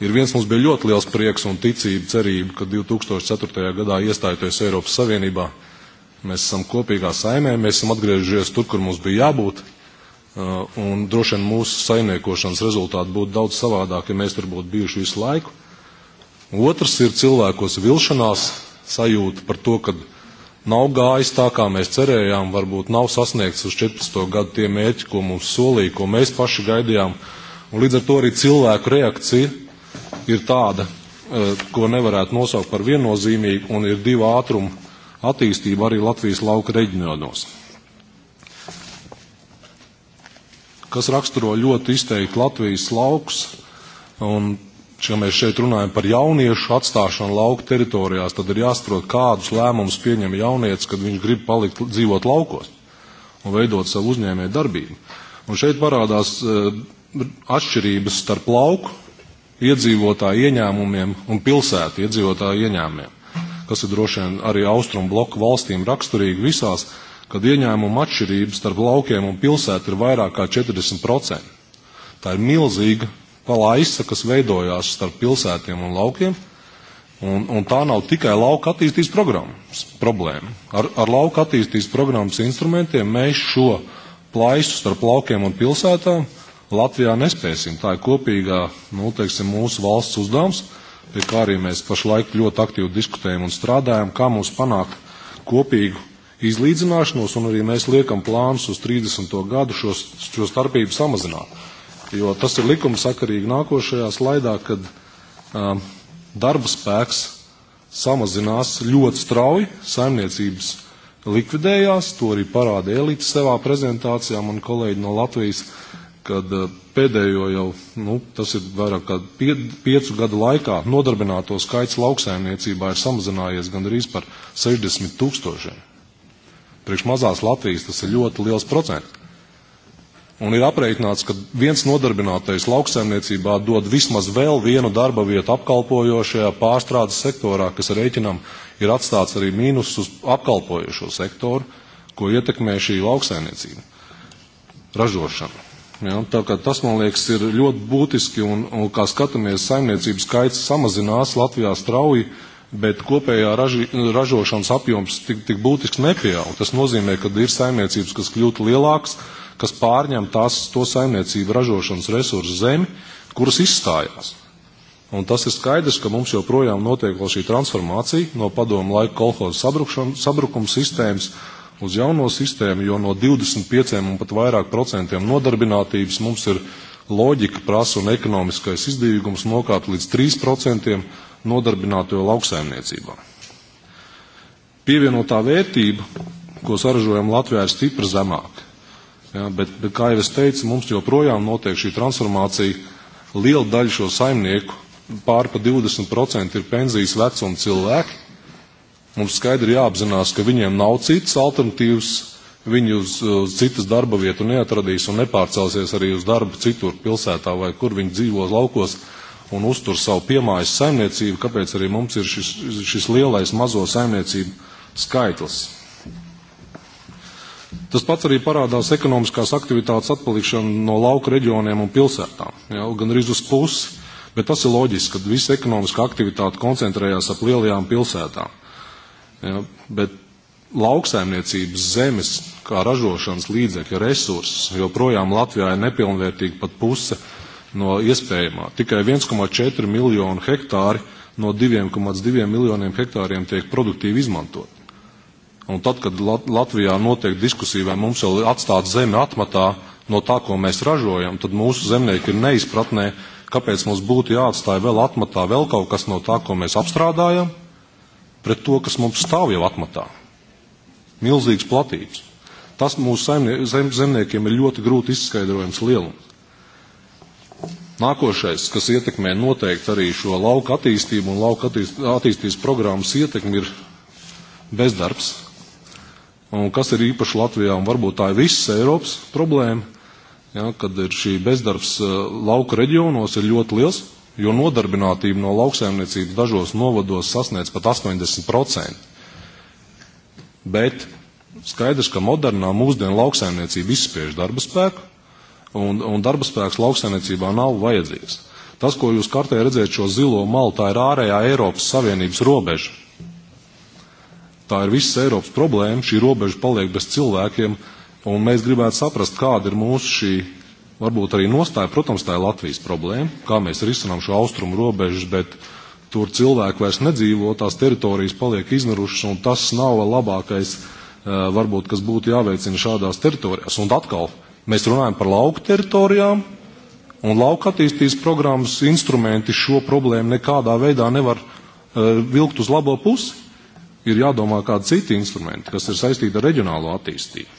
[SPEAKER 5] Ir viens mums bija ļoti liels prieks un ticība, cerība, ka 2004. gadā iestājoties Eiropas Savienībā, Mēs esam kopīgā saimē, mēs esam atgriežies tur, kur mums bija jābūt. Uh, un droši vien mūsu saimniekošanas rezultāti būtu daudz savādāk, ja mēs tur būtu bijuši visu laiku. Otrs ir cilvēkos vilšanās sajūta par to, ka nav gājis tā, kā mēs cerējām, varbūt nav sasniegts uz 14. gadu tie mērķi, ko mums solīja, ko mēs paši gaidījām. Un līdz ar to arī cilvēku reakcija ir tāda, uh, ko nevarētu nosaukt par viennozīmīgu, un ir divi ātrumi attīstību arī Latvijas lauka reģionos, kas raksturo ļoti izteikti Latvijas laukus. Un, ja mēs šeit runājam par jauniešu atstāšanu lauku teritorijās, tad ir jāsaprot, kādus lēmumus pieņem jaunietis, kad viņš grib palikt dzīvot laukos un veidot savu uzņēmēju darbību. Un šeit parādās uh, atšķirības starp lauku iedzīvotāju ieņēmumiem un pilsētu iedzīvotāju ieņēmumiem kas ir droši vien arī austrumu bloku valstīm raksturīgi visās, kad ieņēmuma atšķirības starp laukiem un pilsētu ir vairāk kā 40%. Tā ir milzīga palaisa, kas veidojās starp pilsētiem un laukiem, un, un tā nav tikai lauka attīstības programmas problēma. Ar, ar lauka attīstības programmas instrumentiem mēs šo plaisu starp laukiem un pilsētām Latvijā nespēsim. Tā ir kopīgā, nu, teiksim, mūsu valsts uzdevums pie kā arī mēs pašlaik ļoti aktīvi diskutējam un strādājam, kā mums panākt kopīgu izlīdzināšanos, un arī mēs liekam plānus uz 30. gadu šo, šo starpību samazināt. Jo tas ir likumsakarīgi nākošajā slaidā, kad um, darba spēks samazinās ļoti strauji, saimniecības likvidējās, to arī parāda elites savā prezentācijā, man kolēģi no Latvijas kad eh, pēdējo jau, nu, tas ir vairāk kā pie, piecu gadu laikā, nodarbināto skaits lauksaimniecībā ir samazinājies gandrīz par 60 tūkstošiem. Priekš mazās Latvijas tas ir ļoti liels procents. Un ir aprēķināts, ka viens nodarbinātais lauksaimniecībā dod vismaz vēl vienu darba vietu apkalpojošajā pārstrādes sektorā, kas rēķinam ir atstāts arī mīnus uz apkalpojošo sektoru, ko ietekmē šī lauksaimniecība, ražošana. Ja, tā kā tas, man liekas, ir ļoti būtiski, un, un kā skatāmies, saimniecības skaits samazinās Latvijā strauji, bet kopējā raži, ražošanas apjoms tik, tik būtiski nepieaug. Tas nozīmē, ka ir saimniecības, kas kļūtu lielākas, kas pārņem tās, to saimniecību ražošanas resursu zemi, kuras izstājās. Un tas ir skaidrs, ka mums joprojām notiek šī transformācija no padomu laika kolhoza sabrukuma sistēmas uz jauno sistēmu, jo no 25 un pat vairāk procentiem nodarbinātības mums ir loģika prasa un ekonomiskais izdevīgums nokāpt līdz 3% nodarbināto lauksaimniecībā. Pievienotā vērtība, ko saražojam Latvijā, ir stipri zemāka. Ja, bet, bet, kā jau es teicu, mums joprojām notiek šī transformācija. Liela daļa šo saimnieku, pār pa 20% ir pensijas vecuma cilvēki, Mums skaidri jāapzinās, ka viņiem nav citas alternatīvas, viņi uz, uz citas darba vietu neatradīs un nepārcelsies arī uz darbu citur pilsētā vai kur viņi dzīvo laukos un uztur savu piemājas saimniecību, kāpēc arī mums ir šis, šis lielais mazo saimniecību skaitlis. Tas pats arī parādās ekonomiskās aktivitātes atpalikšana no lauka reģioniem un pilsētām, jau gan arī uz pusi, bet tas ir loģiski, kad visa ekonomiskā aktivitāte koncentrējās ap lielajām pilsētām. Ja, bet lauksaimniecības zemes, kā ražošanas līdzekļa resursus, joprojām Latvijā ir nepilnvērtīgi pat puse no iespējamā. Tikai 1,4 miljonu hektāri no 2,2 miljoniem hektāriem tiek produktīvi izmantot. Un tad, kad Latvijā notiek diskusija, vai mums jau atstāt zemi atmatā no tā, ko mēs ražojam, tad mūsu zemnieki ir neizpratnē, kāpēc mums būtu jāatstāja vēl atmatā vēl kaut kas no tā, ko mēs apstrādājam, pret to, kas mums stāv jau atmatā. Milzīgas platības. Tas mūsu saimnie, zem, zemniekiem ir ļoti grūti izskaidrojams lielums. Nākošais, kas ietekmē noteikti arī šo lauku attīstību un lauku attīst, attīstības programmas ietekmi, ir bezdarbs. Un kas ir īpaši Latvijā, un varbūt tā ir visas Eiropas problēma, ja, kad ir šī bezdarbs eh, lauku reģionos ir ļoti liels jo nodarbinātība no lauksaimniecības dažos novados sasniedz pat 80%. Bet skaidrs, ka modernā mūsdienu lauksaimniecība izspiež darba spēku, un, un darba spēks lauksaimniecībā nav vajadzīgs. Tas, ko jūs kartē redzēt šo zilo malu, tā ir ārējā Eiropas Savienības robeža. Tā ir visas Eiropas problēma, šī robeža paliek bez cilvēkiem, un mēs gribētu saprast, kāda ir mūsu šī varbūt arī nostāja. Protams, tā ir Latvijas problēma, kā mēs risinām šo austrumu robežu, bet tur cilvēki vairs nedzīvo, tās teritorijas paliek izmirušas, un tas nav labākais, eh, varbūt, kas būtu jāveicina šādās teritorijās. Un atkal, mēs runājam par lauku teritorijām, un lauka attīstības programmas instrumenti šo problēmu nekādā veidā nevar eh, vilkt uz labo pusi. Ir jādomā kādi citi instrumenti, kas ir saistīti ar reģionālo attīstību.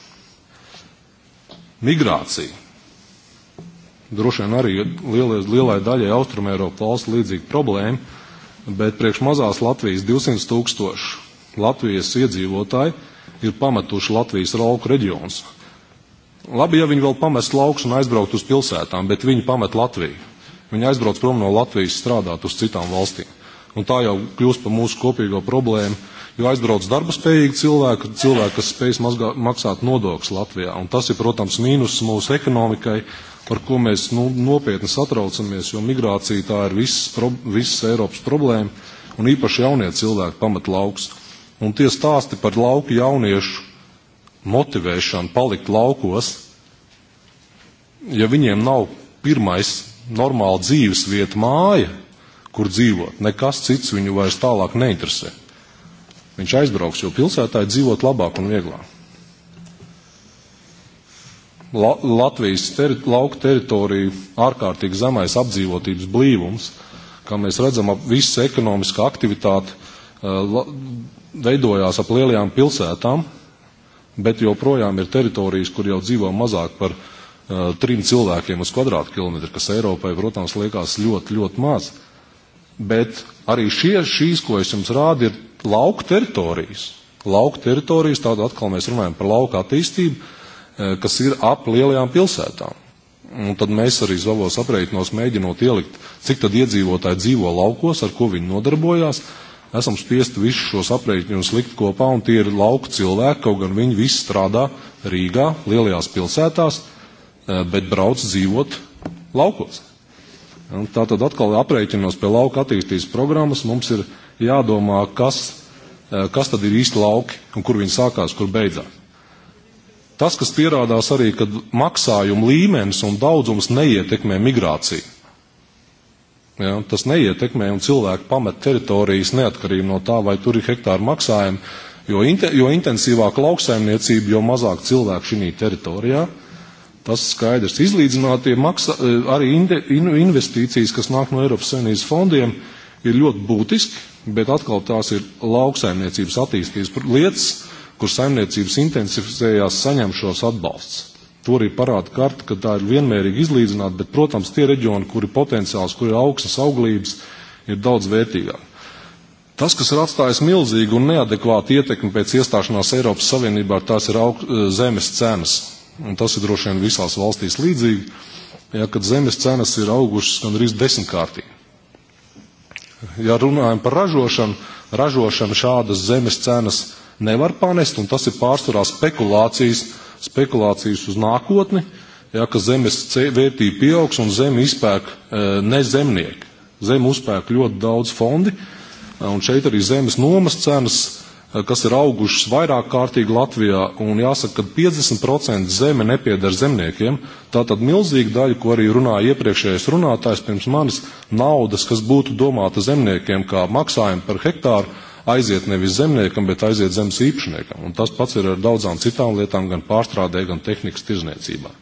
[SPEAKER 5] Migrācija droši vien arī lielai, lielai daļai Austrumēropa valsts līdzīga problēma, bet priekš mazās Latvijas 200 tūkstoši Latvijas iedzīvotāji ir pametuši Latvijas lauku reģionus. Labi, ja viņi vēl pamest laukus un aizbraukt uz pilsētām, bet viņi pamet Latviju. Viņi aizbrauc prom no Latvijas strādāt uz citām valstīm. Un tā jau kļūst par mūsu kopīgo problēmu Jo aizbrauc darba spējīgi cilvēki, cilvēki, kas spēj mazgā, maksāt nodokļus Latvijā. Un tas ir, protams, mīnus mūsu ekonomikai, par ko mēs nu, nopietni satraucamies, jo migrācija tā ir visas, pro, visas Eiropas problēma, un īpaši jaunie cilvēki pamat lauks. Un tie stāsti par lauku jauniešu motivēšanu palikt laukos, ja viņiem nav pirmais normāla dzīves vieta māja, kur dzīvot, nekas cits viņu vairs tālāk neinteresē. Viņš aizbrauks, jo pilsētā ir dzīvot labāk un vieglāk. La Latvijas teri lauka teritorija ārkārtīgi zemais apdzīvotības blīvums, kā mēs redzam, ap visa ekonomiskā aktivitāte uh, veidojās ap lielajām pilsētām, bet joprojām ir teritorijas, kur jau dzīvo mazāk par uh, trim cilvēkiem uz kvadrātkilometru, kas Eiropai, protams, liekas ļoti, ļoti maz. Uh, bet arī šie, šīs, ko es jums rādu, ir lauku teritorijas. Lauku teritorijas, tāda atkal mēs runājam par lauka attīstību, e, kas ir ap lielajām pilsētām. Un tad mēs arī savos aprēķinos mēģinot ielikt, cik tad iedzīvotāji dzīvo laukos, ar ko viņi nodarbojās. Esam spiesti visus šos aprēķinus likt kopā, un tie ir lauka cilvēki, kaut gan viņi visi strādā Rīgā, lielajās pilsētās, e, bet brauc dzīvot laukos. Un tā tad atkal aprēķinos pie lauka attīstības programmas mums ir jādomā, kas, eh, kas tad ir īsti lauki un kur viņi sākās, kur beidzās. Tas, kas pierādās arī, kad maksājuma līmenis un daudzums neietekmē migrāciju. Ja, tas neietekmē un cilvēki pamet teritorijas neatkarīgi no tā, vai tur ir hektāri maksājumi, jo, inte, jo intensīvāk lauksaimniecība, jo mazāk cilvēku šī teritorijā. Ja Tas skaidrs. Izlīdzinātie maksa, eh, arī investīcijas, kas nāk no Eiropas Savienības fondiem, ir ļoti būtiski, bet atkal tās ir lauksaimniecības attīstības lietas, kur saimniecības intensificējās saņem šos atbalsts. To arī parāda karta, ka tā ir vienmērīgi izlīdzināta, bet, protams, tie reģioni, kur ir potenciāls, kur ir augstas auglības, ir daudz vērtīgāk. Tas, kas ir atstājis milzīgu un neadekvātu ietekmi pēc iestāšanās Eiropas Savienībā, tās ir aug, eh, zemes cenas un tas ir droši vien visās valstīs līdzīgi, ja, kad zemes cenas ir augušas gandrīz desmitkārtīgi. Ja runājam par ražošanu, ražošana šādas zemes cenas nevar panest, un tas ir pārsvarā spekulācijas, spekulācijas uz nākotni, ja, ka zemes vērtība pieaugs un zemi izpērk e, ne zemnieki. Zemi uzpērk ļoti daudz fondi, un šeit arī zemes nomas cenas Eh, kas ir augušas vairāk kārtīgi Latvijā, un jāsaka, ka 50% zeme nepieder zemniekiem. Tā tad milzīga daļa, ko arī runāja iepriekšējais runātājs pirms manis, naudas, kas būtu domāta zemniekiem kā maksājumi par hektāru, aiziet nevis zemniekam, bet aiziet zemes īpašniekam. Un tas pats ir ar daudzām citām lietām, gan pārstrādē, gan tehnikas tirzniecībā.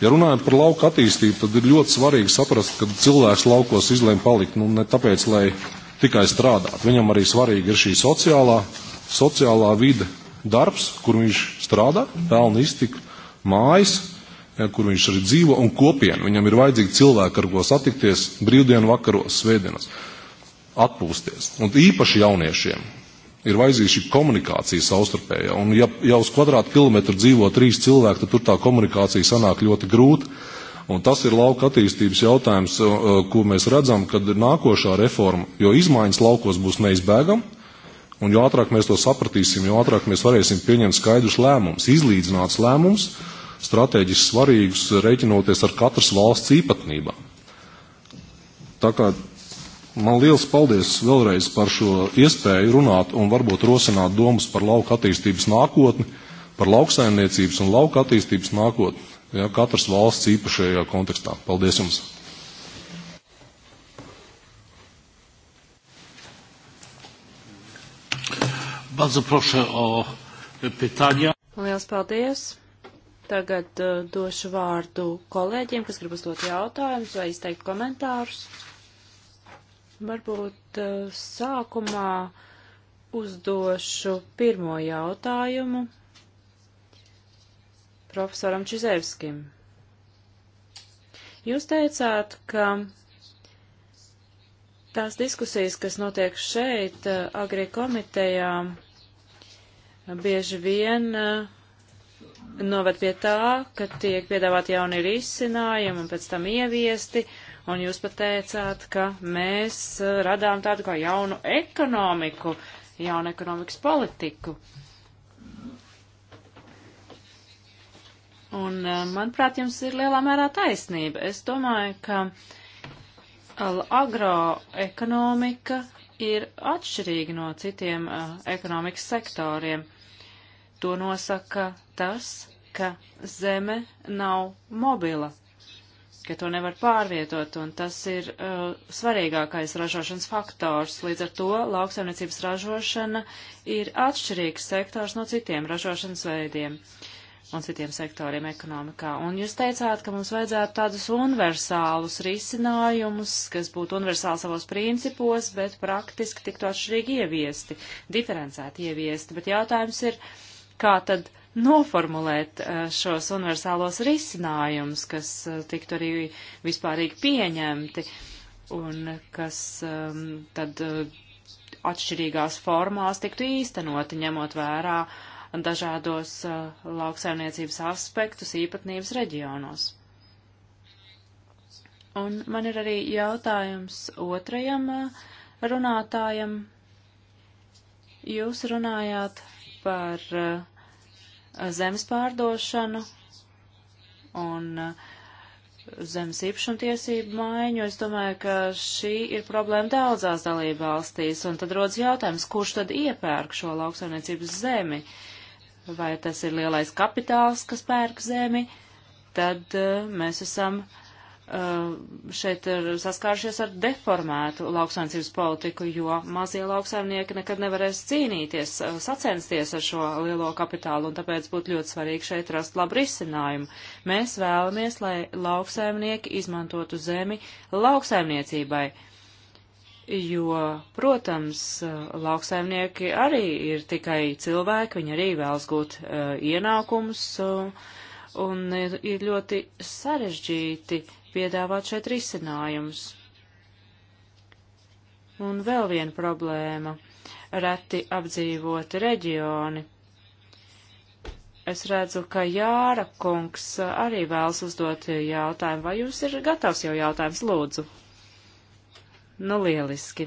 [SPEAKER 5] Ja runājam par lauku attīstību, tad ir ļoti svarīgi saprast, ka cilvēks laukos izlēma palikt nu, ne tāpēc, lai tikai strādāt. Viņam arī svarīga ir šī sociālā, sociālā vide, darbs, kur viņš strādā, pelna iztiku, mājas, kur viņš arī dzīvo un kopienu. Viņam ir vajadzīgi cilvēki, ar ko satikties brīvdienu vakaros, svētdienās, atpūsties. Un īpaši jauniešiem ir vajadzīga šī komunikācija savstarpējā. Un ja, ja uz kvadrātkilometru dzīvo trīs cilvēki, tad tur tā komunikācija sanāk ļoti grūta Un tas ir lauka attīstības jautājums, ko mēs redzam, kad ir nākošā reforma, jo izmaiņas laukos būs neizbēgama. Un jo ātrāk mēs to sapratīsim, jo ātrāk mēs varēsim pieņemt skaidrus lēmumus, izlīdzināts lēmumus, strateģiski svarīgus, reiķinoties ar katras valsts īpatnībām. Tā kā man liels paldies vēlreiz par šo iespēju runāt un varbūt rosināt domas par lauka attīstības nākotni, par lauksaimniecības un lauka attīstības nākotni ja, katras valsts īpašajā kontekstā. Paldies jums!
[SPEAKER 1] Bardzo proszę o pytania.
[SPEAKER 4] Lielas paldies! Tagad uh, došu vārdu kolēģiem, kas grib uzdot jautājumus vai izteikt komentārus. Varbūt uh, sākumā uzdošu pirmo jautājumu profesoram Čizevskim. Jūs teicāt, ka tās diskusijas, kas notiek šeit, eh, agri komitejā, bieži vien eh, noved pie tā, ka tiek piedāvāti jauni risinājumi un pēc tam ieviesti, un jūs pat teicāt, ka mēs eh, radām tādu kā jaunu ekonomiku, jaunu ekonomikas politiku. Uh, Un, eh, manuprāt, jums ir lielā mērā taisnība. Es domāju, ka eh, agroekonomika ir atšķirīga no citiem uh, ekonomikas sektoriem. To nosaka tas, ka zeme nav mobila, ka to nevar pārvietot, un tas ir uh, svarīgākais ražošanas faktors. Līdz ar to lauksaimniecības ražošana ir atšķirīgs sektors no citiem ražošanas veidiem. Uh, un citiem sektoriem ekonomikā. Un jūs teicāt, ka mums vajadzētu tādus universālus risinājumus, kas būtu universāli savos principos, bet praktiski tiktu atšķirīgi ieviesti, diferencēti ieviesti. Bet jautājums ir, kā tad noformulēt eh, šos universālos risinājumus, kas eh, tiktu arī vispārīgi pieņemti un kas um, tad eh, atšķirīgās formās tiktu īstenoti, ņemot vērā uh, dažādos uh, lauksaimniecības aspektus īpatnības reģionos. Un man ir arī jautājums otrajam uh, runātājam. Jūs runājāt par uh, zemes pārdošanu un uh, zemes īpašumtiesību maiņu. Es domāju, ka šī ir problēma daudzās dalība valstīs, un tad rodas jautājums, kurš tad iepērk šo lauksaimniecības zemi. Uh, vai tas ir lielais kapitāls, kas pērk zemi, tad eh, mēs esam eh, šeit saskāršies ar deformētu lauksaimniecības politiku, jo mazie lauksaimnieki nekad nevarēs cīnīties, eh, sacensties ar šo lielo kapitālu, un tāpēc būtu ļoti svarīgi šeit rast labu risinājumu. Mēs vēlamies, lai lauksaimnieki izmantotu zemi lauksaimniecībai. Uh, jo, protams, lauksaimnieki arī ir tikai cilvēki, viņi arī vēlas gūt uh, ienākumus, uh, un ir, ir ļoti sarežģīti piedāvāt šeit risinājumus. Un vēl viena problēma - reti apdzīvoti reģioni. Es redzu, ka Jāra kungs arī vēlas uzdot jautājumu, vai jums ir gatavs jau jautājums, lūdzu? Nu, lieliski.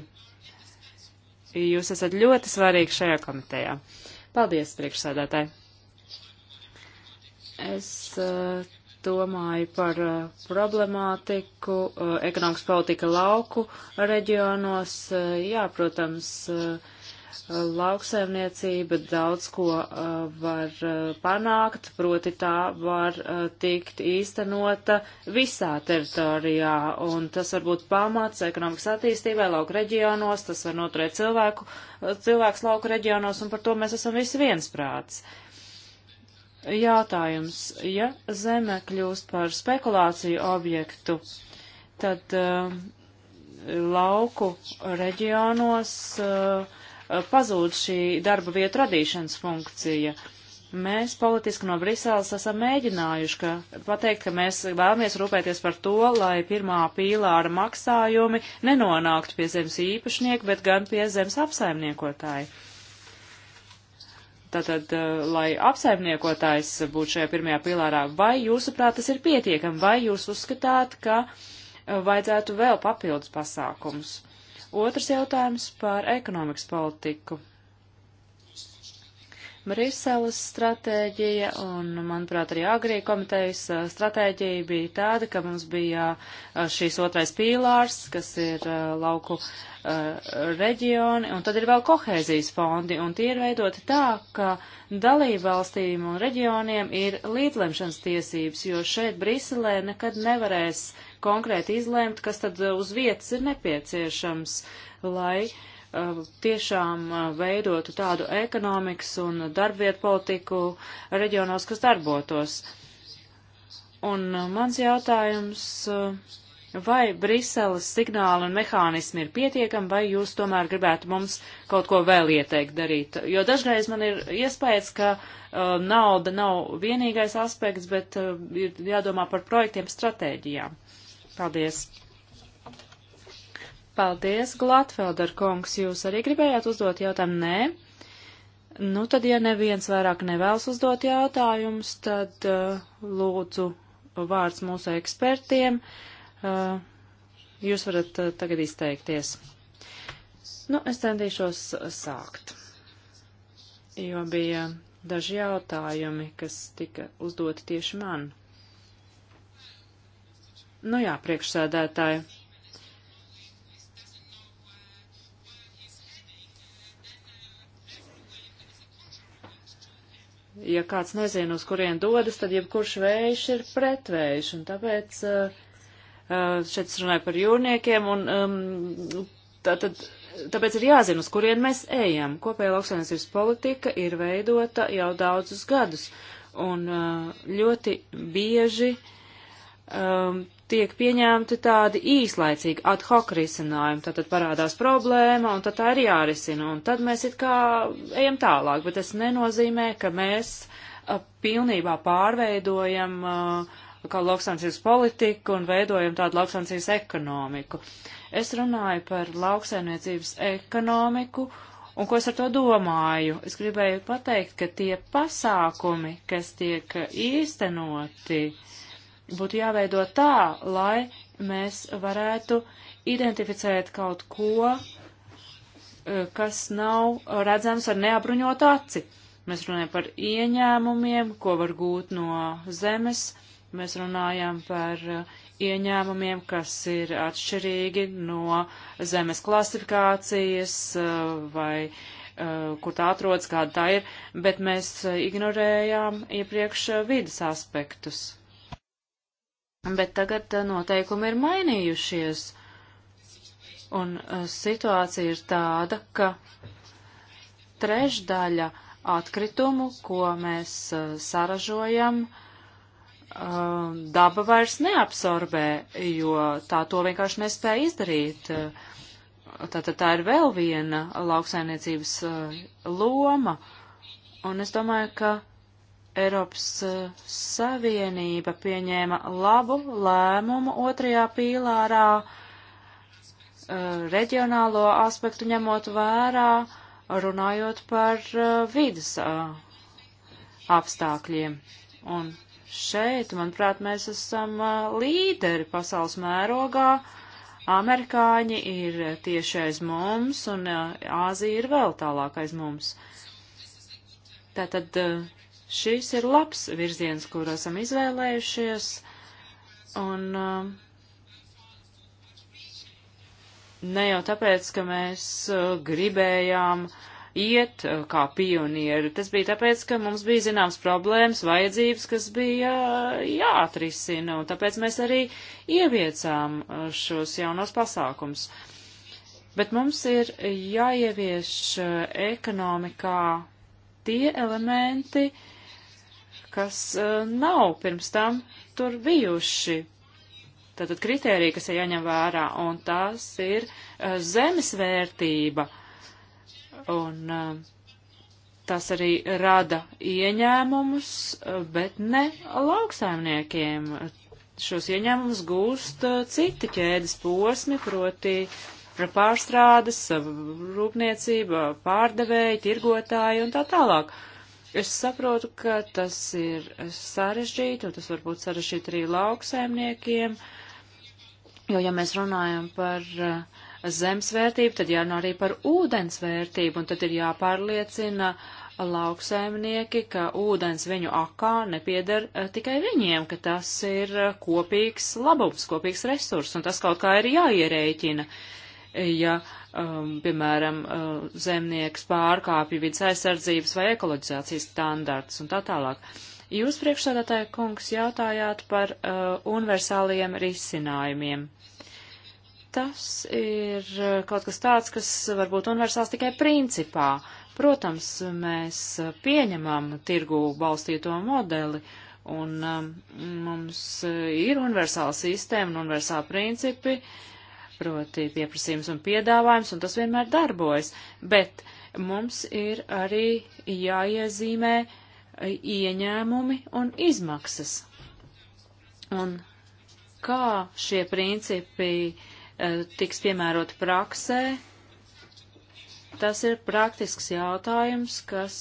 [SPEAKER 4] Jūs esat ļoti svarīgi šajā komitejā. Paldies, priekšsēdētāji. Es uh, domāju par uh, problemātiku, uh, ekonomikas politika lauku reģionos. Jā, protams, uh, lauksaimniecība daudz ko uh, var uh, panākt, proti tā var uh, tikt īstenota visā teritorijā, un tas var būt pamats ekonomikas attīstībai lauku reģionos, tas var noturēt cilvēku, uh, cilvēks lauku reģionos, un par to mēs esam visi viensprāts. Jātājums, ja zeme kļūst par spekulāciju objektu, tad uh, lauku reģionos uh, Eh, pazūd šī darba vietu radīšanas funkcija. Mēs politiski no Briseles esam mēģinājuši ka, pateikt, ka mēs vēlamies rūpēties par to, lai pirmā pīlāra maksājumi nenonāktu pie zemes īpašnieku, bet gan pie zemes apsaimniekotāju. Tātad, eh, lai apsaimniekotājs būtu šajā pirmajā pilārā, vai jūsuprāt tas ir pietiekami, vai jūs uzskatāt, ka eh, vajadzētu vēl papildus pasākums? Otrs jautājums par ekonomikas politiku. Briseles stratēģija un, manuprāt, arī agrī komitejas stratēģija bija tāda, ka mums bija šīs otrais pīlārs, kas ir lauku uh, reģioni, un tad ir vēl kohēzijas fondi, un tie ir veidoti tā, ka dalībvalstīm un reģioniem ir līdzlemšanas tiesības, jo šeit Briselē nekad nevarēs konkrēti izlēmt, kas tad uz vietas ir nepieciešams, lai uh, Um, tiešām uh, veidotu tādu ekonomikas un darbvietu politiku reģionos, kas darbotos. Un uh, mans jautājums, uh, vai Briseles signāli un mehānismi ir pietiekami, vai jūs tomēr gribētu mums kaut ko vēl ieteikt darīt? Jo dažreiz man ir iespējas, ka uh, nauda nav vienīgais aspekts, bet uh, ir jādomā par projektiem, stratēģijām. Paldies! Paldies, Glatfelder kungs. Jūs arī gribējāt uzdot jautājumu? Nē. Nu, tad, ja neviens vairāk nevēlas uzdot jautājumus, tad uh, lūdzu vārds mūsu ekspertiem. Uh, jūs varat uh, tagad izteikties. Nu, es centīšos uh, sākt, jo bija daži jautājumi, kas tika uzdoti tieši man. Nu jā, priekšsēdētāji. ja kāds nezina, uz kurien dodas, tad jebkurš vējš ir pretvējš, un tāpēc eh, eh, šeit es runāju par jūrniekiem, un um, tā, tad, tāpēc ir jāzina, uz kurien mēs ejam. Kopēja lauksainiecības politika ir veidota jau daudzus gadus, un eh, ļoti bieži um, tiek pieņemti tādi īslaicīgi ad hoc risinājumi, tad, tad parādās problēma un tad tā ir jārisina, un tad mēs it kā ejam tālāk, bet tas nenozīmē, ka mēs a, pilnībā pārveidojam a, kā lauksansības politiku un veidojam tādu lauksansības ekonomiku. Es runāju par lauksainiecības ekonomiku, un ko es ar to domāju? Es gribēju pateikt, ka tie pasākumi, kas tiek īstenoti, uh, būtu jāveido tā, lai mēs varētu identificēt kaut ko, eh, kas nav redzams ar neapbruņotu aci. Mēs runājam par ieņēmumiem, ko var gūt no zemes, mēs runājam par eh, ieņēmumiem, kas ir atšķirīgi no zemes klasifikācijas eh, vai kur tā atrodas, kāda tā ir, bet mēs ignorējām iepriekš vidas aspektus. Bet tagad eh, noteikumi ir mainījušies, un eh, situācija ir tāda, ka trešdaļa atkritumu, ko mēs eh, saražojam, daba vairs neabsorbē, jo tā to vienkārši nespēja izdarīt. Tātad tā ir vēl viena lauksainiecības loma, un es domāju, ka Eiropas eh, Savienība pieņēma labu lēmumu otrajā pīlārā eh, reģionālo aspektu ņemot vērā, runājot par eh, vidas apstākļiem. Un šeit, manuprāt, mēs esam līderi pasaules mērogā. Amerikāņi ir tieši aiz mums, un Āzija ir vēl tālāk aiz mums. Tātad Šis ir labs virziens, kur esam izvēlējušies, un um, ne jau tāpēc, ka mēs uh, gribējām iet uh, kā pionieri. Tas bija tāpēc, ka mums bija zināms problēmas, vajadzības, kas bija uh, jāatrisina, un tāpēc mēs arī ieviecām šos jaunos pasākums. Bet mums ir jāievieš ekonomikā tie elementi, uh, kas uh, nav pirms tam tur bijuši. Tātad kritērija, kas ir jāņem vērā, un tās ir uh, zemes vērtība. Un uh, tas arī rada ieņēmumus, bet ne lauksaimniekiem. Šos ieņēmumus gūst citi ķēdes posmi, proti pārstrādes, rūpniecība, pārdevēji, tirgotāji un tā tālāk. Uh, Es saprotu, ka tas ir sarežģīti, un tas var būt sarežģīti arī lauksēmniekiem, jo, ja mēs runājam par eh, zemesvērtību, tad jārunā arī par ūdensvērtību, un tad ir jāpārliecina lauksēmnieki, ka ūdens viņu akā nepieder eh, tikai viņiem, ka tas ir eh, kopīgs labums, kopīgs resurs, un tas kaut kā ir jāierēķina. Uh, ja, um, piemēram, uh, zemnieks pārkāpja vidas aizsardzības vai ekoloģizācijas standarts un tā tālāk. Jūs priekšsādātāja kungs jautājāt par uh, universāliem risinājumiem. Tas ir uh, kaut kas tāds, kas varbūt universāls tikai principā. Protams, mēs pieņemam tirgu balstīto modeli, un um, mums uh, ir universāla sistēma un universāla principi, uh, proti pieprasījums un piedāvājums, un tas vienmēr darbojas. Bet mums ir arī jāiezīmē ieņēmumi un izmaksas. Un kā šie principi e, tiks piemēroti praksē, tas ir praktisks jautājums, kas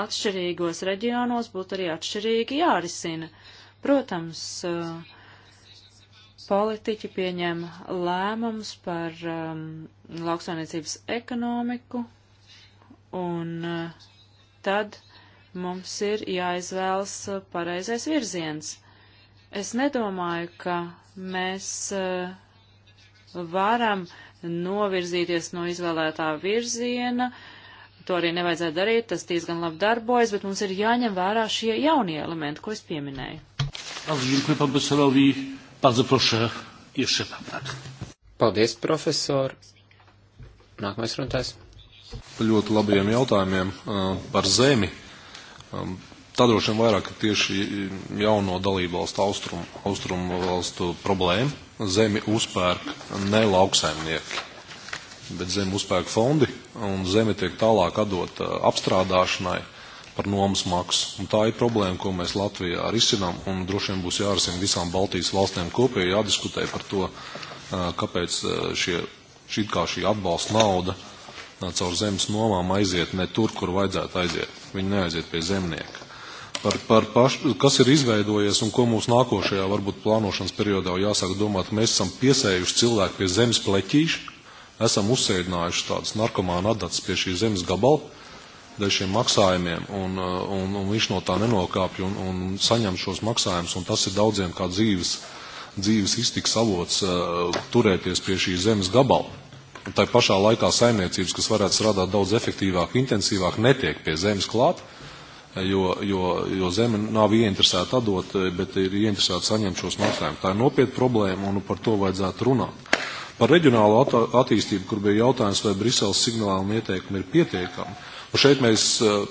[SPEAKER 4] atšķirīgos reģionos būtu arī atšķirīgi jārisina. Protams, uh, politiķi pieņem lēmums par um, lauksainiecības ekonomiku, un uh, tad mums ir jāizvēlas pareizais virziens. Es nedomāju, ka mēs uh, varam novirzīties no izvēlētā virziena. To arī nevajadzētu darīt, tas diezgan labi darbojas, bet mums ir jāņem vērā šie jaunie elementi, ko es pieminēju.
[SPEAKER 1] Paldies, Bardzo proszę,
[SPEAKER 3] jeszcze pan tak. Paldies, profesor. Nākamais runātājs.
[SPEAKER 5] Par ļoti labiem jautājumiem par zemi. Tā droši vien vairāk tieši jauno dalībvalstu austrumu austrum valstu problēma. Zemi uzpērk ne lauksaimnieki, bet zemi uzpērk fondi, un zemi tiek tālāk atdot apstrādāšanai. Uh, par nomas maksu. Un tā ir problēma, ko mēs Latvijā risinām, un droši vien būs jārisina visām Baltijas valstīm kopīgi jādiskutē par to, kāpēc šie, šī, kā šī atbalsta nauda caur zemes nomām aiziet ne tur, kur vajadzētu aiziet. Viņi neaiziet pie zemnieka. Par, par paš, kas ir izveidojies un ko mums nākošajā varbūt plānošanas periodā jāsāk domāt, mēs esam piesējuši cilvēku pie zemes pleķīša, esam uzsēdinājuši tādas narkomāna adatas pie šī zemes gabala, dēļ šiem maksājumiem, un, uh, un, un viņš no tā nenokāpj un, un saņem šos maksājumus, un tas ir daudziem kā dzīves, dzīves iztiks avots uh, turēties pie šī zemes gabala. Un tai pašā laikā saimniecības, kas varētu strādāt daudz efektīvāk, intensīvāk, netiek pie zemes klāt, jo, jo, jo zeme nav ieinteresēta atdot, bet ir ieinteresēta saņemt šos maksājumus. Tā ir nopietna problēma, un par to vajadzētu runāt. Par reģionālo attīstību, kur bija jautājums, vai Briseles signāli un ieteikumi ir pietiekami, Un šeit mēs eh,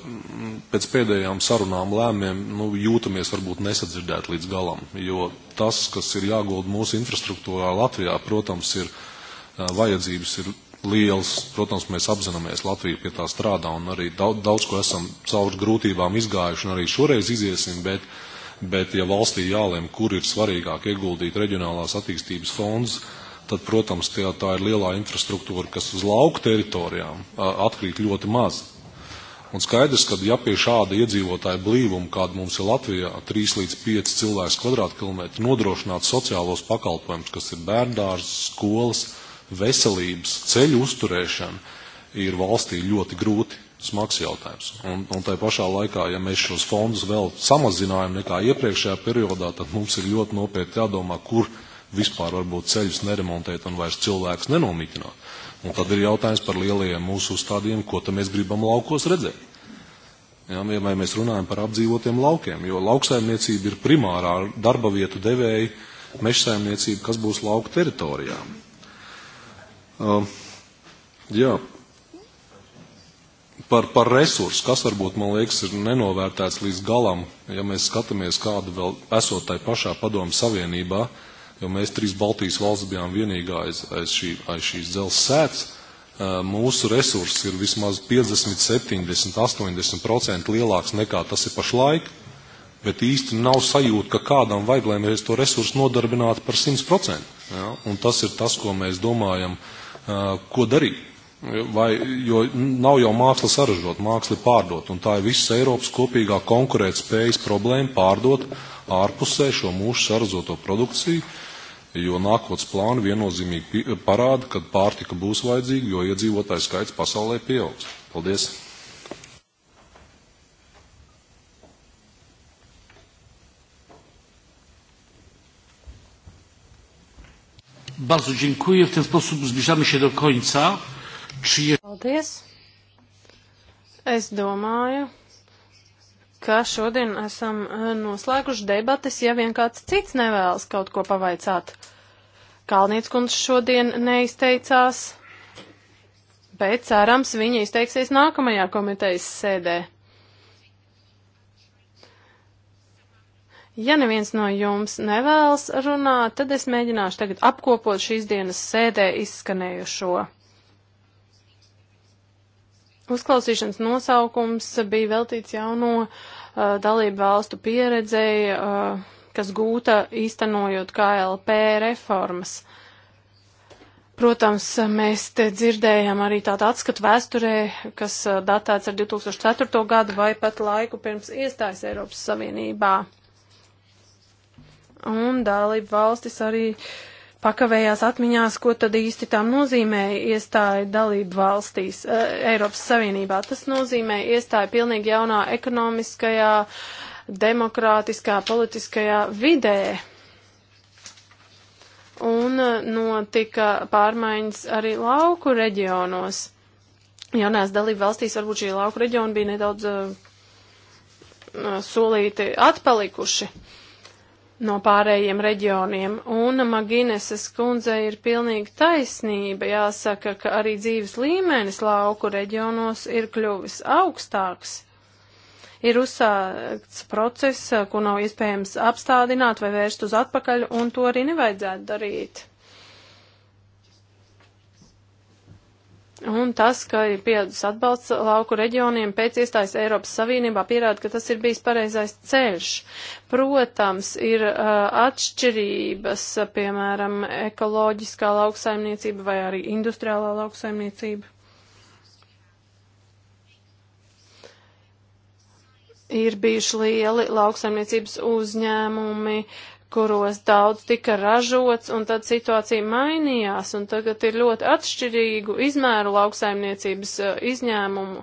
[SPEAKER 5] pēc pēdējām sarunām lēmiem nu, jūtamies varbūt nesadzirdēt līdz galam, jo tas, kas ir jāguld mūsu infrastruktūrā Latvijā, protams, ir eh, vajadzības ir liels. Protams, mēs apzināmies, Latvija pie tā strādā un arī daudz, daudz ko esam cauri grūtībām izgājuši un arī šoreiz iziesim, bet, bet ja valstī jālem, kur ir svarīgāk ieguldīt reģionālās attīstības fondus, tad, protams, tie, tā ir lielā infrastruktūra, kas uz lauku teritorijām atkrīt ļoti maz. Un skaidrs, ka ja pie šāda iedzīvotāja blīvuma, kāda mums ir Latvijā, 3 līdz 5 cilvēks kvadrātkilometri, nodrošināt sociālos pakalpojumus, kas ir bērndārs, skolas, veselības, ceļu uzturēšana, ir valstī ļoti grūti smags jautājums. Un, un tai pašā laikā, ja mēs šos fondus vēl samazinājam nekā iepriekšējā periodā, tad mums ir ļoti nopietni jādomā, kur mēs vispār varbūt ceļus neremontēt un vairs cilvēkus nenomītināt. Un tad ir jautājums par lielajiem mūsu uzstādījumiem, ko tam mēs gribam laukos redzēt. Nu, ja, vai mēs runājam par apdzīvotiem laukiem, jo lauksaimniecība ir primārā darba vietu devēja mežsaimniecība, kas būs lauka teritorijā. Uh, jā. Par, par resursu, kas varbūt, man liekas, ir nenovērtēts līdz galam, ja mēs skatāmies, kāda vēl esot tai pašā padomu savienībā, uh, jo mēs trīs Baltijas valsts bijām vienīgā aiz, aiz, šī, aiz šīs dzelzs sēts. Mūsu resursi ir vismaz 50, 70, 80% lielāks nekā tas ir pašlaik, bet īsti nav sajūta, ka kādam vajag, lai mēs to resursu nodarbinātu par 100%. Ja? Un tas ir tas, ko mēs domājam, ko darīt. Vai, jo nav jau māksla saražot, māksla pārdot, un tā ir visas Eiropas kopīgā konkurētspējas problēma pārdot ārpusē šo mūsu saražoto produkciju, uh, jo nākotnes plāni viennozīmīgi parāda, ka pārtika būs vajadzīga, jo iedzīvotāju skaits pasaulē pieaugs. Paldies!
[SPEAKER 1] Bardzo dziękuję. W ten sposób zbliżamy się do końca. Czy...
[SPEAKER 2] Paldies. Es domāju, ka šodien esam eh, noslēguši debates, ja vien kāds cits nevēlas kaut ko pavaicāt. Kalniec kundze šodien neizteicās, bet cerams viņa izteiksies nākamajā komitejas sēdē. Ja neviens no jums nevēlas runāt, tad es mēģināšu tagad apkopot šīs dienas sēdē izskanējušo. Uzklausīšanas nosaukums bija veltīts jauno uh, dalību valstu pieredzei, uh, kas gūta īstenojot KLP reformas. Protams, mēs te dzirdējām arī tādu atskatu vēsturē, kas uh, datēts ar 2004. gadu vai pat laiku pirms iestājas Eiropas Savienībā. Un dalību valstis arī uh, pakavējās atmiņās, ko tad īsti tām nozīmēja iestāja dalību valstīs eh, Eiropas Savienībā. Tas nozīmē iestāja pilnīgi jaunā ekonomiskajā, demokrātiskā, politiskajā vidē. Un eh, notika pārmaiņas arī lauku reģionos. Jaunās dalību valstīs varbūt šie lauku reģioni bija nedaudz uh, solīti atpalikuši. Uh, no pārējiem reģioniem. Un Magineses kundze ir pilnīgi taisnība. Jāsaka, ka arī dzīves līmenis lauku reģionos ir kļuvis augstāks. Ir uzsākts process, ko nav iespējams apstādināt vai vērst uz atpakaļ, un to arī nevajadzētu darīt. Un tas, ka ir pieaudzis atbalsts lauku reģioniem pēc iestājas Eiropas Savienībā, pierāda, ka tas ir bijis pareizais ceļš. Protams, ir uh, atšķirības, piemēram, ekoloģiskā lauksaimniecība vai arī industriālā lauksaimniecība. Ir bijuši lieli lauksaimniecības uzņēmumi, uh, kuros daudz tika ražots, un tad situācija mainījās, un tagad ir ļoti atšķirīgu izmēru lauksaimniecības eh, izņēmumu,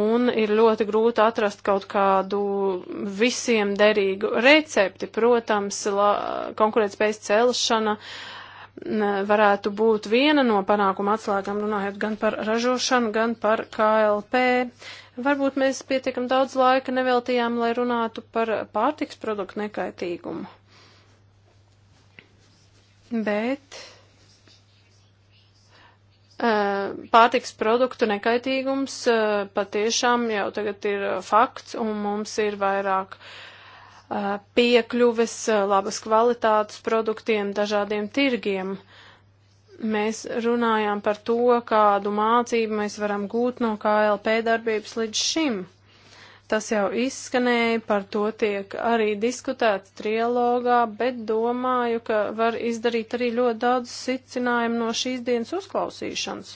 [SPEAKER 2] un ir ļoti grūti atrast kaut kādu visiem derīgu recepti. Protams, konkurētspējas celšana mm, varētu būt viena no panākuma atslēgām, runājot gan par ražošanu, gan par KLP. Varbūt mēs pietiekam daudz laika neveltījām, lai runātu par pārtiks produktu nekaitīgumu bet eh, pārtiks produktu nekaitīgums eh, patiešām jau tagad ir eh, fakts un mums ir vairāk piekļuves labas kvalitātes produktiem dažādiem tirgiem. Mēs runājām par to, kādu mācību mēs varam gūt no KLP darbības līdz šim. Tas jau izskanēja, par to tiek arī diskutēts trialogā, bet domāju, ka var izdarīt arī ļoti daudz secinājumu no šīs dienas uzklausīšanas.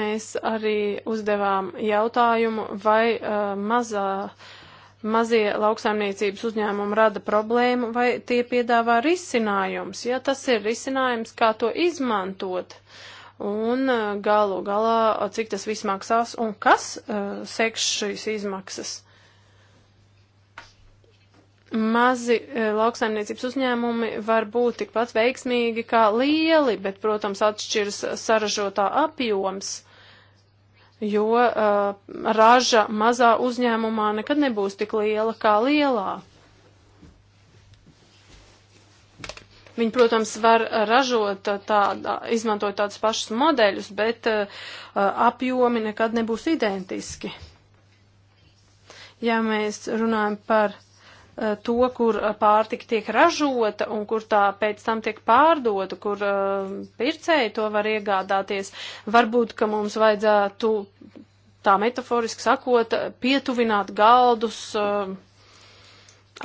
[SPEAKER 2] Mēs arī uzdevām jautājumu, vai uh, mazā uh, mazie lauksaimniecības uzņēmumi rada problēmu, vai tie piedāvā risinājums. Ja tas ir risinājums, kā to izmantot, un uh, galu galā, uh, cik tas viss maksās un kas uh, seks šīs izmaksas. Mazi uh, lauksaimniecības uzņēmumi var būt tikpat veiksmīgi kā lieli, bet, protams, atšķiras saražotā apjoms, jo uh, raža mazā uzņēmumā nekad nebūs tik liela kā lielā. Viņi, protams, var ražot tādā, izmantot tādus pašus modeļus, bet apjomi nekad nebūs identiski. Ja mēs runājam par to, kur pārtika tiek ražota un kur tā pēc tam tiek pārdota, kur uh, pircēji to var iegādāties. Varbūt, ka mums vajadzētu tā metaforiski sakot, pietuvināt galdus uh,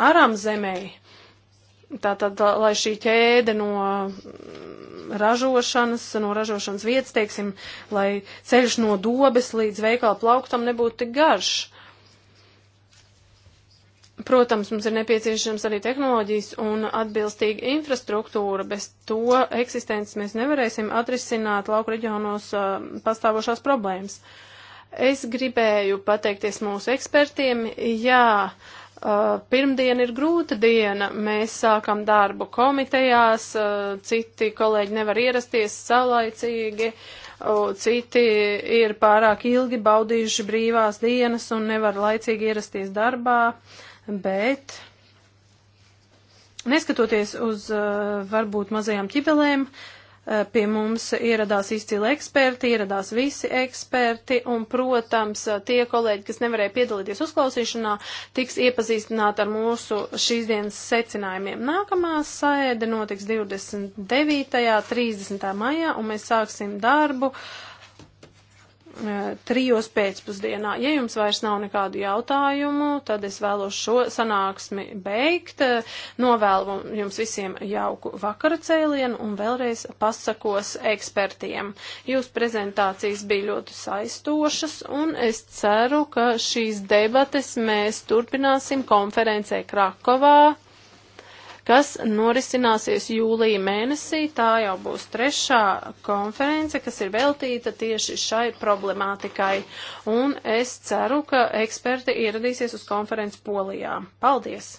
[SPEAKER 2] ārām zemēji. Tātad, lai šī ķēde no ražošanas, no ražošanas vietas, teiksim, lai ceļš no dobes līdz veikala plauktam nebūtu tik garš. Protams, mums ir nepieciešams arī tehnoloģijas un atbilstīga infrastruktūra. Bez to eksistences mēs nevarēsim atrisināt lauku reģionos uh, pastāvošās problēmas. Es gribēju pateikties mūsu ekspertiem. Jā, uh, Uh, Pirmdiena ir grūta diena, mēs sākam darbu komitejās, uh, citi kolēģi nevar ierasties saulaicīgi, citi ir pārāk ilgi baudījuši brīvās dienas un nevar laicīgi ierasties darbā, bet neskatoties uz uh, varbūt mazajām ķibelēm, uh, Eh, pie mums ieradās izcili eksperti, ieradās visi eksperti, un, protams, eh, tie kolēģi, kas nevarēja piedalīties uzklausīšanā, tiks iepazīstināti ar mūsu šīs dienas secinājumiem. Nākamā sēde notiks 29. 30. maijā, un mēs sāksim darbu. Uh, trijos pēcpusdienā. Ja jums vairs nav nekādu jautājumu, tad es vēlos šo sanāksmi beigt. Novēlu jums visiem jauku vakara cēlienu un vēlreiz pasakos ekspertiem. Jūsu prezentācijas bija ļoti saistošas un es ceru, ka šīs debates mēs turpināsim konferencē Krakovā kas norisināsies jūlija mēnesī. Tā jau būs trešā konference, kas ir veltīta tieši šai problemātikai. Un es ceru, ka eksperti ieradīsies uz konferenci Polijā. Paldies!